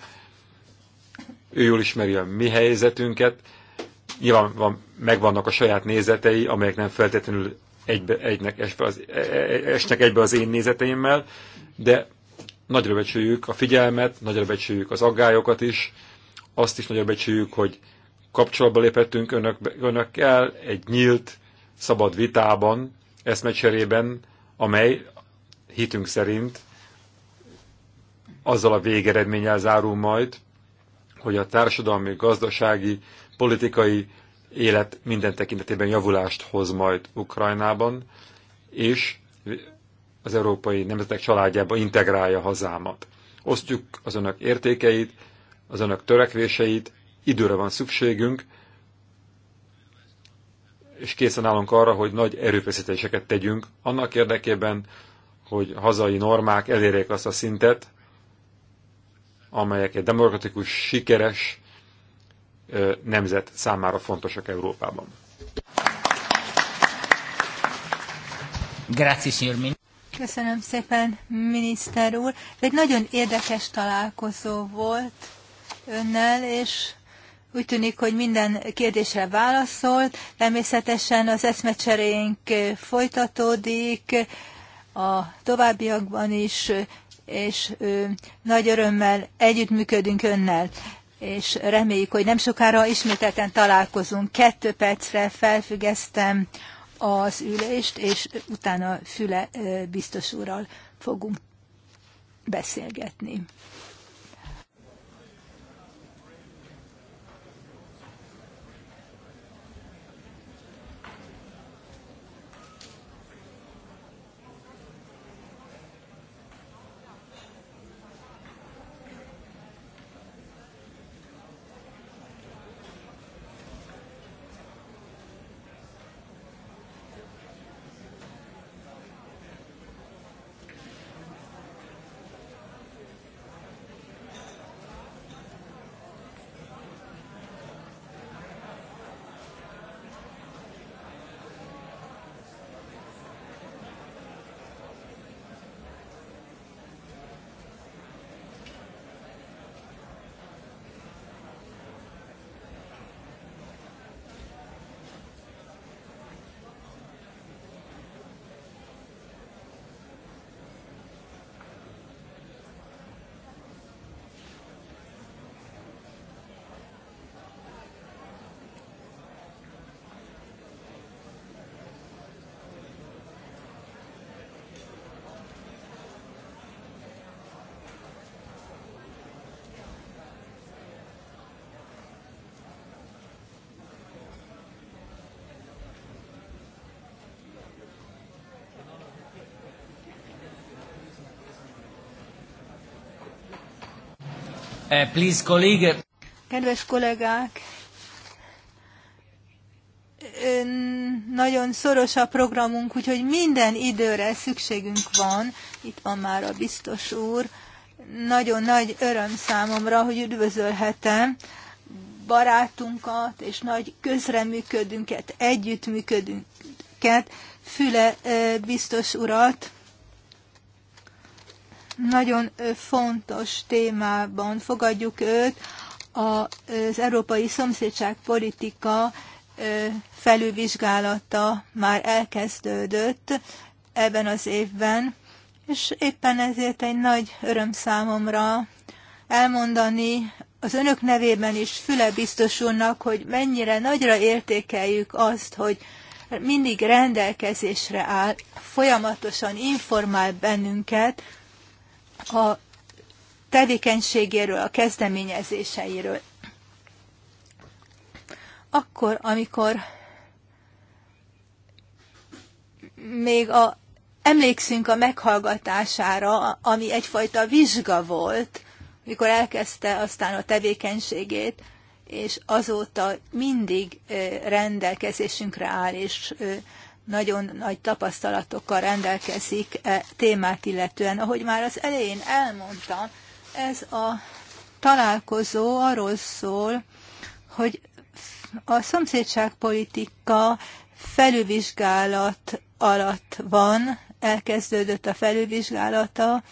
Ő jól ismeri a mi helyzetünket. Nyilván van, megvannak a saját nézetei, amelyek nem feltétlenül egybe, egynek, az, e, e, esnek egybe az én nézeteimmel, de nagyra becsüljük a figyelmet, nagyra becsüljük az aggályokat is, azt is nagyra becsüljük, hogy kapcsolatba lépettünk önök, önökkel egy nyílt, szabad vitában, eszmecserében, amely hitünk szerint azzal a végeredménnyel zárul majd, hogy a társadalmi, gazdasági, politikai élet minden tekintetében javulást hoz majd Ukrajnában, és az európai nemzetek családjába integrálja hazámat. Osztjuk az önök értékeit, az önök törekvéseit, időre van szükségünk, és készen állunk arra, hogy nagy erőfeszítéseket tegyünk annak érdekében, hogy hazai normák elérjék azt a szintet, amelyek egy demokratikus, sikeres nemzet számára fontosak Európában. Köszönöm szépen, miniszter úr. egy nagyon érdekes találkozó volt önnel, és úgy tűnik, hogy minden kérdésre válaszolt. Természetesen az eszmecserénk folytatódik a továbbiakban is, és nagy örömmel együttműködünk önnel és reméljük, hogy nem sokára ismételten találkozunk. Kettő percre felfüggesztem az ülést, és utána Füle biztos úrral fogunk beszélgetni. Eh, please, colleague. Kedves kollégák, nagyon szoros a programunk, úgyhogy minden időre szükségünk van. Itt van már a biztos úr. Nagyon nagy öröm számomra, hogy üdvözölhetem barátunkat és nagy közreműködünket, együttműködünket, Füle biztos urat nagyon fontos témában fogadjuk őt, az európai szomszédság politika felülvizsgálata már elkezdődött ebben az évben, és éppen ezért egy nagy öröm számomra elmondani az önök nevében is Füle biztosulnak, hogy mennyire nagyra értékeljük azt, hogy mindig rendelkezésre áll, folyamatosan informál bennünket a tevékenységéről, a kezdeményezéseiről. Akkor, amikor még a, emlékszünk a meghallgatására, ami egyfajta vizsga volt, mikor elkezdte aztán a tevékenységét, és azóta mindig rendelkezésünkre áll, és nagyon nagy tapasztalatokkal rendelkezik e témát illetően. Ahogy már az elején elmondtam, ez a találkozó arról szól, hogy a szomszédságpolitika felülvizsgálat alatt van, elkezdődött a felülvizsgálata,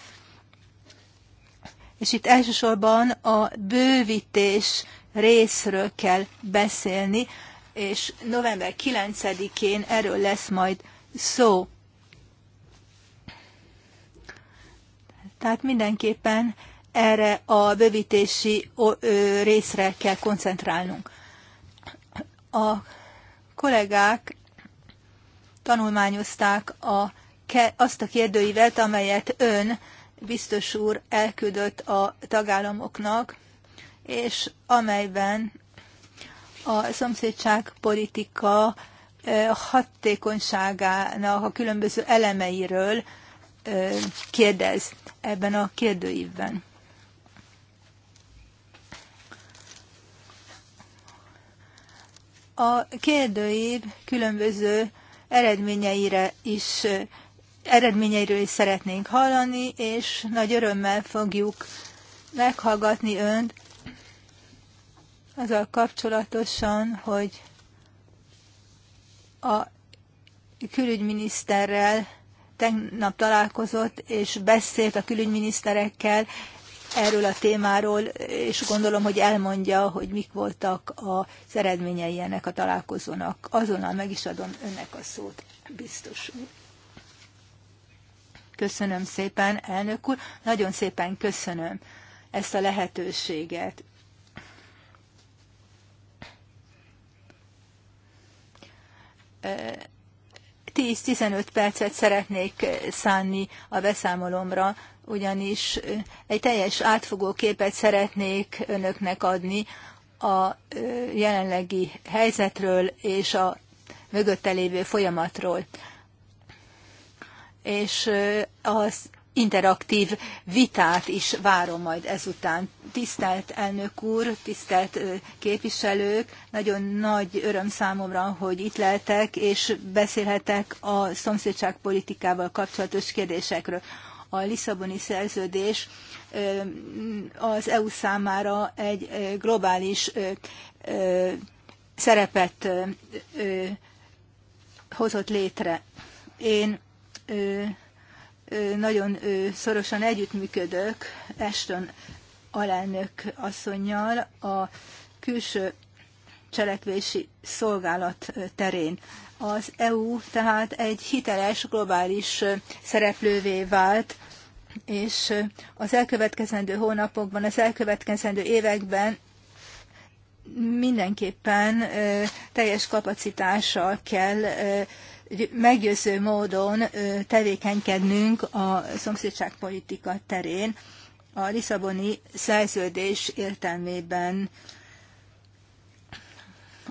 és itt elsősorban a bővítés részről kell beszélni, és november 9-én erről lesz majd szó. Tehát mindenképpen erre a bővítési részre kell koncentrálnunk. A kollégák tanulmányozták a, azt a kérdőívet, amelyet ön, biztos úr, elküldött a tagállamoknak, és amelyben a szomszédság politika hatékonyságának a különböző elemeiről kérdez ebben a kérdőívben. A kérdőív különböző eredményeire is eredményeiről is szeretnénk hallani, és nagy örömmel fogjuk meghallgatni önt azzal kapcsolatosan, hogy a külügyminiszterrel tegnap találkozott, és beszélt a külügyminiszterekkel erről a témáról, és gondolom, hogy elmondja, hogy mik voltak az eredményei ennek a találkozónak. Azonnal meg is adom önnek a szót, biztos úr. Köszönöm szépen, elnök úr. Nagyon szépen köszönöm ezt a lehetőséget. 10-15 percet szeretnék szánni a beszámolomra, ugyanis egy teljes átfogó képet szeretnék önöknek adni a jelenlegi helyzetről és a mögötte lévő folyamatról. És az interaktív vitát is várom majd ezután. Tisztelt elnök úr, tisztelt képviselők, nagyon nagy öröm számomra, hogy itt lehetek, és beszélhetek a szomszédságpolitikával kapcsolatos kérdésekről. A Lisszaboni szerződés az EU számára egy globális szerepet hozott létre. Én nagyon szorosan együttműködök Eston alelnök asszonynal a külső cselekvési szolgálat terén. Az EU tehát egy hiteles globális szereplővé vált, és az elkövetkezendő hónapokban, az elkövetkezendő években mindenképpen teljes kapacitással kell meggyőző módon tevékenykednünk a szomszédságpolitika terén a Lisszaboni szerződés értelmében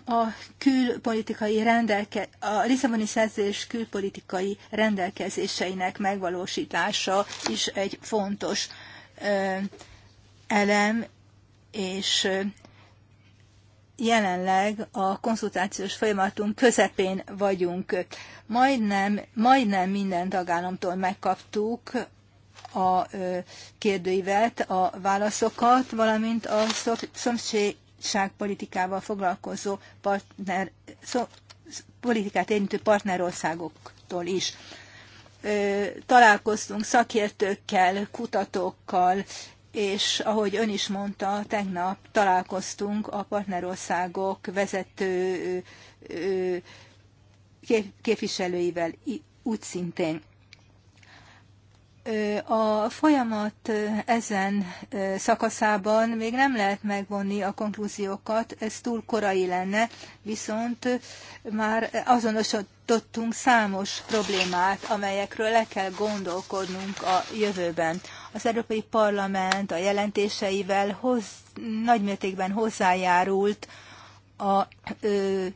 a külpolitikai rendelke, a Lisszaboni szerződés külpolitikai rendelkezéseinek megvalósítása is egy fontos elem, és jelenleg a konzultációs folyamatunk közepén vagyunk. Majdnem, majdnem minden tagállamtól megkaptuk a kérdőívet, a válaszokat, valamint a szomszédságpolitikával foglalkozó partner, politikát érintő partnerországoktól is. Találkoztunk szakértőkkel, kutatókkal, és ahogy ön is mondta, tegnap találkoztunk a partnerországok vezető képviselőivel úgy szintén. A folyamat ezen szakaszában még nem lehet megvonni a konklúziókat, ez túl korai lenne, viszont már azonosítottunk számos problémát, amelyekről le kell gondolkodnunk a jövőben. Az Európai Parlament a jelentéseivel hoz, nagymértékben hozzájárult a ö,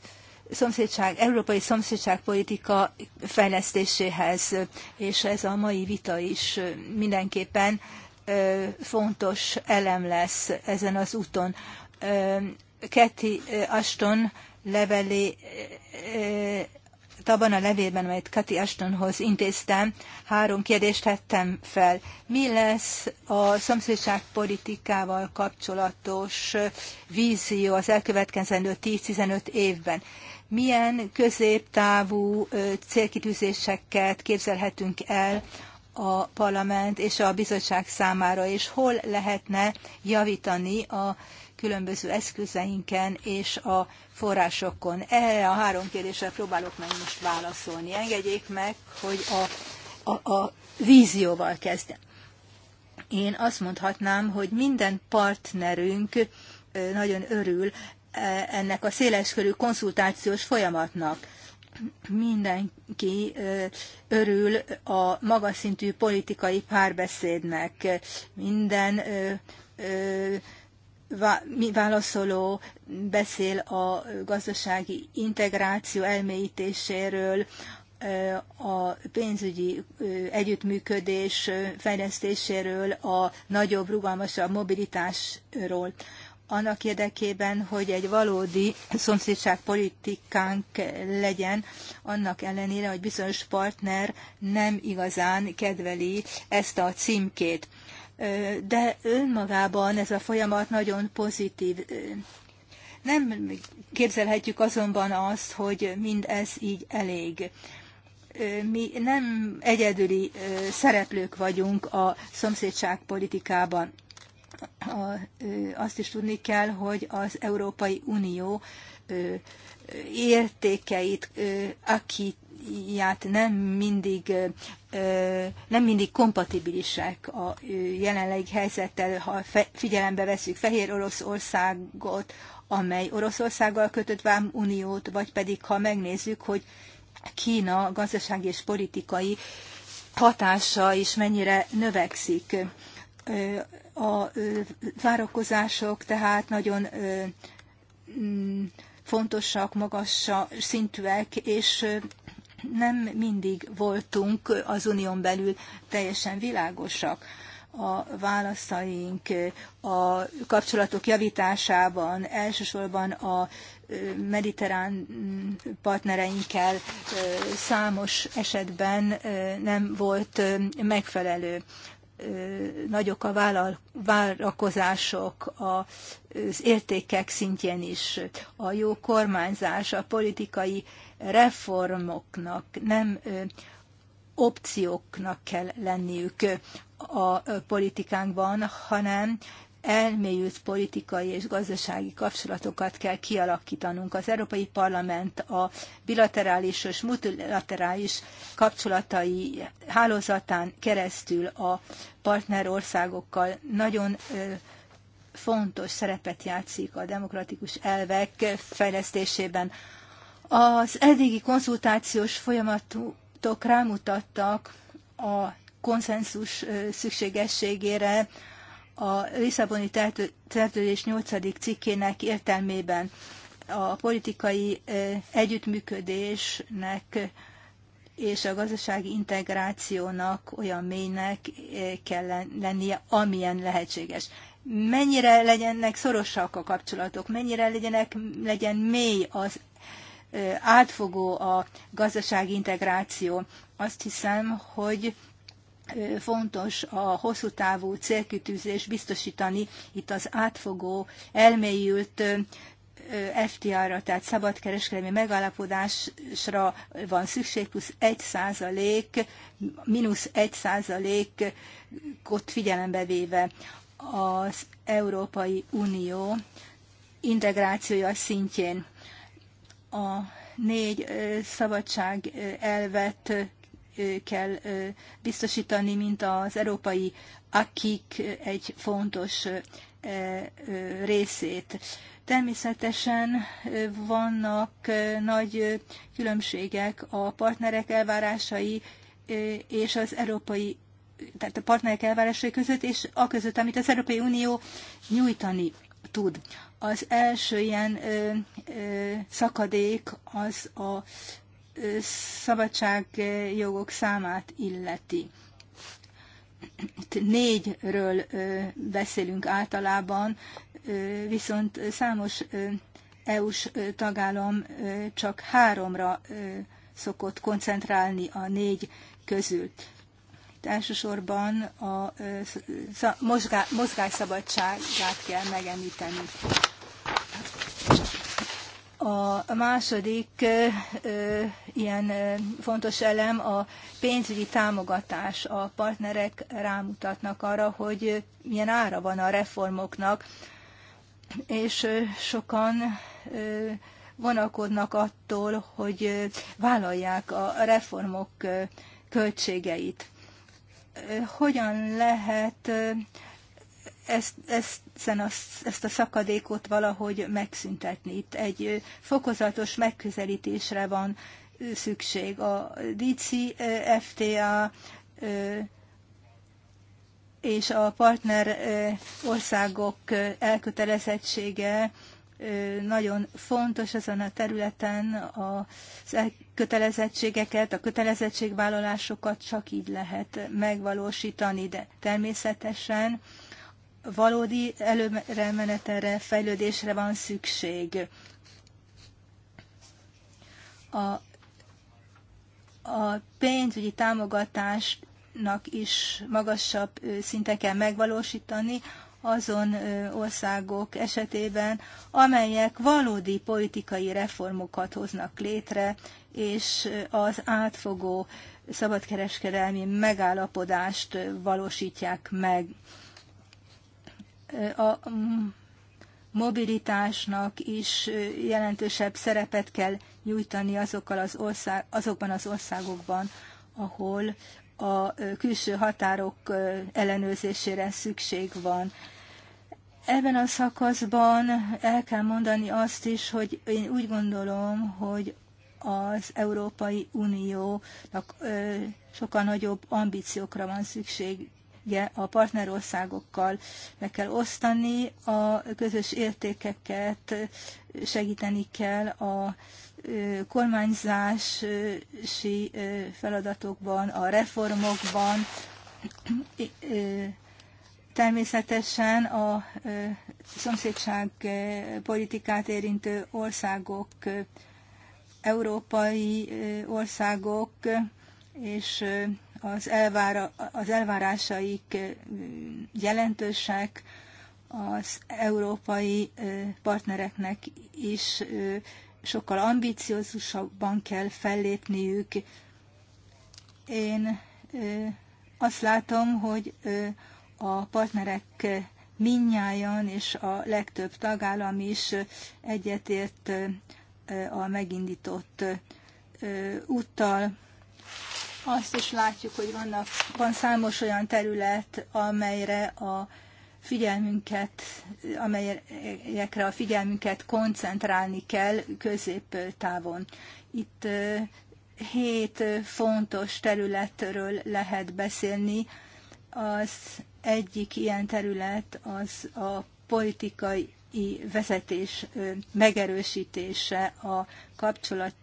szomszédság, európai szomszédságpolitika fejlesztéséhez, és ez a mai vita is mindenképpen ö, fontos elem lesz ezen az úton. Ö, Kathy Ashton levelé abban a levélben, amelyet Kati Ashtonhoz intéztem, három kérdést tettem fel. Mi lesz a politikával kapcsolatos vízió az elkövetkezendő 10-15 évben? Milyen középtávú célkitűzéseket képzelhetünk el a parlament és a bizottság számára, és hol lehetne javítani a különböző eszközeinken és a forrásokon. Erre a három kérdésre próbálok meg most válaszolni. Engedjék meg, hogy a, a, a vízióval kezdem. Én azt mondhatnám, hogy minden partnerünk nagyon örül e, ennek a széleskörű konzultációs folyamatnak mindenki örül a magas szintű politikai párbeszédnek. Minden mi válaszoló beszél a gazdasági integráció elmélyítéséről, a pénzügyi együttműködés fejlesztéséről, a nagyobb, rugalmasabb mobilitásról. Annak érdekében, hogy egy valódi szomszédságpolitikánk legyen, annak ellenére, hogy bizonyos partner nem igazán kedveli ezt a címkét de önmagában ez a folyamat nagyon pozitív. Nem képzelhetjük azonban azt, hogy mindez így elég. Mi nem egyedüli szereplők vagyunk a politikában. Azt is tudni kell, hogy az Európai Unió értékeit, akit Ját nem mindig, nem mindig kompatibilisek a jelenlegi helyzettel, ha figyelembe veszük Fehér Oroszországot, amely Oroszországgal kötött vám uniót vagy pedig ha megnézzük, hogy Kína gazdasági és politikai hatása is mennyire növekszik. A várakozások tehát nagyon fontosak, magas szintűek, és nem mindig voltunk az unión belül teljesen világosak a válaszaink a kapcsolatok javításában, elsősorban a mediterrán partnereinkkel számos esetben nem volt megfelelő. Nagyok a vállal, várakozások az értékek szintjén is. A jó kormányzás, a politikai reformoknak, nem opcióknak kell lenniük a politikánkban, hanem elmélyült politikai és gazdasági kapcsolatokat kell kialakítanunk. Az Európai Parlament a bilaterális és multilaterális kapcsolatai hálózatán keresztül a partnerországokkal nagyon fontos szerepet játszik a demokratikus elvek fejlesztésében. Az eddigi konzultációs folyamatok rámutattak a konszenzus szükségességére a Lisszaboni szerződés 8. cikkének értelmében a politikai együttműködésnek és a gazdasági integrációnak olyan mélynek kell lennie, amilyen lehetséges. Mennyire legyenek szorosak a kapcsolatok, mennyire legyenek, legyen mély az átfogó a gazdasági integráció. Azt hiszem, hogy fontos a hosszú távú célkitűzés biztosítani itt az átfogó, elmélyült FTR-ra, tehát szabadkereskedelmi megállapodásra van szükség, plusz 1 százalék, mínusz 1 százalékot figyelembe véve az Európai Unió integrációja szintjén a négy szabadság elvet kell biztosítani, mint az európai akik egy fontos részét. Természetesen vannak nagy különbségek a partnerek elvárásai és az európai tehát a partnerek elvárásai között, és a között, amit az Európai Unió nyújtani tud. Az első ilyen ö, ö, szakadék az a szabadságjogok számát illeti. Itt négyről ö, beszélünk általában, ö, viszont számos EU-s tagállam csak háromra szokott koncentrálni a négy közül elsősorban a mozgásszabadságát kell megemlíteni. A második ilyen fontos elem a pénzügyi támogatás. A partnerek rámutatnak arra, hogy milyen ára van a reformoknak, és sokan vonakodnak attól, hogy vállalják a reformok költségeit hogyan lehet ezt, ezt, ezt a szakadékot valahogy megszüntetni. Itt egy fokozatos megközelítésre van szükség. A FTA és a partner országok elkötelezettsége nagyon fontos ezen a területen az kötelezettségeket a kötelezettségvállalásokat csak így lehet megvalósítani, de természetesen valódi előre menetelre, fejlődésre van szükség. A, a pénzügyi támogatásnak is magasabb szinten kell megvalósítani, azon országok esetében, amelyek valódi politikai reformokat hoznak létre, és az átfogó szabadkereskedelmi megállapodást valósítják meg. A mobilitásnak is jelentősebb szerepet kell nyújtani azokkal az ország, azokban az országokban, ahol a külső határok ellenőrzésére szükség van. Ebben a szakaszban el kell mondani azt is, hogy én úgy gondolom, hogy az Európai Uniónak sokkal nagyobb ambíciókra van szüksége a partnerországokkal. Meg kell osztani a közös értékeket, segíteni kell a kormányzási feladatokban, a reformokban, természetesen a szomszédság politikát érintő országok, európai országok és az, elvára, az elvárásaik jelentősek, az európai partnereknek is sokkal ambíciózusabban kell fellépniük. Én azt látom, hogy a partnerek minnyáján és a legtöbb tagállam is egyetért a megindított úttal. Azt is látjuk, hogy vannak, van számos olyan terület, amelyre a figyelmünket, amelyekre a figyelmünket koncentrálni kell középtávon. Itt hét fontos területről lehet beszélni. Az egyik ilyen terület az a politikai vezetés megerősítése a kapcsolat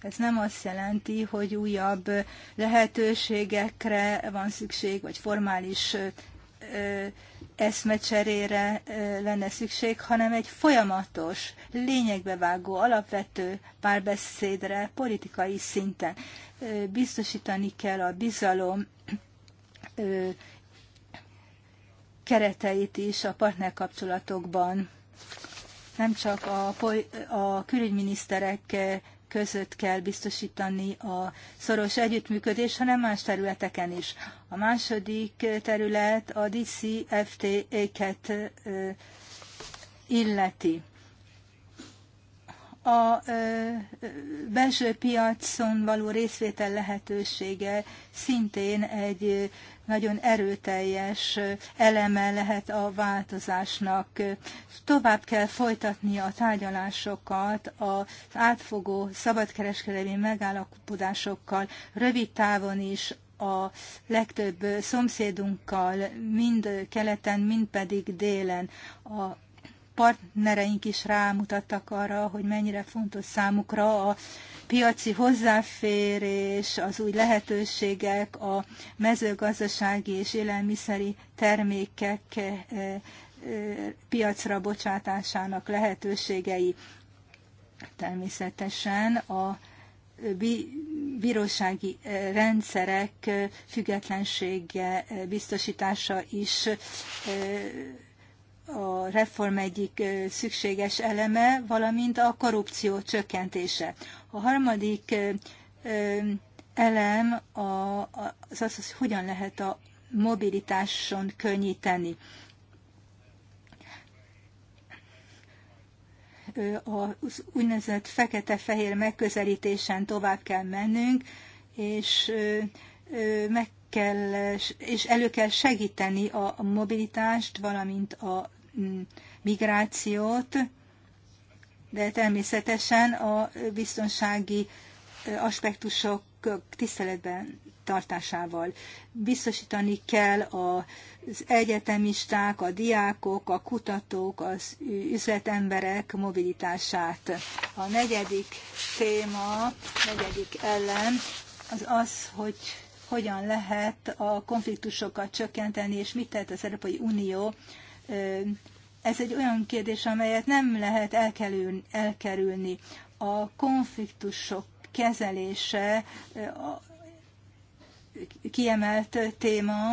Ez nem azt jelenti, hogy újabb lehetőségekre van szükség, vagy formális eszmecserére lenne szükség, hanem egy folyamatos, lényegbevágó, alapvető párbeszédre politikai szinten. Biztosítani kell a bizalom kereteit is a partnerkapcsolatokban. Nem csak a, a külügyminiszterek között kell biztosítani a szoros együttműködés, hanem más területeken is. A második terület a DCFTA-ket illeti. A belső piacon való részvétel lehetősége szintén egy nagyon erőteljes eleme lehet a változásnak. Tovább kell folytatni a tárgyalásokat az átfogó szabadkereskedelmi megállapodásokkal, rövid távon is a legtöbb szomszédunkkal, mind keleten, mind pedig délen. A partnereink is rámutattak arra, hogy mennyire fontos számukra a piaci hozzáférés, az új lehetőségek a mezőgazdasági és élelmiszeri termékek eh, eh, piacra bocsátásának lehetőségei. Természetesen a bírósági eh, rendszerek függetlensége biztosítása is a reform egyik szükséges eleme, valamint a korrupció csökkentése. A harmadik elem az az, hogy hogyan lehet a mobilitáson könnyíteni. Az úgynevezett fekete-fehér megközelítésen tovább kell mennünk, és meg kell, és elő kell segíteni a mobilitást, valamint a mm, migrációt, de természetesen a biztonsági aspektusok tiszteletben tartásával. Biztosítani kell az egyetemisták, a diákok, a kutatók, az üzletemberek mobilitását. A negyedik téma, negyedik ellen az az, hogy hogyan lehet a konfliktusokat csökkenteni, és mit tehet az Európai Unió ez egy olyan kérdés, amelyet nem lehet elkerülni. A konfliktusok kezelése a kiemelt téma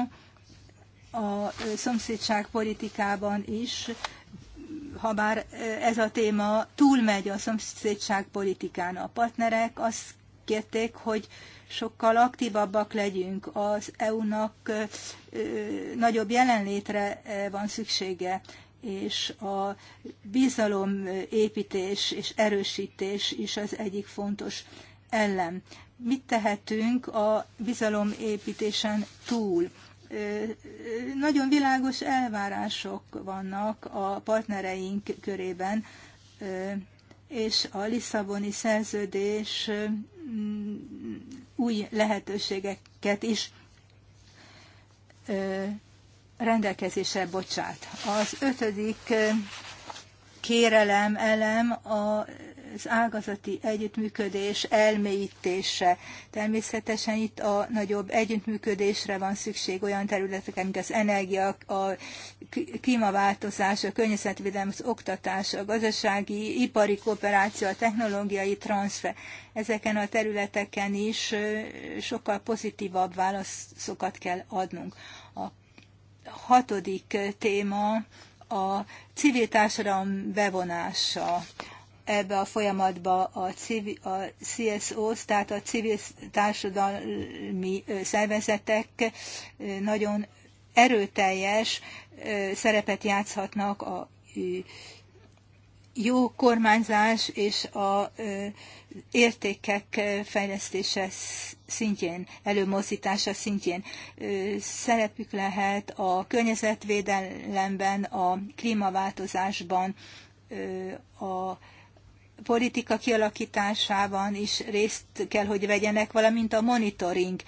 a szomszédság politikában is, ha bár ez a téma túlmegy a szomszédság politikán. A partnerek azt kérték, hogy sokkal aktívabbak legyünk. Az EU-nak nagyobb jelenlétre van szüksége és a bizalomépítés és erősítés is az egyik fontos ellen. Mit tehetünk a bizalomépítésen túl? Nagyon világos elvárások vannak a partnereink körében, és a Lisszaboni szerződés új lehetőségeket is rendelkezésre bocsát. Az ötödik kérelem, elem az ágazati együttműködés elmélyítése. Természetesen itt a nagyobb együttműködésre van szükség olyan területeken, mint az energia, a klímaváltozás, a környezetvédelem, az oktatás, a gazdasági, ipari kooperáció, a technológiai transfer. Ezeken a területeken is sokkal pozitívabb válaszokat kell adnunk hatodik téma a civil társadalom bevonása ebbe a folyamatba a, civil, a cso tehát a civil társadalmi szervezetek nagyon erőteljes szerepet játszhatnak a jó kormányzás és a értékek fejlesztése szintjén, előmozdítása szintjén szerepük lehet a környezetvédelemben, a klímaváltozásban, a politika kialakításában is részt kell, hogy vegyenek, valamint a monitoring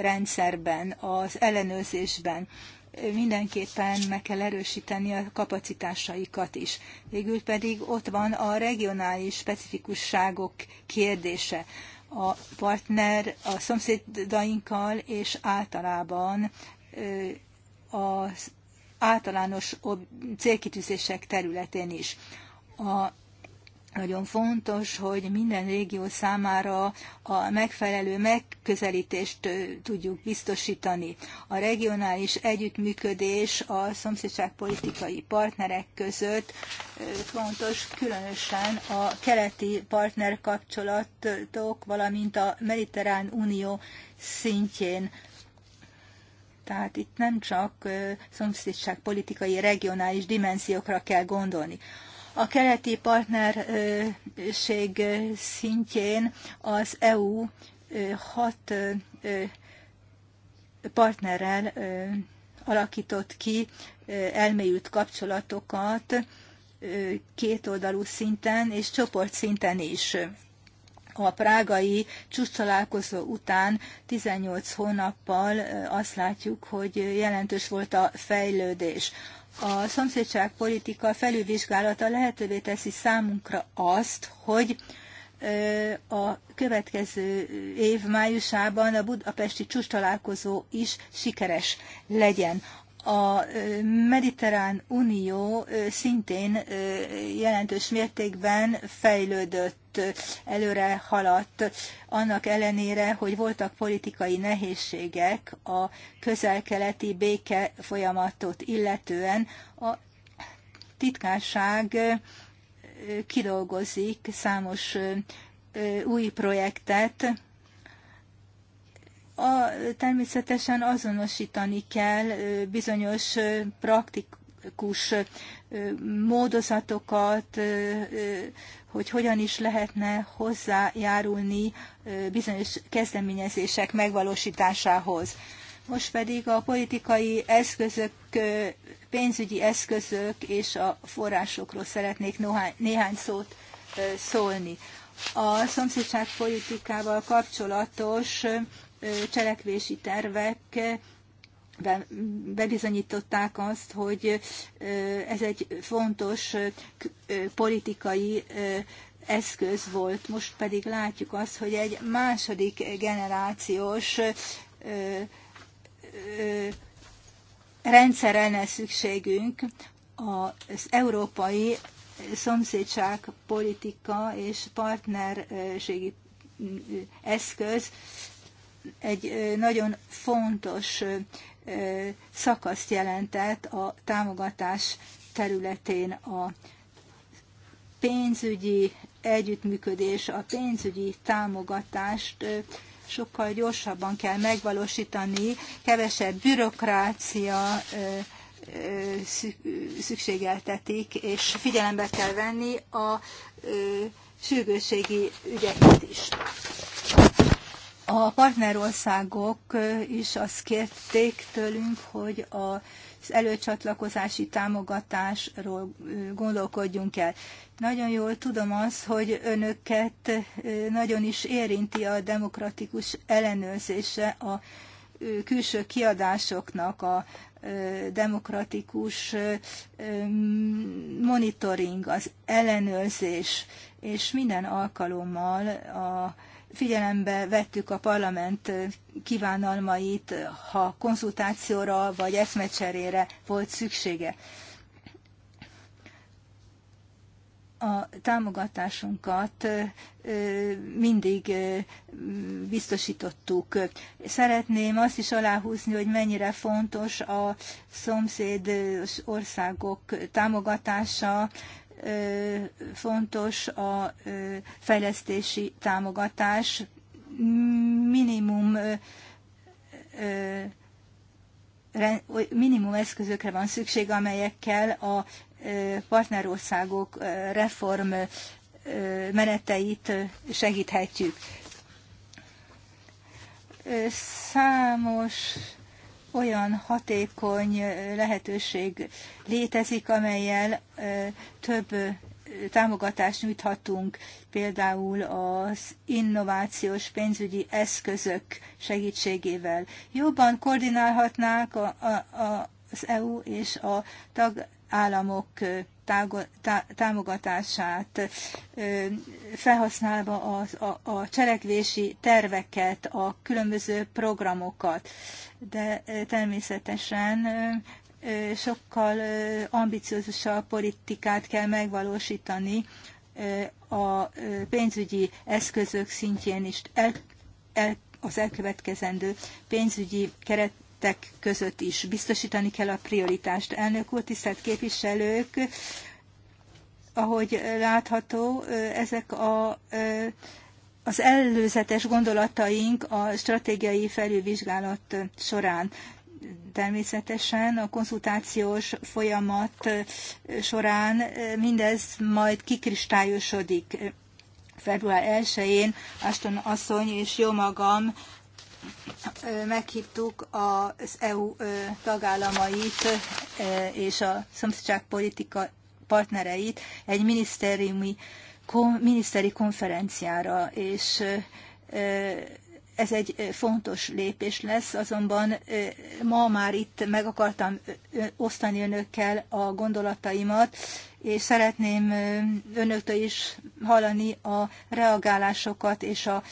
rendszerben, az ellenőrzésben mindenképpen meg kell erősíteni a kapacitásaikat is. Végül pedig ott van a regionális specifikusságok kérdése. A partner a szomszédainkkal és általában az általános célkitűzések területén is. A nagyon fontos, hogy minden régió számára a megfelelő megközelítést tudjuk biztosítani. A regionális együttműködés a szomszédságpolitikai partnerek között fontos, különösen a keleti partnerkapcsolatok, valamint a Mediterrán Unió szintjén tehát itt nem csak szomszédságpolitikai regionális dimenziókra kell gondolni. A keleti partnerség szintjén az EU hat partnerrel alakított ki elmélyült kapcsolatokat kétoldalú szinten és csoportszinten is a prágai csúcstalálkozó után 18 hónappal azt látjuk, hogy jelentős volt a fejlődés a szomszédságpolitika felülvizsgálata lehetővé teszi számunkra azt, hogy a következő év májusában a budapesti csúcs találkozó is sikeres legyen. A Mediterrán Unió szintén jelentős mértékben fejlődött előre haladt, annak ellenére, hogy voltak politikai nehézségek a közel-keleti béke folyamatot illetően, a titkárság kidolgozik számos új projektet, a, természetesen azonosítani kell bizonyos praktikus módozatokat, hogy hogyan is lehetne hozzájárulni bizonyos kezdeményezések megvalósításához. Most pedig a politikai eszközök, pénzügyi eszközök és a forrásokról szeretnék néhány szót szólni. A szomszédságpolitikával kapcsolatos cselekvési tervek bebizonyították azt, hogy ez egy fontos politikai eszköz volt, most pedig látjuk azt, hogy egy második generációs rendszer lenne szükségünk az európai szomszédság politika és partnerségi eszköz egy nagyon fontos szakaszt jelentett a támogatás területén a pénzügyi együttműködés, a pénzügyi támogatást sokkal gyorsabban kell megvalósítani, kevesebb bürokrácia szükségeltetik, és figyelembe kell venni a sürgősségi ügyeket is. A partnerországok is azt kérték tőlünk, hogy az előcsatlakozási támogatásról gondolkodjunk el. Nagyon jól tudom azt, hogy önöket nagyon is érinti a demokratikus ellenőrzése a külső kiadásoknak a demokratikus monitoring, az ellenőrzés, és minden alkalommal a figyelembe vettük a parlament kívánalmait, ha konzultációra vagy eszmecserére volt szüksége. A támogatásunkat mindig biztosítottuk. Szeretném azt is aláhúzni, hogy mennyire fontos a szomszéd országok támogatása, fontos a fejlesztési támogatás, minimum minimum eszközökre van szükség, amelyekkel a partnerországok reform meneteit segíthetjük. Számos olyan hatékony lehetőség létezik, amelyel több támogatást nyújthatunk, például az innovációs pénzügyi eszközök segítségével. Jobban koordinálhatnák a, a, a, az EU és a tagállamok támogatását, felhasználva a, a, a cselekvési terveket, a különböző programokat, de természetesen sokkal ambiciózusabb politikát kell megvalósítani a pénzügyi eszközök szintjén is. El, el, az elkövetkezendő pénzügyi keret keretek között is biztosítani kell a prioritást. Elnök úr, tisztelt képviselők, ahogy látható, ezek a, az előzetes gondolataink a stratégiai felülvizsgálat során. Természetesen a konzultációs folyamat során mindez majd kikristályosodik. Február 1-én Aston asszony és jó magam meghívtuk az EU tagállamait és a politika partnereit egy minisztériumi miniszteri konferenciára, és ez egy fontos lépés lesz, azonban ma már itt meg akartam osztani önökkel a gondolataimat, és szeretném önöktől is hallani a reagálásokat és a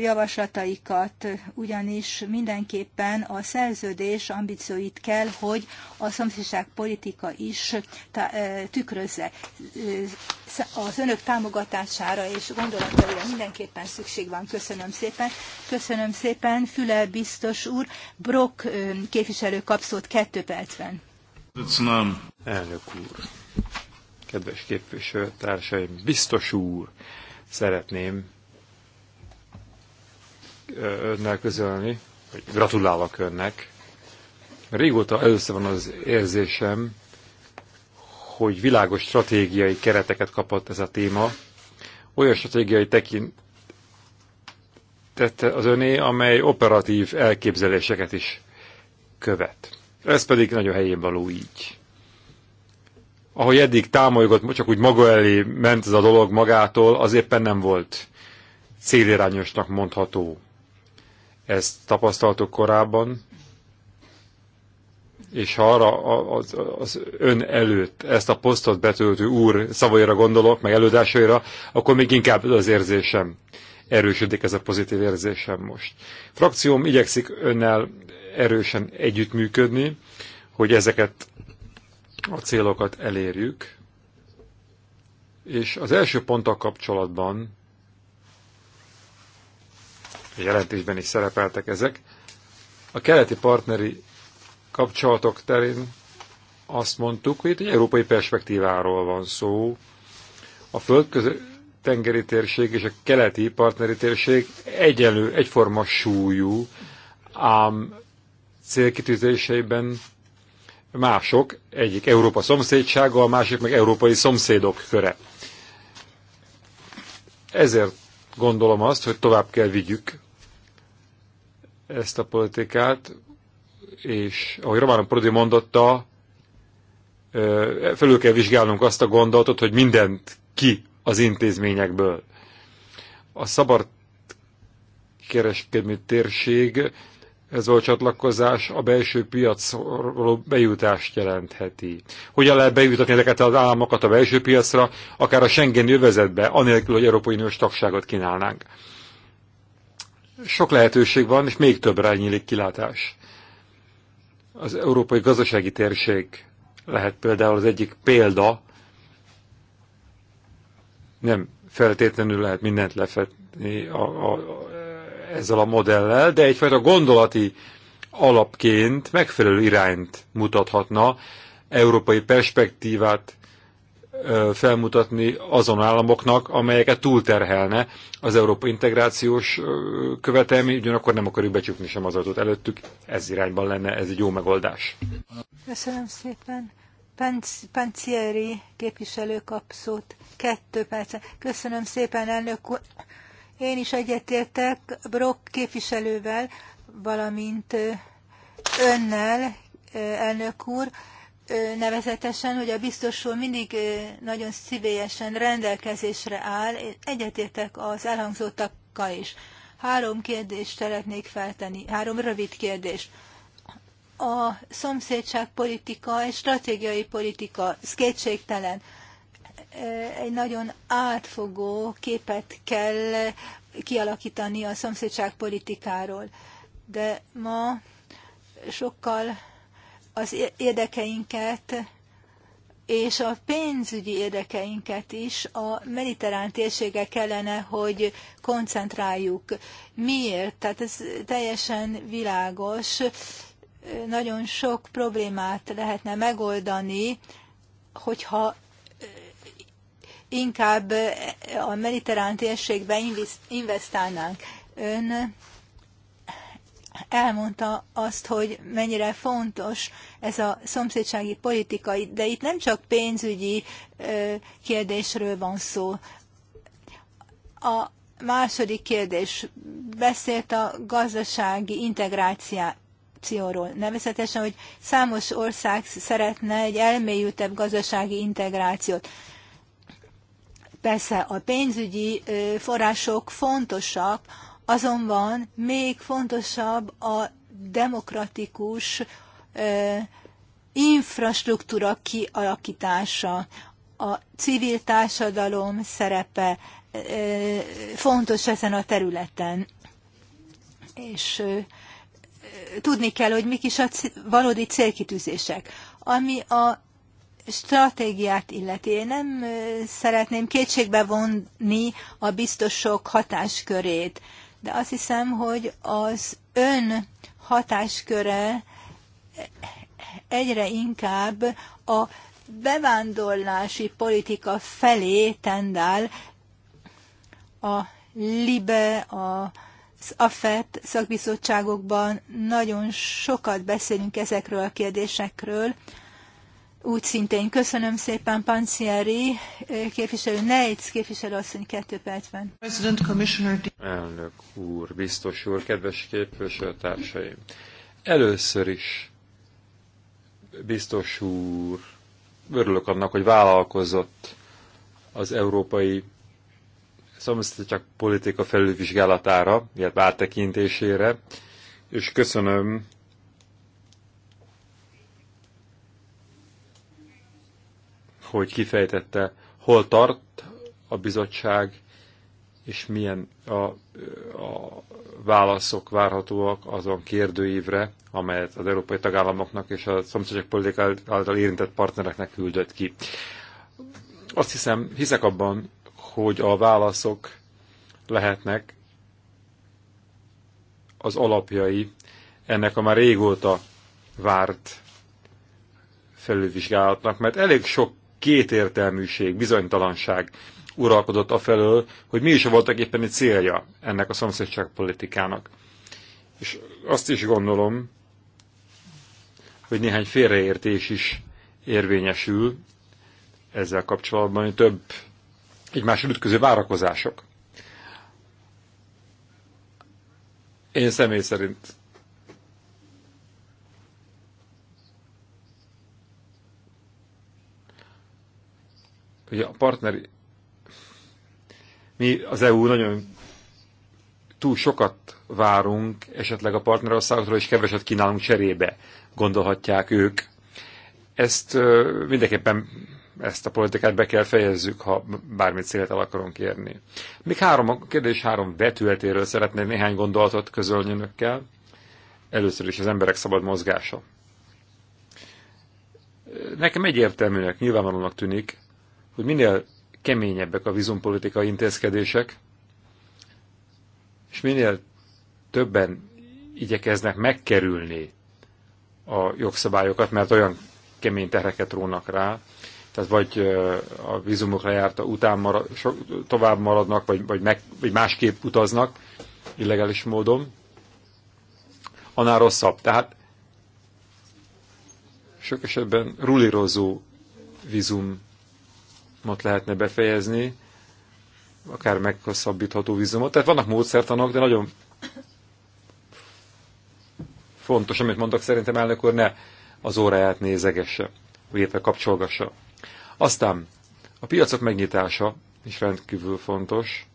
javaslataikat, ugyanis mindenképpen a szerződés ambícióit kell, hogy a szomszédság politika is tükrözze az önök támogatására és gondolataira mindenképpen szükség van. Köszönöm szépen. Köszönöm szépen, Füle biztos úr. brok képviselő kapszót kettő percben. Köszönöm. Elnök úr, kedves képviselőtársaim, biztos úr, szeretném önnel közölni, hogy gratulálok önnek. Régóta először van az érzésem, hogy világos stratégiai kereteket kapott ez a téma, olyan stratégiai tekintette az öné, amely operatív elképzeléseket is követ. Ez pedig nagyon helyén való így. Ahogy eddig támolygott, csak úgy maga elé ment ez a dolog magától, az éppen nem volt célirányosnak mondható. Ezt tapasztaltuk korábban, és ha arra az, az ön előtt ezt a posztot betöltő úr szavaira gondolok, meg előadásaira, akkor még inkább az érzésem erősödik ez a pozitív érzésem most. Frakcióm igyekszik önnel erősen együttműködni, hogy ezeket a célokat elérjük. És az első ponttal kapcsolatban, a jelentésben is szerepeltek ezek, a keleti partneri kapcsolatok terén azt mondtuk, hogy itt egy európai perspektíváról van szó. A földtengeri tengeri térség és a keleti partneri térség egyenlő, egyforma súlyú, ám célkitűzéseiben mások, egyik Európa szomszédsága, a másik meg európai szomszédok köre. Ezért gondolom azt, hogy tovább kell vigyük ezt a politikát, és ahogy Román Prodi mondotta, felül kell vizsgálnunk azt a gondolatot, hogy mindent ki az intézményekből. A szabad kereskedmi térség, ez a csatlakozás a belső piacról bejutást jelentheti. Hogyan lehet bejutatni ezeket az államokat a belső piacra, akár a Schengen jövezetbe, anélkül, hogy Európai Uniós tagságot kínálnánk? Sok lehetőség van, és még többre nyílik kilátás. Az európai gazdasági térség lehet például az egyik példa, nem feltétlenül lehet mindent lefetni a, a, a, ezzel a modellel, de egyfajta gondolati alapként megfelelő irányt mutathatna, európai perspektívát felmutatni azon államoknak, amelyeket túlterhelne az európai integrációs követelmény, ugyanakkor nem akarjuk becsukni sem az adatot előttük, ez irányban lenne, ez egy jó megoldás. Köszönöm szépen. Pancieri képviselő kap szót. Kettő perc. Köszönöm szépen, elnök úr. Én is egyetértek Brock képviselővel, valamint önnel, elnök úr nevezetesen, hogy a biztos úr mindig nagyon szívélyesen rendelkezésre áll, egyetértek az elhangzottakkal is. Három kérdést szeretnék feltenni, három rövid kérdést. A szomszédságpolitika és stratégiai politika, ez kétségtelen, egy nagyon átfogó képet kell kialakítani a szomszédságpolitikáról. De ma sokkal az érdekeinket és a pénzügyi érdekeinket is a mediterrán térsége kellene, hogy koncentráljuk. Miért? Tehát ez teljesen világos. Nagyon sok problémát lehetne megoldani, hogyha inkább a mediterrán térségbe investálnánk. Ön elmondta azt, hogy mennyire fontos ez a szomszédsági politika, de itt nem csak pénzügyi kérdésről van szó. A második kérdés beszélt a gazdasági integráció integrációról. Nevezetesen, hogy számos ország szeretne egy elmélyültebb gazdasági integrációt. Persze a pénzügyi források fontosak Azonban még fontosabb a demokratikus infrastruktúra kialakítása, a civil társadalom szerepe fontos ezen a területen. És tudni kell, hogy mik is a valódi célkitűzések. Ami a stratégiát illeti, én nem szeretném kétségbe vonni a biztosok hatáskörét de azt hiszem, hogy az ön hatásköre egyre inkább a bevándorlási politika felé tendál a LIBE, a az AFET szakbizottságokban nagyon sokat beszélünk ezekről a kérdésekről. Úgy szintén köszönöm szépen Pancieri képviselő Neitz képviselő asszony 2 percben. Elnök úr, biztos úr, kedves képviselőtársaim! Először is biztos úr, örülök annak, hogy vállalkozott az európai szomszédság politika felülvizsgálatára, illetve áttekintésére, és köszönöm hogy kifejtette, hol tart a bizottság, és milyen a, a válaszok várhatóak azon kérdőívre, amelyet az európai tagállamoknak és a szomszédok politikai által érintett partnereknek küldött ki. Azt hiszem, hiszek abban, hogy a válaszok lehetnek az alapjai ennek a már régóta várt felülvizsgálatnak, mert elég sok kétértelműség, bizonytalanság uralkodott afelől, hogy mi is voltak éppen egy célja ennek a szomszédságpolitikának. És azt is gondolom, hogy néhány félreértés is érvényesül ezzel kapcsolatban, hogy több egymás ütköző várakozások. Én személy szerint hogy a partner, mi az EU nagyon túl sokat várunk, esetleg a partnerországokról is keveset kínálunk cserébe, gondolhatják ők. Ezt mindenképpen ezt a politikát be kell fejezzük, ha bármit célt el akarunk érni. Még három, a kérdés három vetületéről szeretnék néhány gondolatot közölni önökkel. Először is az emberek szabad mozgása. Nekem egyértelműnek, nyilvánvalónak tűnik, hogy minél keményebbek a vízumpolitikai intézkedések, és minél többen igyekeznek megkerülni a jogszabályokat, mert olyan kemény terheket rónak rá, tehát vagy a vízumok lejárta után marad, so, tovább maradnak, vagy, vagy, meg, vagy másképp utaznak illegális módon, annál rosszabb. Tehát sok esetben rulírozó vízum vízumot lehetne befejezni, akár meghosszabbítható vízumot. Tehát vannak módszertanok, de nagyon fontos, amit mondok, szerintem elnök úr ne az óráját nézegesse, illetve kapcsolgassa. Aztán a piacok megnyitása is rendkívül fontos.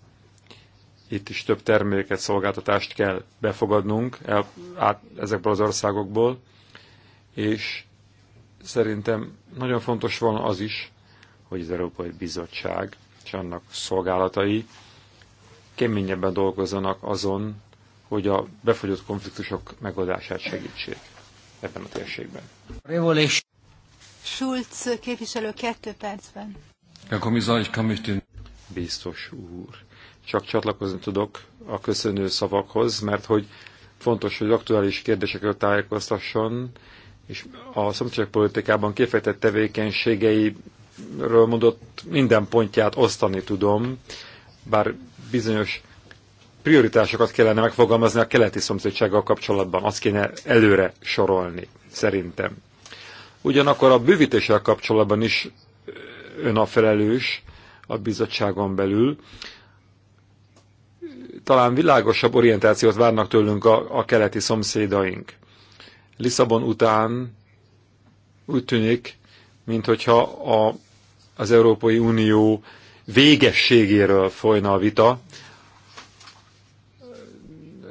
Itt is több terméket, szolgáltatást kell befogadnunk el, át, ezekből az országokból, és szerintem nagyon fontos van az is, hogy az Európai Bizottság és annak szolgálatai keményebben dolgozzanak azon, hogy a befogyott konfliktusok megoldását segítsék ebben a térségben. Schulz képviselő kettő percben. Herr Kommissar, ich kann mich den... Biztos úr. Csak csatlakozni tudok a köszönő szavakhoz, mert hogy fontos, hogy aktuális kérdésekről tájékoztasson, és a szomszédságpolitikában kifejtett tevékenységei ről mondott minden pontját osztani tudom, bár bizonyos prioritásokat kellene megfogalmazni a keleti szomszédsággal kapcsolatban, azt kéne előre sorolni, szerintem. Ugyanakkor a bővítéssel kapcsolatban is ön a felelős a bizottságon belül. Talán világosabb orientációt várnak tőlünk a, a keleti szomszédaink. Lisszabon után úgy tűnik, mint hogyha a az Európai Unió végességéről folyna a vita,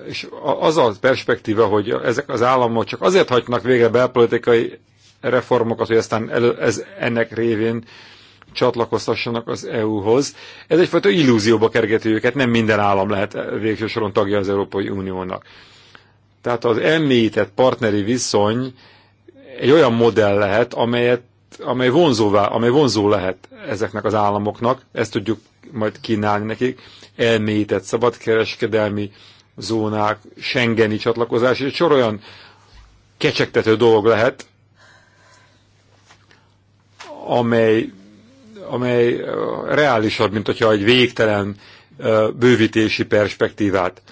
és az a perspektíva, hogy ezek az államok csak azért hagynak végre belpolitikai reformokat, hogy aztán elő, ez ennek révén csatlakoztassanak az EU-hoz. Ez egyfajta illúzióba kergeti őket, nem minden állam lehet végső soron tagja az Európai Uniónak. Tehát az említett partneri viszony egy olyan modell lehet, amelyet amely, vonzóvá, amely vonzó lehet ezeknek az államoknak, ezt tudjuk majd kínálni nekik, elmélyített szabadkereskedelmi zónák, Schengeni csatlakozás, és egy sor olyan kecsegtető dolog lehet, amely, amely eh, reálisabb, mint hogyha egy végtelen eh, bővítési perspektívát,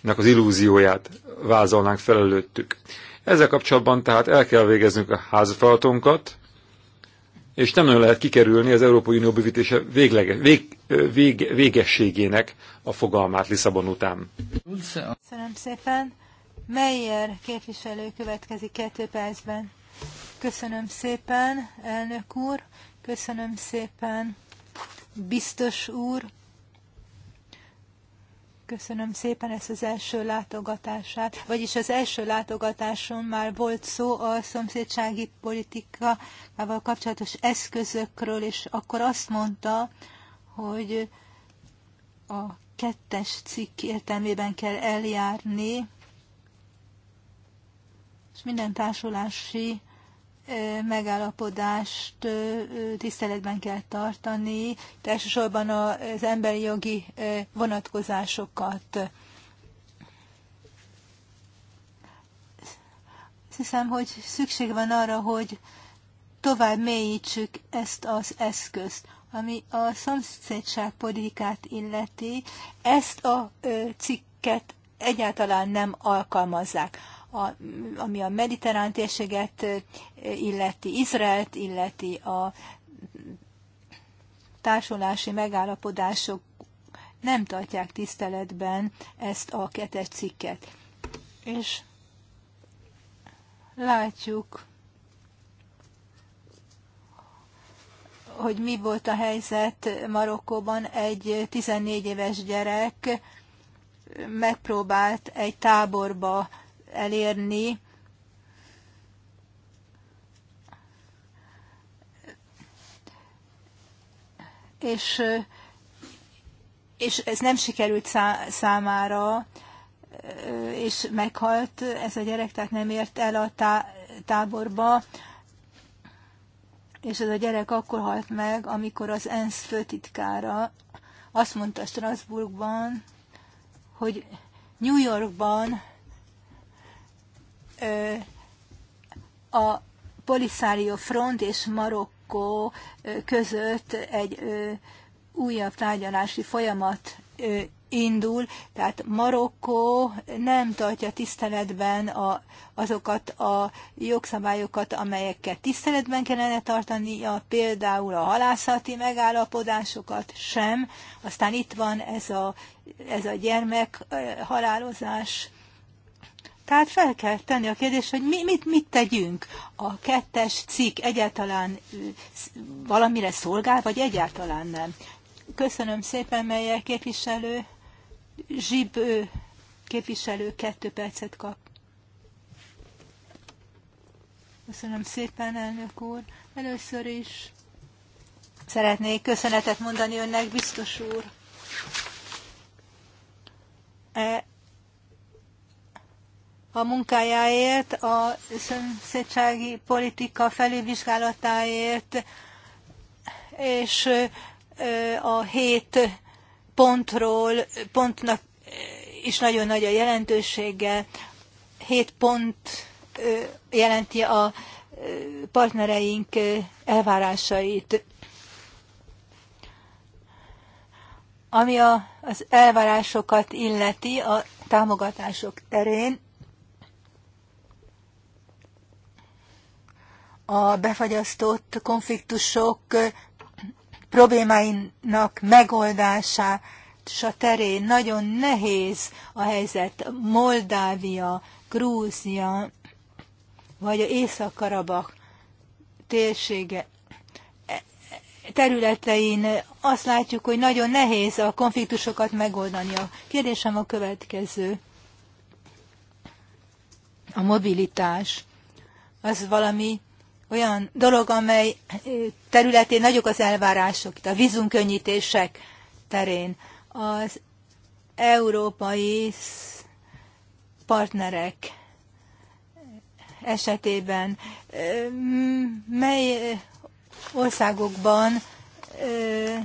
nek az illúzióját vázolnánk fel előttük. Ezzel kapcsolatban tehát el kell végeznünk a házfalatunkat, és nem nagyon lehet kikerülni az Európai Unió bővítése véglege, vég, vég, végességének a fogalmát Lisszabon után. Köszönöm szépen. Meyer képviselő következik kettő percben. Köszönöm szépen, elnök úr, köszönöm szépen, biztos úr, Köszönöm szépen ezt az első látogatását, vagyis az első látogatáson már volt szó a szomszédsági politikával kapcsolatos eszközökről, és akkor azt mondta, hogy a kettes cikk értelmében kell eljárni, és minden társulási megállapodást tiszteletben kell tartani, elsősorban az emberi jogi vonatkozásokat. Hiszem, hogy szükség van arra, hogy tovább mélyítsük ezt az eszközt, ami a politikát illeti, ezt a cikket egyáltalán nem alkalmazzák a, ami a mediterrán térséget illeti, Izraelt illeti, a társulási megállapodások nem tartják tiszteletben ezt a kettes cikket. És látjuk, hogy mi volt a helyzet Marokkóban. Egy 14 éves gyerek megpróbált egy táborba elérni. És, és ez nem sikerült számára, és meghalt ez a gyerek, tehát nem ért el a tá, táborba. És ez a gyerek akkor halt meg, amikor az ENSZ főtitkára azt mondta Strasbourgban, hogy New Yorkban a Polisario Front és Marokkó között egy újabb tárgyalási folyamat indul, tehát Marokkó nem tartja tiszteletben a, azokat a jogszabályokat, amelyeket tiszteletben kellene tartania, például a halászati megállapodásokat sem. Aztán itt van ez a, ez a gyermek halálozás tehát fel kell tenni a kérdés, hogy mi, mit, mit tegyünk. A kettes cikk egyáltalán valamire szolgál, vagy egyáltalán nem. Köszönöm szépen, melyek képviselő. Zsib képviselő kettő percet kap. Köszönöm szépen, elnök úr. Először is szeretnék köszönetet mondani önnek, biztos úr. E, a munkájáért, a szomszédsági politika felülvizsgálatáért, és a hét pontról, pontnak is nagyon nagy a jelentősége. Hét pont jelenti a partnereink elvárásait. Ami a, az elvárásokat illeti a támogatások terén, a befagyasztott konfliktusok problémáinak megoldása terén nagyon nehéz a helyzet. Moldávia, Grúzia, vagy Észak-Karabak térsége területein azt látjuk, hogy nagyon nehéz a konfliktusokat megoldani. A kérdésem a következő. A mobilitás az valami olyan dolog, amely eh, területén nagyok az elvárások, itt a vízunkönnyítések terén. Az európai partnerek esetében eh, mely országokban eh,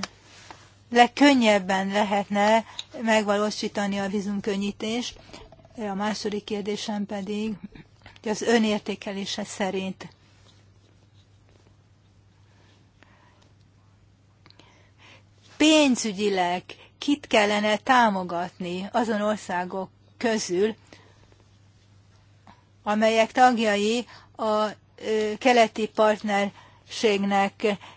legkönnyebben lehetne megvalósítani a vízunkönnyítést? A második kérdésem pedig, hogy az önértékelése szerint pénzügyileg kit kellene támogatni azon országok közül, amelyek tagjai a keleti partnerségnek.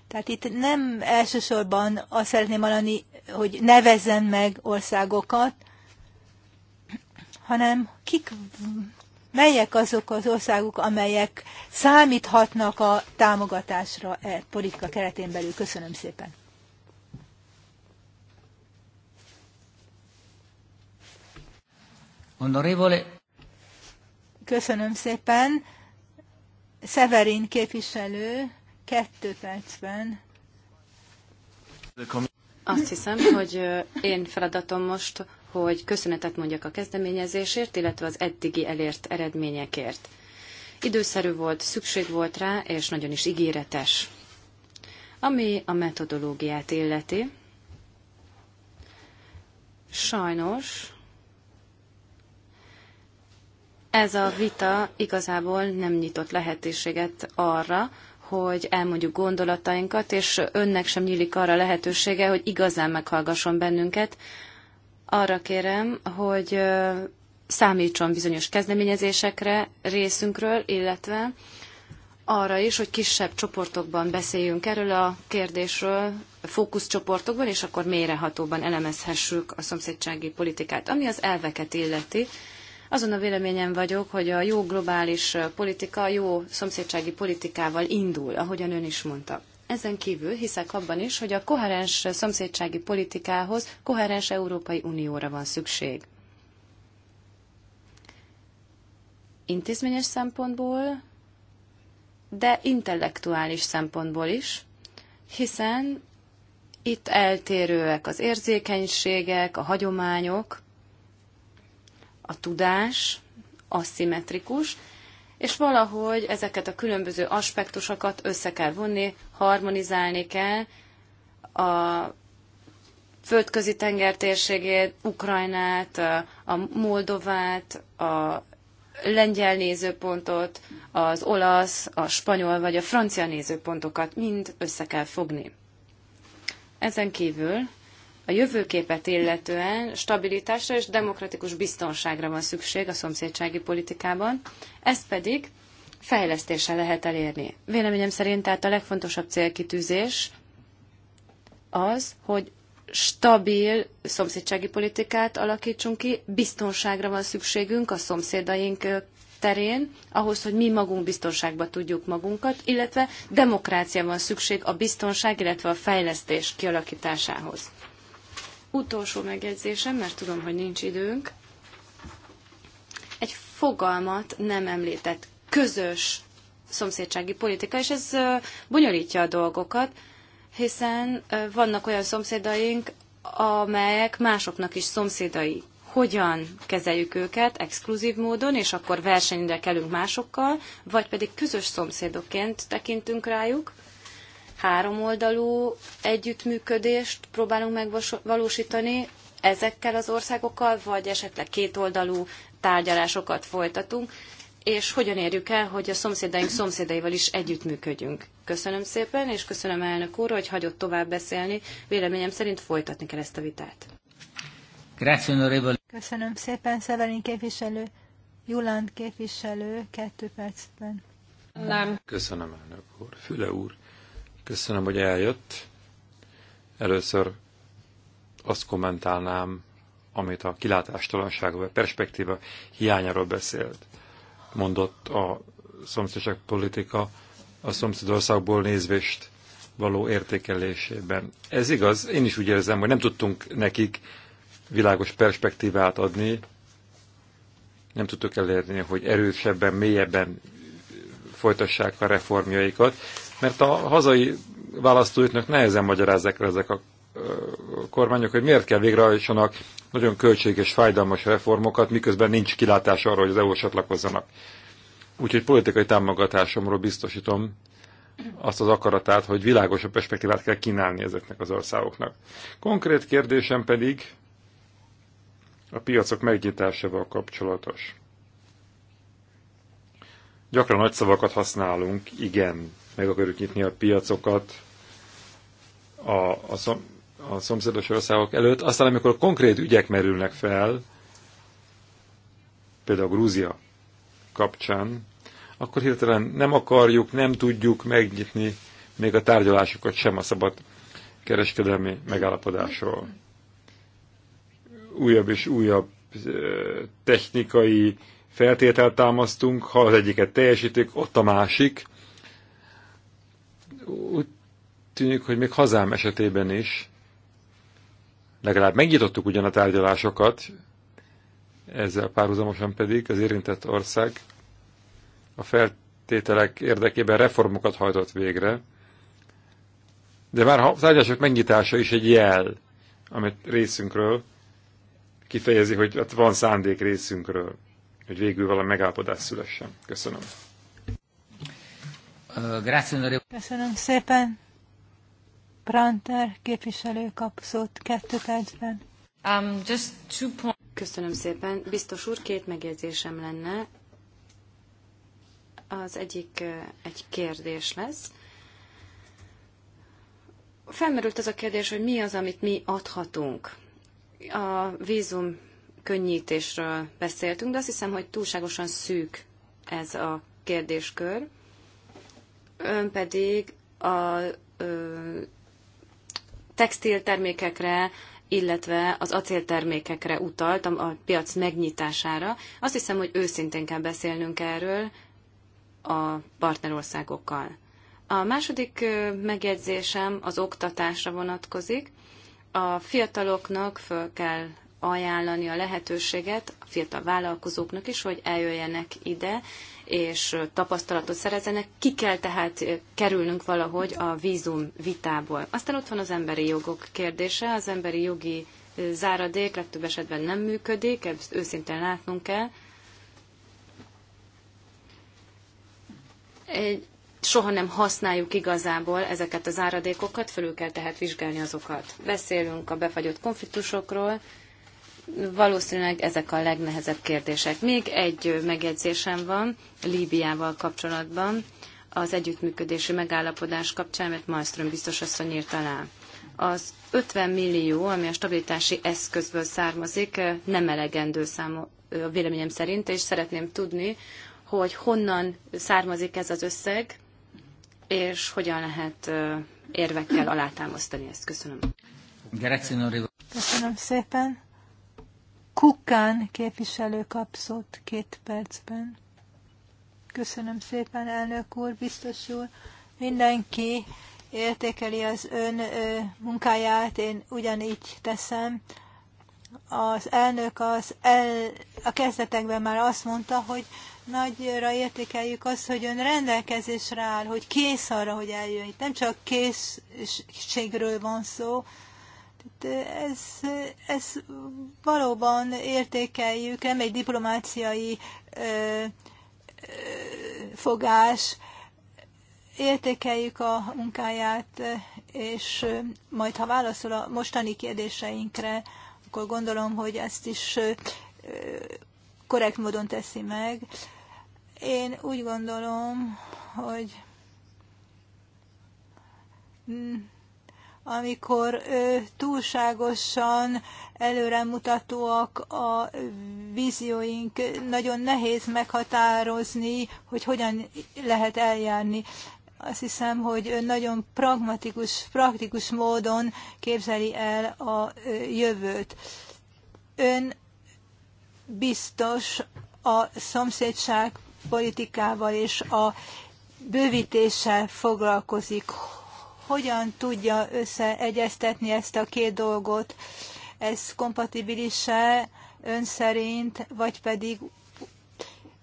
Tehát itt nem elsősorban azt szeretném mondani, hogy nevezzen meg országokat, hanem kik, melyek azok az országok, amelyek számíthatnak a támogatásra e politika keretén belül. Köszönöm szépen. Köszönöm szépen. Severin képviselő, kettő percben. Azt hiszem, hogy én feladatom most, hogy köszönetet mondjak a kezdeményezésért, illetve az eddigi elért eredményekért. Időszerű volt, szükség volt rá, és nagyon is ígéretes. Ami a metodológiát illeti, sajnos ez a vita igazából nem nyitott lehetőséget arra, hogy elmondjuk gondolatainkat, és önnek sem nyílik arra lehetősége, hogy igazán meghallgasson bennünket. Arra kérem, hogy számítson bizonyos kezdeményezésekre részünkről, illetve arra is, hogy kisebb csoportokban beszéljünk erről a kérdésről, fókuszcsoportokban, és akkor mélyrehatóban elemezhessük a szomszédsági politikát. Ami az elveket illeti, azon a véleményen vagyok, hogy a jó globális politika jó szomszédsági politikával indul, ahogyan ön is mondta. Ezen kívül hiszek abban is, hogy a koherens szomszédsági politikához koherens Európai Unióra van szükség. Intézményes szempontból, de intellektuális szempontból is, hiszen itt eltérőek az érzékenységek, a hagyományok, a tudás aszimmetrikus, és valahogy ezeket a különböző aspektusokat össze kell vonni, harmonizálni kell a földközi tenger térségét, Ukrajnát, a Moldovát, a lengyel nézőpontot, az olasz, a spanyol vagy a francia nézőpontokat mind össze kell fogni. Ezen kívül a jövőképet illetően stabilitásra és demokratikus biztonságra van szükség a szomszédsági politikában, ezt pedig fejlesztéssel lehet elérni. Véleményem szerint tehát a legfontosabb célkitűzés az, hogy stabil szomszédsági politikát alakítsunk ki, biztonságra van szükségünk a szomszédaink terén, ahhoz, hogy mi magunk biztonságba tudjuk magunkat, illetve demokrácia van szükség a biztonság, illetve a fejlesztés kialakításához utolsó megjegyzésem, mert tudom, hogy nincs időnk, egy fogalmat nem említett közös szomszédsági politika, és ez bonyolítja a dolgokat, hiszen vannak olyan szomszédaink, amelyek másoknak is szomszédai. Hogyan kezeljük őket exkluzív módon, és akkor versenyre kelünk másokkal, vagy pedig közös szomszédokként tekintünk rájuk, háromoldalú együttműködést próbálunk megvalósítani ezekkel az országokkal, vagy esetleg kétoldalú tárgyalásokat folytatunk, és hogyan érjük el, hogy a szomszédaink szomszédaival is együttműködjünk. Köszönöm szépen, és köszönöm elnök úr, hogy hagyott tovább beszélni. Véleményem szerint folytatni kell ezt a vitát. Köszönöm szépen, Szeverin képviselő, Juland képviselő, kettő percben. Nem. Köszönöm, elnök úr. Füle úr, Köszönöm, hogy eljött. Először azt kommentálnám, amit a kilátástalanságról, a perspektíva hiányáról beszélt. Mondott a szomszédság politika a szomszédországból nézvést való értékelésében. Ez igaz, én is úgy érzem, hogy nem tudtunk nekik világos perspektívát adni, nem tudtuk elérni, hogy erősebben, mélyebben folytassák a reformjaikat mert a hazai választóitnak nehezen magyarázzák ezek a kormányok, hogy miért kell végrehajtsanak nagyon költséges, fájdalmas reformokat, miközben nincs kilátás arra, hogy az EU csatlakozzanak. Úgyhogy politikai támogatásomról biztosítom azt az akaratát, hogy világosabb perspektívát kell kínálni ezeknek az országoknak. Konkrét kérdésem pedig a piacok megnyitásával kapcsolatos. Gyakran nagy szavakat használunk, igen, meg akarjuk nyitni a piacokat a, a, szom, a szomszédos országok előtt. Aztán, amikor konkrét ügyek merülnek fel, például Grúzia kapcsán, akkor hirtelen nem akarjuk, nem tudjuk megnyitni még a tárgyalásokat sem a szabad kereskedelmi megállapodásról. Újabb és újabb technikai feltételt támasztunk, ha az egyiket teljesítik, ott a másik, úgy tűnik, hogy még hazám esetében is legalább megnyitottuk ugyan a tárgyalásokat, ezzel párhuzamosan pedig az érintett ország a feltételek érdekében reformokat hajtott végre, de már a tárgyalások megnyitása is egy jel, amit részünkről kifejezi, hogy van szándék részünkről, hogy végül valami megállapodás szülessen. Köszönöm. Köszönöm szépen. Pranter képviselő kap szót kettő percben. Um, just two point. Köszönöm szépen. Biztos úr, két megjegyzésem lenne. Az egyik egy kérdés lesz. Felmerült az a kérdés, hogy mi az, amit mi adhatunk. A vízum könnyítésről beszéltünk, de azt hiszem, hogy túlságosan szűk ez a kérdéskör ön pedig a ö, textiltermékekre, illetve az acéltermékekre utaltam a piac megnyitására. Azt hiszem, hogy őszintén kell beszélnünk erről a partnerországokkal. A második megjegyzésem az oktatásra vonatkozik. A fiataloknak föl kell ajánlani a lehetőséget, a fiatal vállalkozóknak is, hogy eljöjjenek ide, és tapasztalatot szerezzenek. Ki kell tehát kerülnünk valahogy a vízum vitából. Aztán ott van az emberi jogok kérdése, az emberi jogi záradék legtöbb esetben nem működik, ezt őszintén látnunk kell. Egy, soha nem használjuk igazából ezeket az áradékokat, fölül kell tehát vizsgálni azokat. Beszélünk a befagyott konfliktusokról, valószínűleg ezek a legnehezebb kérdések. Még egy megjegyzésem van Líbiával kapcsolatban, az együttműködési megállapodás kapcsán, mert Malmström biztos asszony írt alá. Az 50 millió, ami a stabilitási eszközből származik, nem elegendő számú, a véleményem szerint, és szeretném tudni, hogy honnan származik ez az összeg, és hogyan lehet érvekkel alátámasztani ezt. Köszönöm. Köszönöm szépen. Kukán képviselő kapszott két percben. Köszönöm szépen, elnök úr, biztos úr. Mindenki értékeli az ön ö, munkáját, én ugyanígy teszem. Az elnök az el, a kezdetekben már azt mondta, hogy nagyra értékeljük azt, hogy ön rendelkezésre áll, hogy kész arra, hogy eljön. Itt nem csak készségről van szó, ez, ez valóban értékeljük, nem egy diplomáciai ö, ö, fogás, értékeljük a munkáját, és majd ha válaszol a mostani kérdéseinkre, akkor gondolom, hogy ezt is korrekt módon teszi meg. Én úgy gondolom, hogy hmm amikor túlságosan előremutatóak a vízióink, nagyon nehéz meghatározni, hogy hogyan lehet eljárni. Azt hiszem, hogy nagyon pragmatikus, praktikus módon képzeli el a jövőt. Ön biztos a szomszédság politikával és a bővítéssel foglalkozik hogyan tudja összeegyeztetni ezt a két dolgot. Ez kompatibilis-e ön szerint, vagy pedig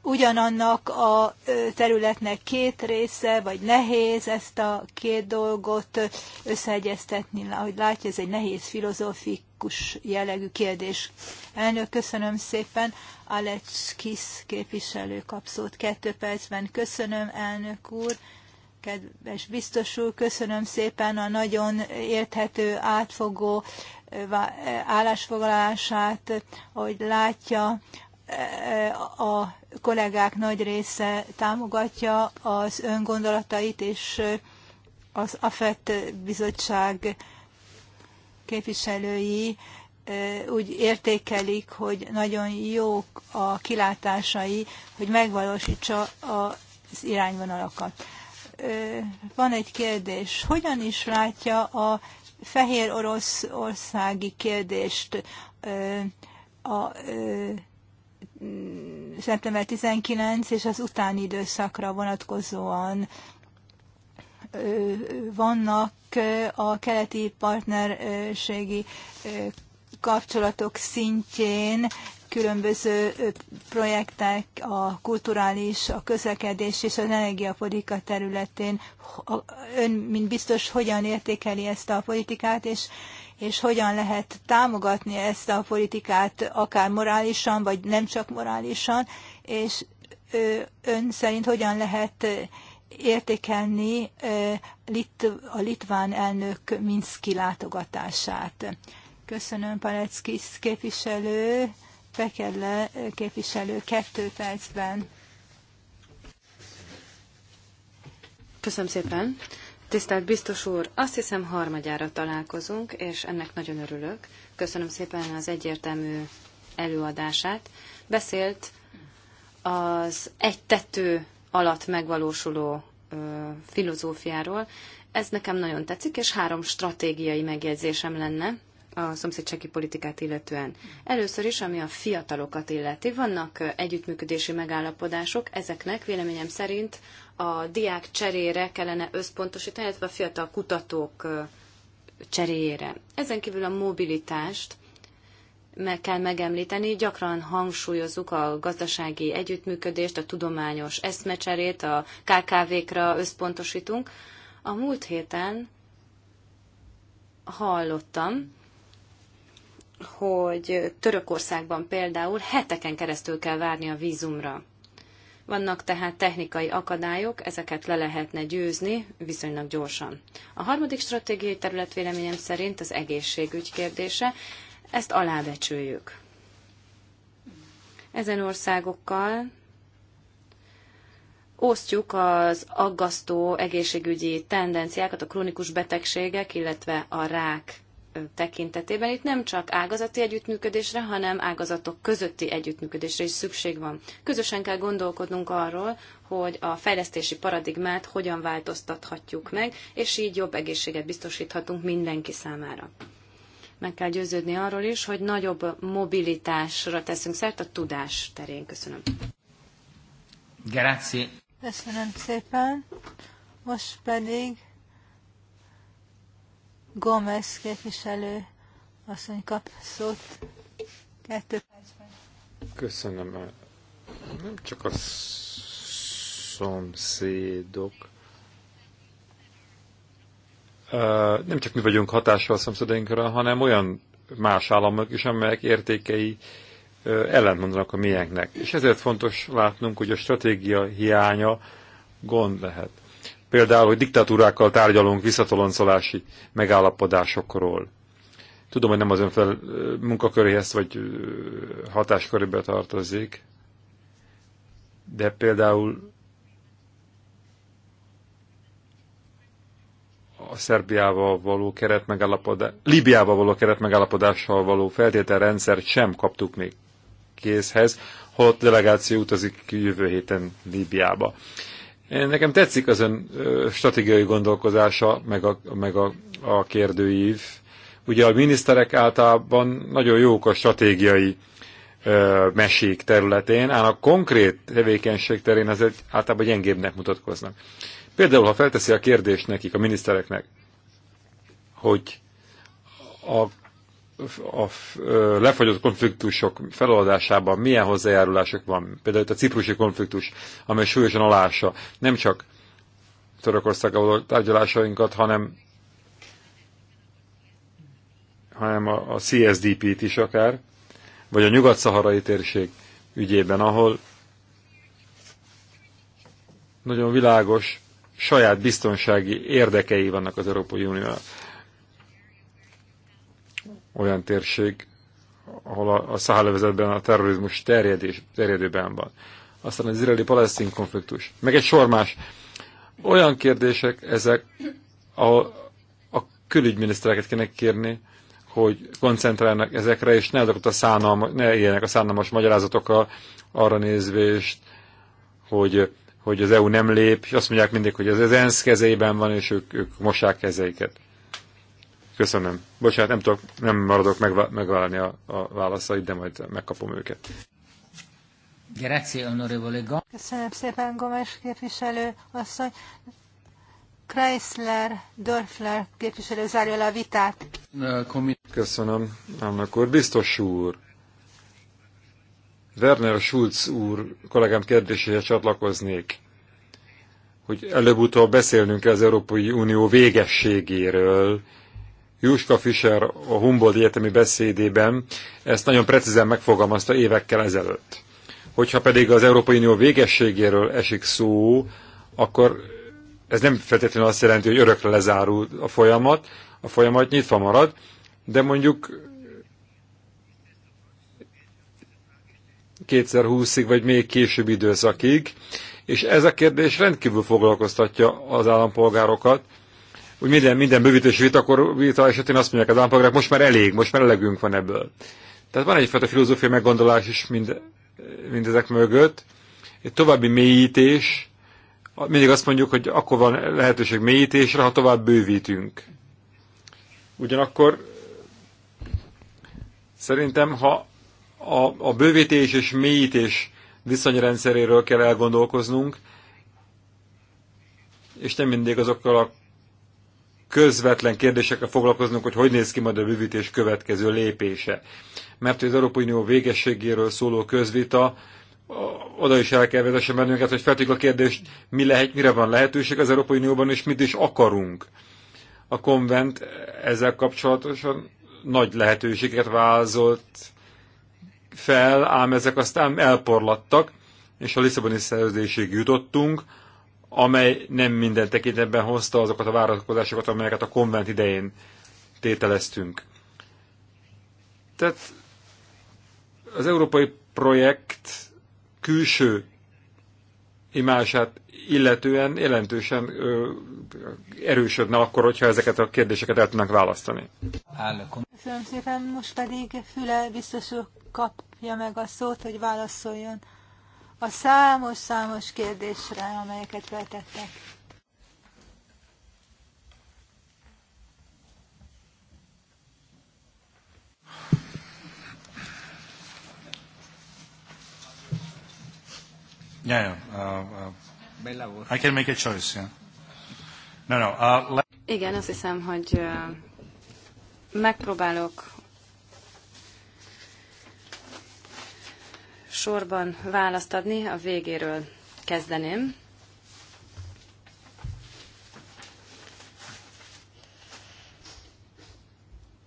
ugyanannak a területnek két része, vagy nehéz ezt a két dolgot összeegyeztetni. Ahogy látja, ez egy nehéz filozófikus jellegű kérdés. Elnök, köszönöm szépen. Alec Kis képviselő kap szót kettő percben. Köszönöm, elnök úr. Kedves biztos úr, köszönöm szépen a nagyon érthető, átfogó eh, eh, állásfoglalását, hogy látja, eh, a kollégák nagy része támogatja az öngondolatait, és az AFET bizottság képviselői úgy értékelik, hogy nagyon jók a kilátásai, hogy megvalósítsa az irányvonalakat van egy kérdés. Hogyan is látja a fehér orosz országi kérdést a szeptember 19 és az utáni időszakra vonatkozóan vannak a keleti partnerségi kapcsolatok szintjén különböző projektek a kulturális, a közlekedés és az energiapolitika területén. Ön, mint biztos, hogyan értékeli ezt a politikát, és, és hogyan lehet támogatni ezt a politikát, akár morálisan, vagy nem csak morálisan, és ön szerint hogyan lehet értékelni a litván elnök Minszki látogatását. Köszönöm, Paleckis képviselő. Fekedle képviselő kettő percben. Köszönöm szépen. Tisztelt biztos úr, azt hiszem harmadjára találkozunk, és ennek nagyon örülök. Köszönöm szépen az egyértelmű előadását. Beszélt az egy tető alatt megvalósuló ö, filozófiáról. Ez nekem nagyon tetszik, és három stratégiai megjegyzésem lenne a szomszédsági politikát illetően. Először is, ami a fiatalokat illeti, vannak együttműködési megállapodások, ezeknek véleményem szerint a diák cserére kellene összpontosítani, illetve a fiatal kutatók cseréjére. Ezen kívül a mobilitást meg kell megemlíteni, gyakran hangsúlyozzuk a gazdasági együttműködést, a tudományos eszmecserét, a KKV-kra összpontosítunk. A múlt héten hallottam, hogy Törökországban például heteken keresztül kell várni a vízumra. Vannak tehát technikai akadályok, ezeket le lehetne győzni viszonylag gyorsan. A harmadik stratégiai terület véleményem szerint az egészségügy kérdése, ezt alábecsüljük. Ezen országokkal osztjuk az aggasztó egészségügyi tendenciákat, a krónikus betegségek, illetve a rák tekintetében itt nem csak ágazati együttműködésre, hanem ágazatok közötti együttműködésre is szükség van. Közösen kell gondolkodnunk arról, hogy a fejlesztési paradigmát hogyan változtathatjuk meg, és így jobb egészséget biztosíthatunk mindenki számára. Meg kell győződni arról is, hogy nagyobb mobilitásra teszünk szert a tudás terén. Köszönöm. Grazie. Köszönöm szépen. Most pedig Gomez képviselő asszony kap szót. Kettő percben. Köszönöm. Nem csak a szomszédok. Nem csak mi vagyunk hatással a szomszédainkra, hanem olyan más államok is, amelyek értékei ellentmondanak a miénknek. És ezért fontos látnunk, hogy a stratégia hiánya gond lehet például, hogy diktatúrákkal tárgyalunk visszatoloncolási megállapodásokról. Tudom, hogy nem az önfel munkaköréhez vagy hatáskörébe tartozik, de például a Szerbiával való keretmegállapodás, Libiával való keretmegállapodással való feltételrendszert sem kaptuk még készhez, holott delegáció utazik jövő héten Líbiába. Nekem tetszik az ön stratégiai gondolkozása, meg a, meg a, a kérdőív. Ugye a miniszterek általában nagyon jók a stratégiai ö, mesék területén, ám a konkrét tevékenység terén azért általában gyengébbnek mutatkoznak. Például, ha felteszi a kérdést nekik, a minisztereknek, hogy a a lefagyott konfliktusok feloldásában milyen hozzájárulások van, például itt a ciprusi konfliktus, amely súlyosan alása nem csak Törökországgal való tárgyalásainkat, hanem, hanem a, a CSDP-t is akár, vagy a nyugat-szaharai térség ügyében, ahol nagyon világos saját biztonsági érdekei vannak az Európai Uniónak olyan térség, ahol a, a szállövezetben a terrorizmus terjedés, terjedőben van. Aztán az izraeli-palesztin konfliktus, meg egy sor más. Olyan kérdések ezek, ahol a külügyminisztereket kéne kérni, hogy koncentrálnak ezekre, és ne, a szánalma, ne éljenek a szánalmas magyarázatokkal arra nézvést, hogy, hogy az EU nem lép, és azt mondják mindig, hogy ez az ENSZ kezében van, és ők, ők mosák kezeiket. Köszönöm. Bocsánat, nem, tudok, nem maradok megvá megválni a, a válaszait, de majd megkapom őket. Köszönöm szépen, Gomes képviselő asszony. Chrysler, Dörfler képviselő zárja le a vitát. Köszönöm, annak úr. Biztos úr, Werner Schulz úr kollégám kérdéséhez csatlakoznék, hogy előbb-utóbb beszélnünk az Európai Unió végességéről, Juska Fischer a Humboldt Egyetemi beszédében ezt nagyon precízen megfogalmazta évekkel ezelőtt. Hogyha pedig az Európai Unió végességéről esik szó, akkor ez nem feltétlenül azt jelenti, hogy örökre lezárul a folyamat, a folyamat nyitva marad, de mondjuk 2020-ig, vagy még később időszakig, és ez a kérdés rendkívül foglalkoztatja az állampolgárokat, úgy minden, minden bővítési vitakor, vita esetén azt mondják az állampolgárok, most már elég, most már elegünk van ebből. Tehát van egyfajta filozófiai meggondolás is mind, mindezek mögött. Egy további mélyítés, mindig azt mondjuk, hogy akkor van lehetőség mélyítésre, ha tovább bővítünk. Ugyanakkor szerintem, ha a, a bővítés és mélyítés viszonyrendszeréről kell elgondolkoznunk, és nem mindig azokkal a közvetlen kérdésekkel foglalkoznunk, hogy hogy néz ki majd a bővítés következő lépése. Mert az Európai Unió végességéről szóló közvita oda is el kell vezessen bennünket, hogy feltük a kérdést, mi lehet, mire van lehetőség az Európai Unióban, és mit is akarunk. A konvent ezzel kapcsolatosan nagy lehetőséget vázolt fel, ám ezek aztán elporlattak, és a Lisszaboni szerződésig jutottunk, amely nem minden tekintetben hozta azokat a várakozásokat, amelyeket a konvent idején tételeztünk. Tehát az európai projekt külső imását illetően jelentősen ö, erősödne akkor, hogyha ezeket a kérdéseket el tudnak választani. Köszönöm szépen, most pedig Füle biztos kapja meg a szót, hogy válaszoljon a számos-számos kérdésre, amelyeket feltettek. Yeah, yeah. Uh, uh, I can make a choice, yeah. No, no. Uh, let... Igen, azt hiszem, hogy uh, megpróbálok sorban választ adni, a végéről kezdeném.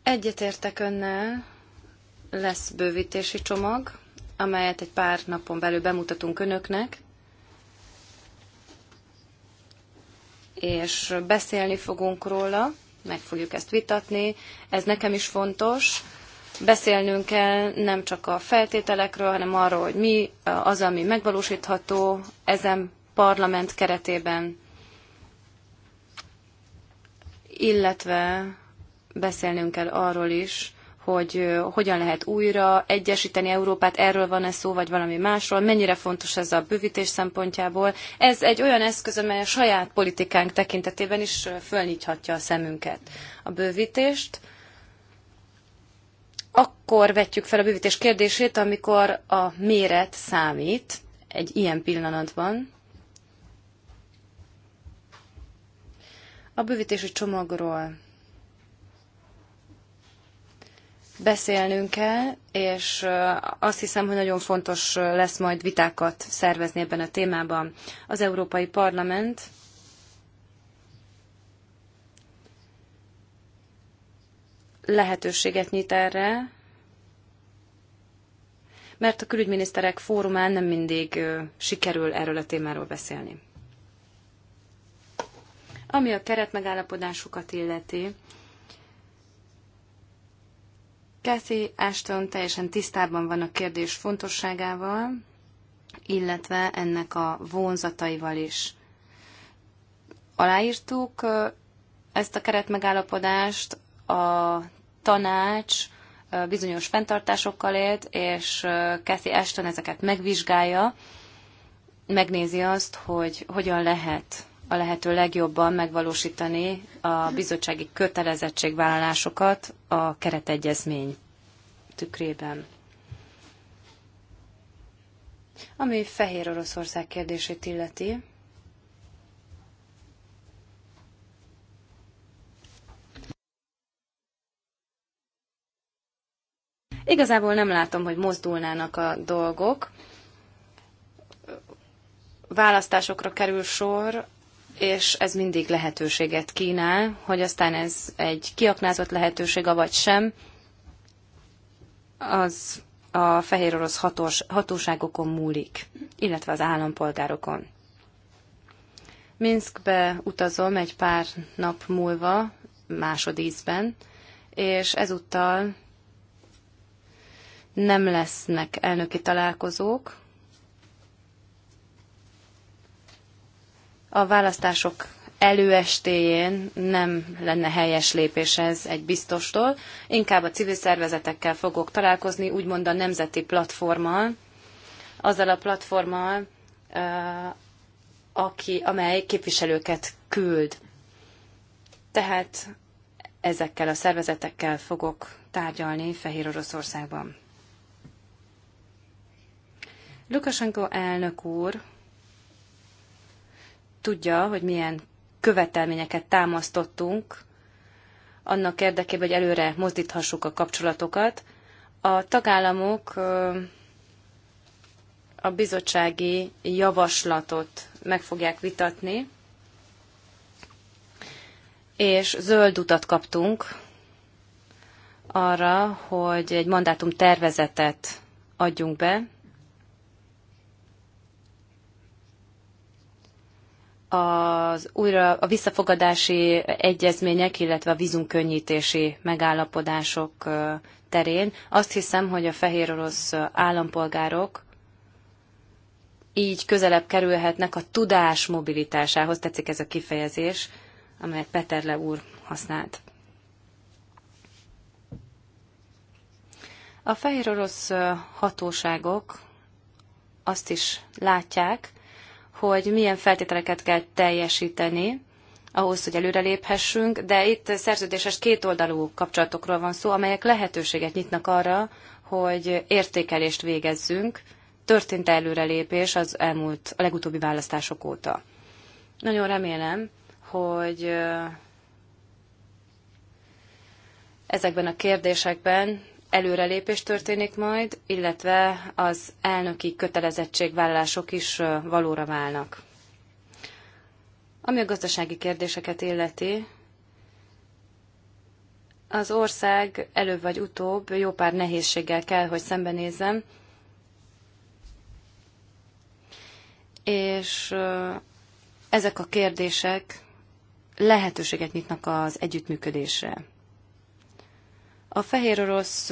Egyetértek önnel, lesz bővítési csomag, amelyet egy pár napon belül bemutatunk önöknek, és beszélni fogunk róla, meg fogjuk ezt vitatni. Ez nekem is fontos, Beszélnünk kell nem csak a feltételekről, hanem arról, hogy mi az, ami megvalósítható ezen parlament keretében, illetve beszélnünk kell arról is, hogy hogyan lehet újra egyesíteni Európát, erről van-e szó, vagy valami másról, mennyire fontos ez a bővítés szempontjából. Ez egy olyan eszköz, amely a saját politikánk tekintetében is fölnyithatja a szemünket. A bővítést akkor vetjük fel a bővítés kérdését, amikor a méret számít egy ilyen pillanatban. A bővítési csomagról beszélnünk kell, és azt hiszem, hogy nagyon fontos lesz majd vitákat szervezni ebben a témában. Az Európai Parlament lehetőséget nyit erre, mert a külügyminiszterek fórumán nem mindig sikerül erről a témáról beszélni. Ami a keretmegállapodásukat illeti, Kathy Ashton teljesen tisztában van a kérdés fontosságával, illetve ennek a vonzataival is. Aláírtuk ezt a keretmegállapodást a tanács bizonyos fenntartásokkal élt, és Kathy Ashton ezeket megvizsgálja, megnézi azt, hogy hogyan lehet a lehető legjobban megvalósítani a bizottsági kötelezettségvállalásokat a keretegyezmény tükrében. Ami Fehér Oroszország kérdését illeti, Igazából nem látom, hogy mozdulnának a dolgok. Választásokra kerül sor, és ez mindig lehetőséget kínál, hogy aztán ez egy kiaknázott lehetőség, vagy sem, az a fehér orosz hatós, hatóságokon múlik, illetve az állampolgárokon. Minskbe utazom egy pár nap múlva, másodízben, és ezúttal nem lesznek elnöki találkozók. A választások előestéjén nem lenne helyes lépés ez egy biztostól. Inkább a civil szervezetekkel fogok találkozni, úgymond a nemzeti platformmal, azzal a platformmal, aki, amely képviselőket küld. Tehát ezekkel a szervezetekkel fogok tárgyalni Fehér Oroszországban. Lukasenko elnök úr tudja, hogy milyen követelményeket támasztottunk annak érdekében, hogy előre mozdíthassuk a kapcsolatokat. A tagállamok a bizottsági javaslatot meg fogják vitatni, és zöld utat kaptunk arra, hogy egy mandátum tervezetet adjunk be, az újra a visszafogadási egyezmények, illetve a vízunkönnyítési megállapodások terén. Azt hiszem, hogy a fehér orosz állampolgárok így közelebb kerülhetnek a tudás mobilitásához, tetszik ez a kifejezés, amelyet Peterle úr használt. A fehér orosz hatóságok azt is látják, hogy milyen feltételeket kell teljesíteni ahhoz, hogy előreléphessünk, de itt szerződéses kétoldalú kapcsolatokról van szó, amelyek lehetőséget nyitnak arra, hogy értékelést végezzünk, történt -e előrelépés az elmúlt, a legutóbbi választások óta. Nagyon remélem, hogy ezekben a kérdésekben előrelépés történik majd, illetve az elnöki kötelezettségvállalások is valóra válnak. Ami a gazdasági kérdéseket illeti, az ország előbb vagy utóbb jó pár nehézséggel kell, hogy szembenézzen, és ezek a kérdések lehetőséget nyitnak az együttműködésre. A fehér orosz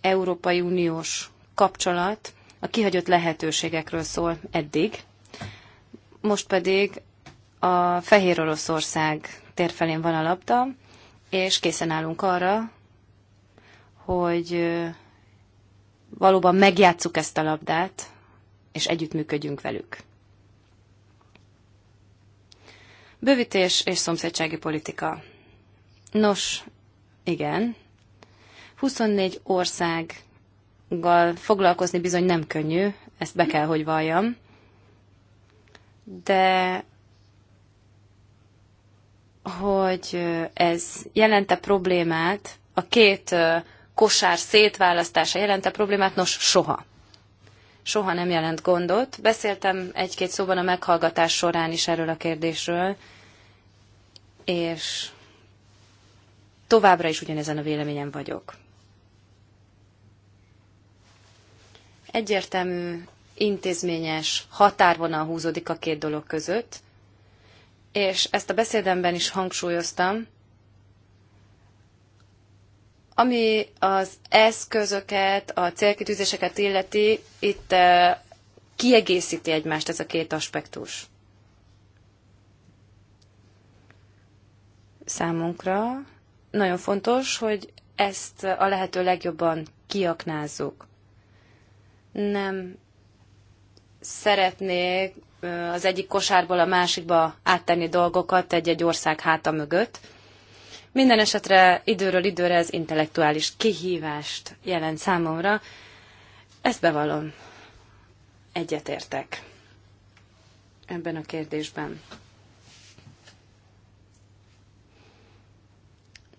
Európai Uniós kapcsolat a kihagyott lehetőségekről szól eddig, most pedig a Fehér Oroszország térfelén van a labda, és készen állunk arra, hogy valóban megjátsszuk ezt a labdát, és együttműködjünk velük. Bővítés és szomszédsági politika. Nos, igen. 24 országgal foglalkozni bizony nem könnyű, ezt be kell, hogy valljam. De hogy ez jelente problémát, a két kosár szétválasztása jelente problémát, nos, soha. Soha nem jelent gondot. Beszéltem egy-két szóban a meghallgatás során is erről a kérdésről, és Továbbra is ugyanezen a véleményen vagyok. Egyértelmű, intézményes határvonal húzódik a két dolog között, és ezt a beszédemben is hangsúlyoztam, ami az eszközöket, a célkitűzéseket illeti, itt eh, kiegészíti egymást ez a két aspektus. Számunkra nagyon fontos, hogy ezt a lehető legjobban kiaknázzuk. Nem szeretnék az egyik kosárból a másikba áttenni dolgokat egy-egy ország háta mögött. Minden esetre időről időre ez intellektuális kihívást jelent számomra. Ezt bevallom. Egyetértek ebben a kérdésben.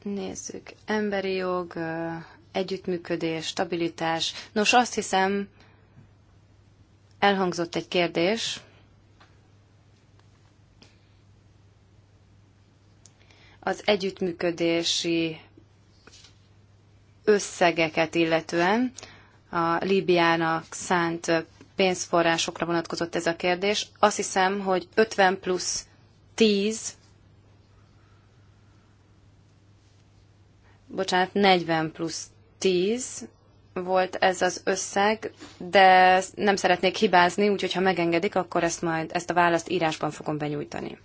Hát nézzük. Emberi jog, együttműködés, stabilitás. Nos, azt hiszem, elhangzott egy kérdés. Az együttműködési összegeket illetően a Líbiának szánt pénzforrásokra vonatkozott ez a kérdés. Azt hiszem, hogy 50 plusz 10 bocsánat, 40 plusz 10 volt ez az összeg, de nem szeretnék hibázni, úgyhogy ha megengedik, akkor ezt majd ezt a választ írásban fogom benyújtani.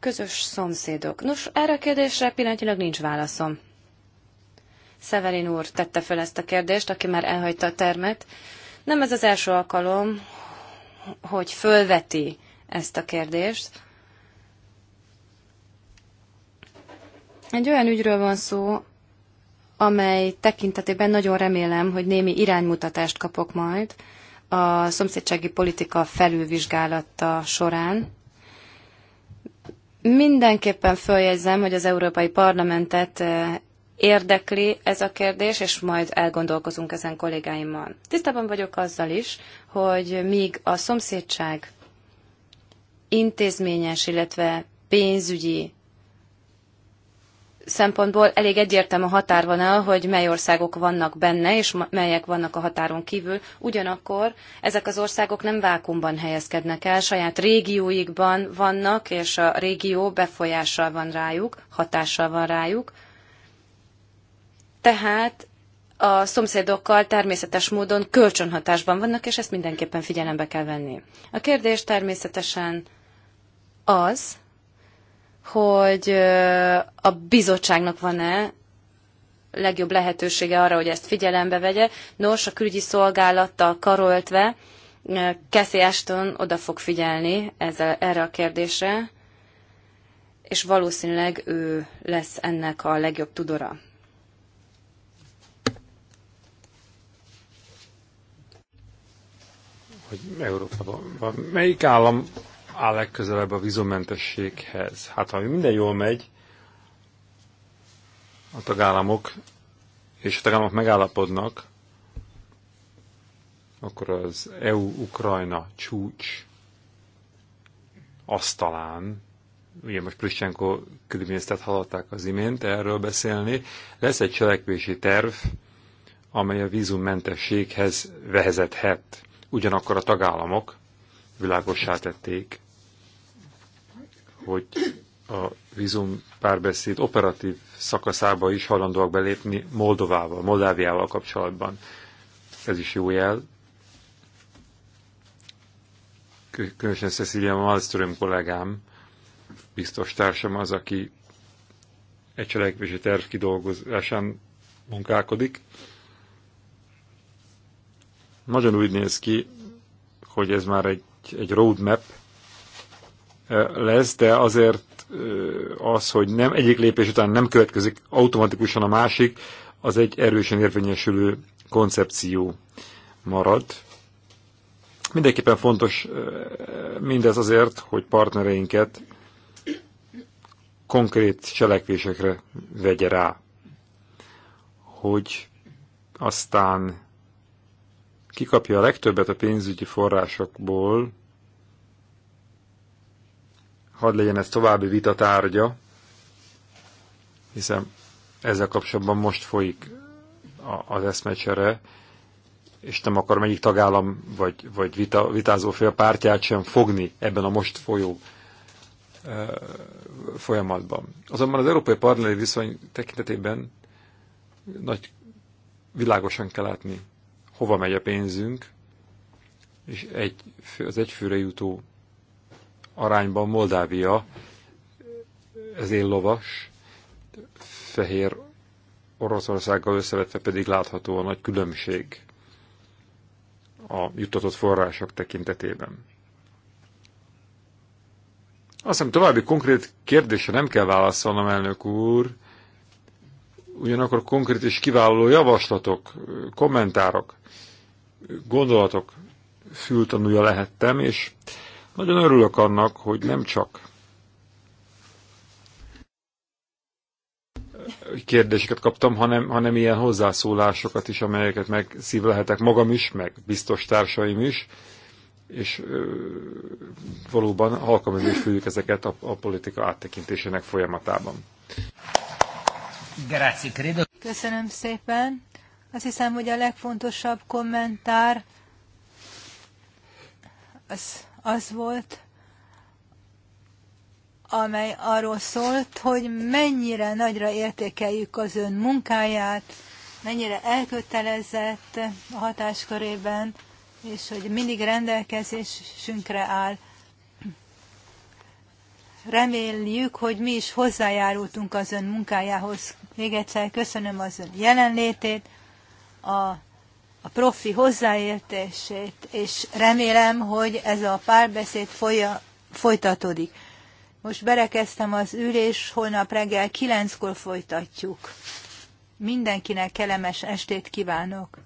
Közös szomszédok. Nos, erre a kérdésre pillanatilag nincs válaszom. Szeverin úr tette fel ezt a kérdést, aki már elhagyta a termet. Nem ez az első alkalom, hogy fölveti ezt a kérdést. Egy olyan ügyről van szó, amely tekintetében nagyon remélem, hogy némi iránymutatást kapok majd a szomszédsági politika felülvizsgálata során. Mindenképpen följegyzem, hogy az Európai Parlamentet eh, érdekli ez a kérdés, és majd elgondolkozunk ezen kollégáimmal. Tisztában vagyok azzal is, hogy míg a szomszédság intézményes, illetve pénzügyi szempontból elég egyértelmű a határvonal, hogy mely országok vannak benne, és melyek vannak a határon kívül. Ugyanakkor ezek az országok nem vákumban helyezkednek el, saját régióikban vannak, és a régió befolyással van rájuk, hatással van rájuk. Tehát a szomszédokkal természetes módon kölcsönhatásban vannak, és ezt mindenképpen figyelembe kell venni. A kérdés természetesen az, hogy a bizottságnak van-e legjobb lehetősége arra, hogy ezt figyelembe vegye. Nos, a külügyi szolgálattal karoltve Kathy Ashton oda fog figyelni ezzel, erre a kérdésre, és valószínűleg ő lesz ennek a legjobb tudora. Hogy Európában van. Melyik állam áll legközelebb a vízumentességhez? Hát, ha minden jól megy, a tagállamok és a tagállamok megállapodnak, akkor az EU-Ukrajna csúcs asztalán, ugye most Priscsenko külügyminisztert hallották az imént erről beszélni, lesz egy cselekvési terv, amely a vízummentességhez vehezethet. Ugyanakkor a tagállamok világossá tették, hogy a vízum párbeszéd operatív szakaszába is hajlandóak belépni Moldovával, Moldáviával kapcsolatban. Ez is jó jel. Különösen Cecilia Malmström kollégám, biztos társam az, aki egy cselekvési terv kidolgozásán munkálkodik. Nagyon úgy néz ki, hogy ez már egy, egy roadmap, lesz, de azért az, hogy nem egyik lépés után nem következik automatikusan a másik, az egy erősen érvényesülő koncepció marad. Mindenképpen fontos mindez azért, hogy partnereinket konkrét cselekvésekre vegye rá, hogy aztán kikapja a legtöbbet a pénzügyi forrásokból, hadd legyen ez további vita tárgya, hiszen ezzel kapcsolatban most folyik az eszmecsere, és nem akar egyik tagállam vagy, vagy vita, vitázó fél pártját sem fogni ebben a most folyó e, folyamatban. Azonban az európai partneri viszony tekintetében nagy világosan kell látni, hova megy a pénzünk, és egy, az egyfőre jutó arányban Moldávia én éllovas, fehér Oroszországgal összevetve pedig látható a nagy különbség a juttatott források tekintetében. Azt hiszem további konkrét kérdésre nem kell válaszolnom, elnök úr, ugyanakkor konkrét és kiváló javaslatok, kommentárok, gondolatok fültanúja lehettem, és nagyon örülök annak, hogy nem csak kérdéseket kaptam, hanem, hanem ilyen hozzászólásokat is, amelyeket meg lehetek magam is, meg biztos társaim is, és ö, valóban alkalmazni is füljük ezeket a, a politika áttekintésének folyamatában. Köszönöm szépen. Azt hiszem, hogy a legfontosabb kommentár az az volt, amely arról szólt, hogy mennyire nagyra értékeljük az ön munkáját, mennyire elkötelezett a hatáskörében, és hogy mindig rendelkezésünkre áll. Reméljük, hogy mi is hozzájárultunk az ön munkájához. Még egyszer köszönöm az ön jelenlétét, a a profi hozzáértését, és remélem, hogy ez a párbeszéd folya, folytatódik. Most berekeztem az ülés, holnap reggel kilenckor folytatjuk. Mindenkinek kellemes estét kívánok!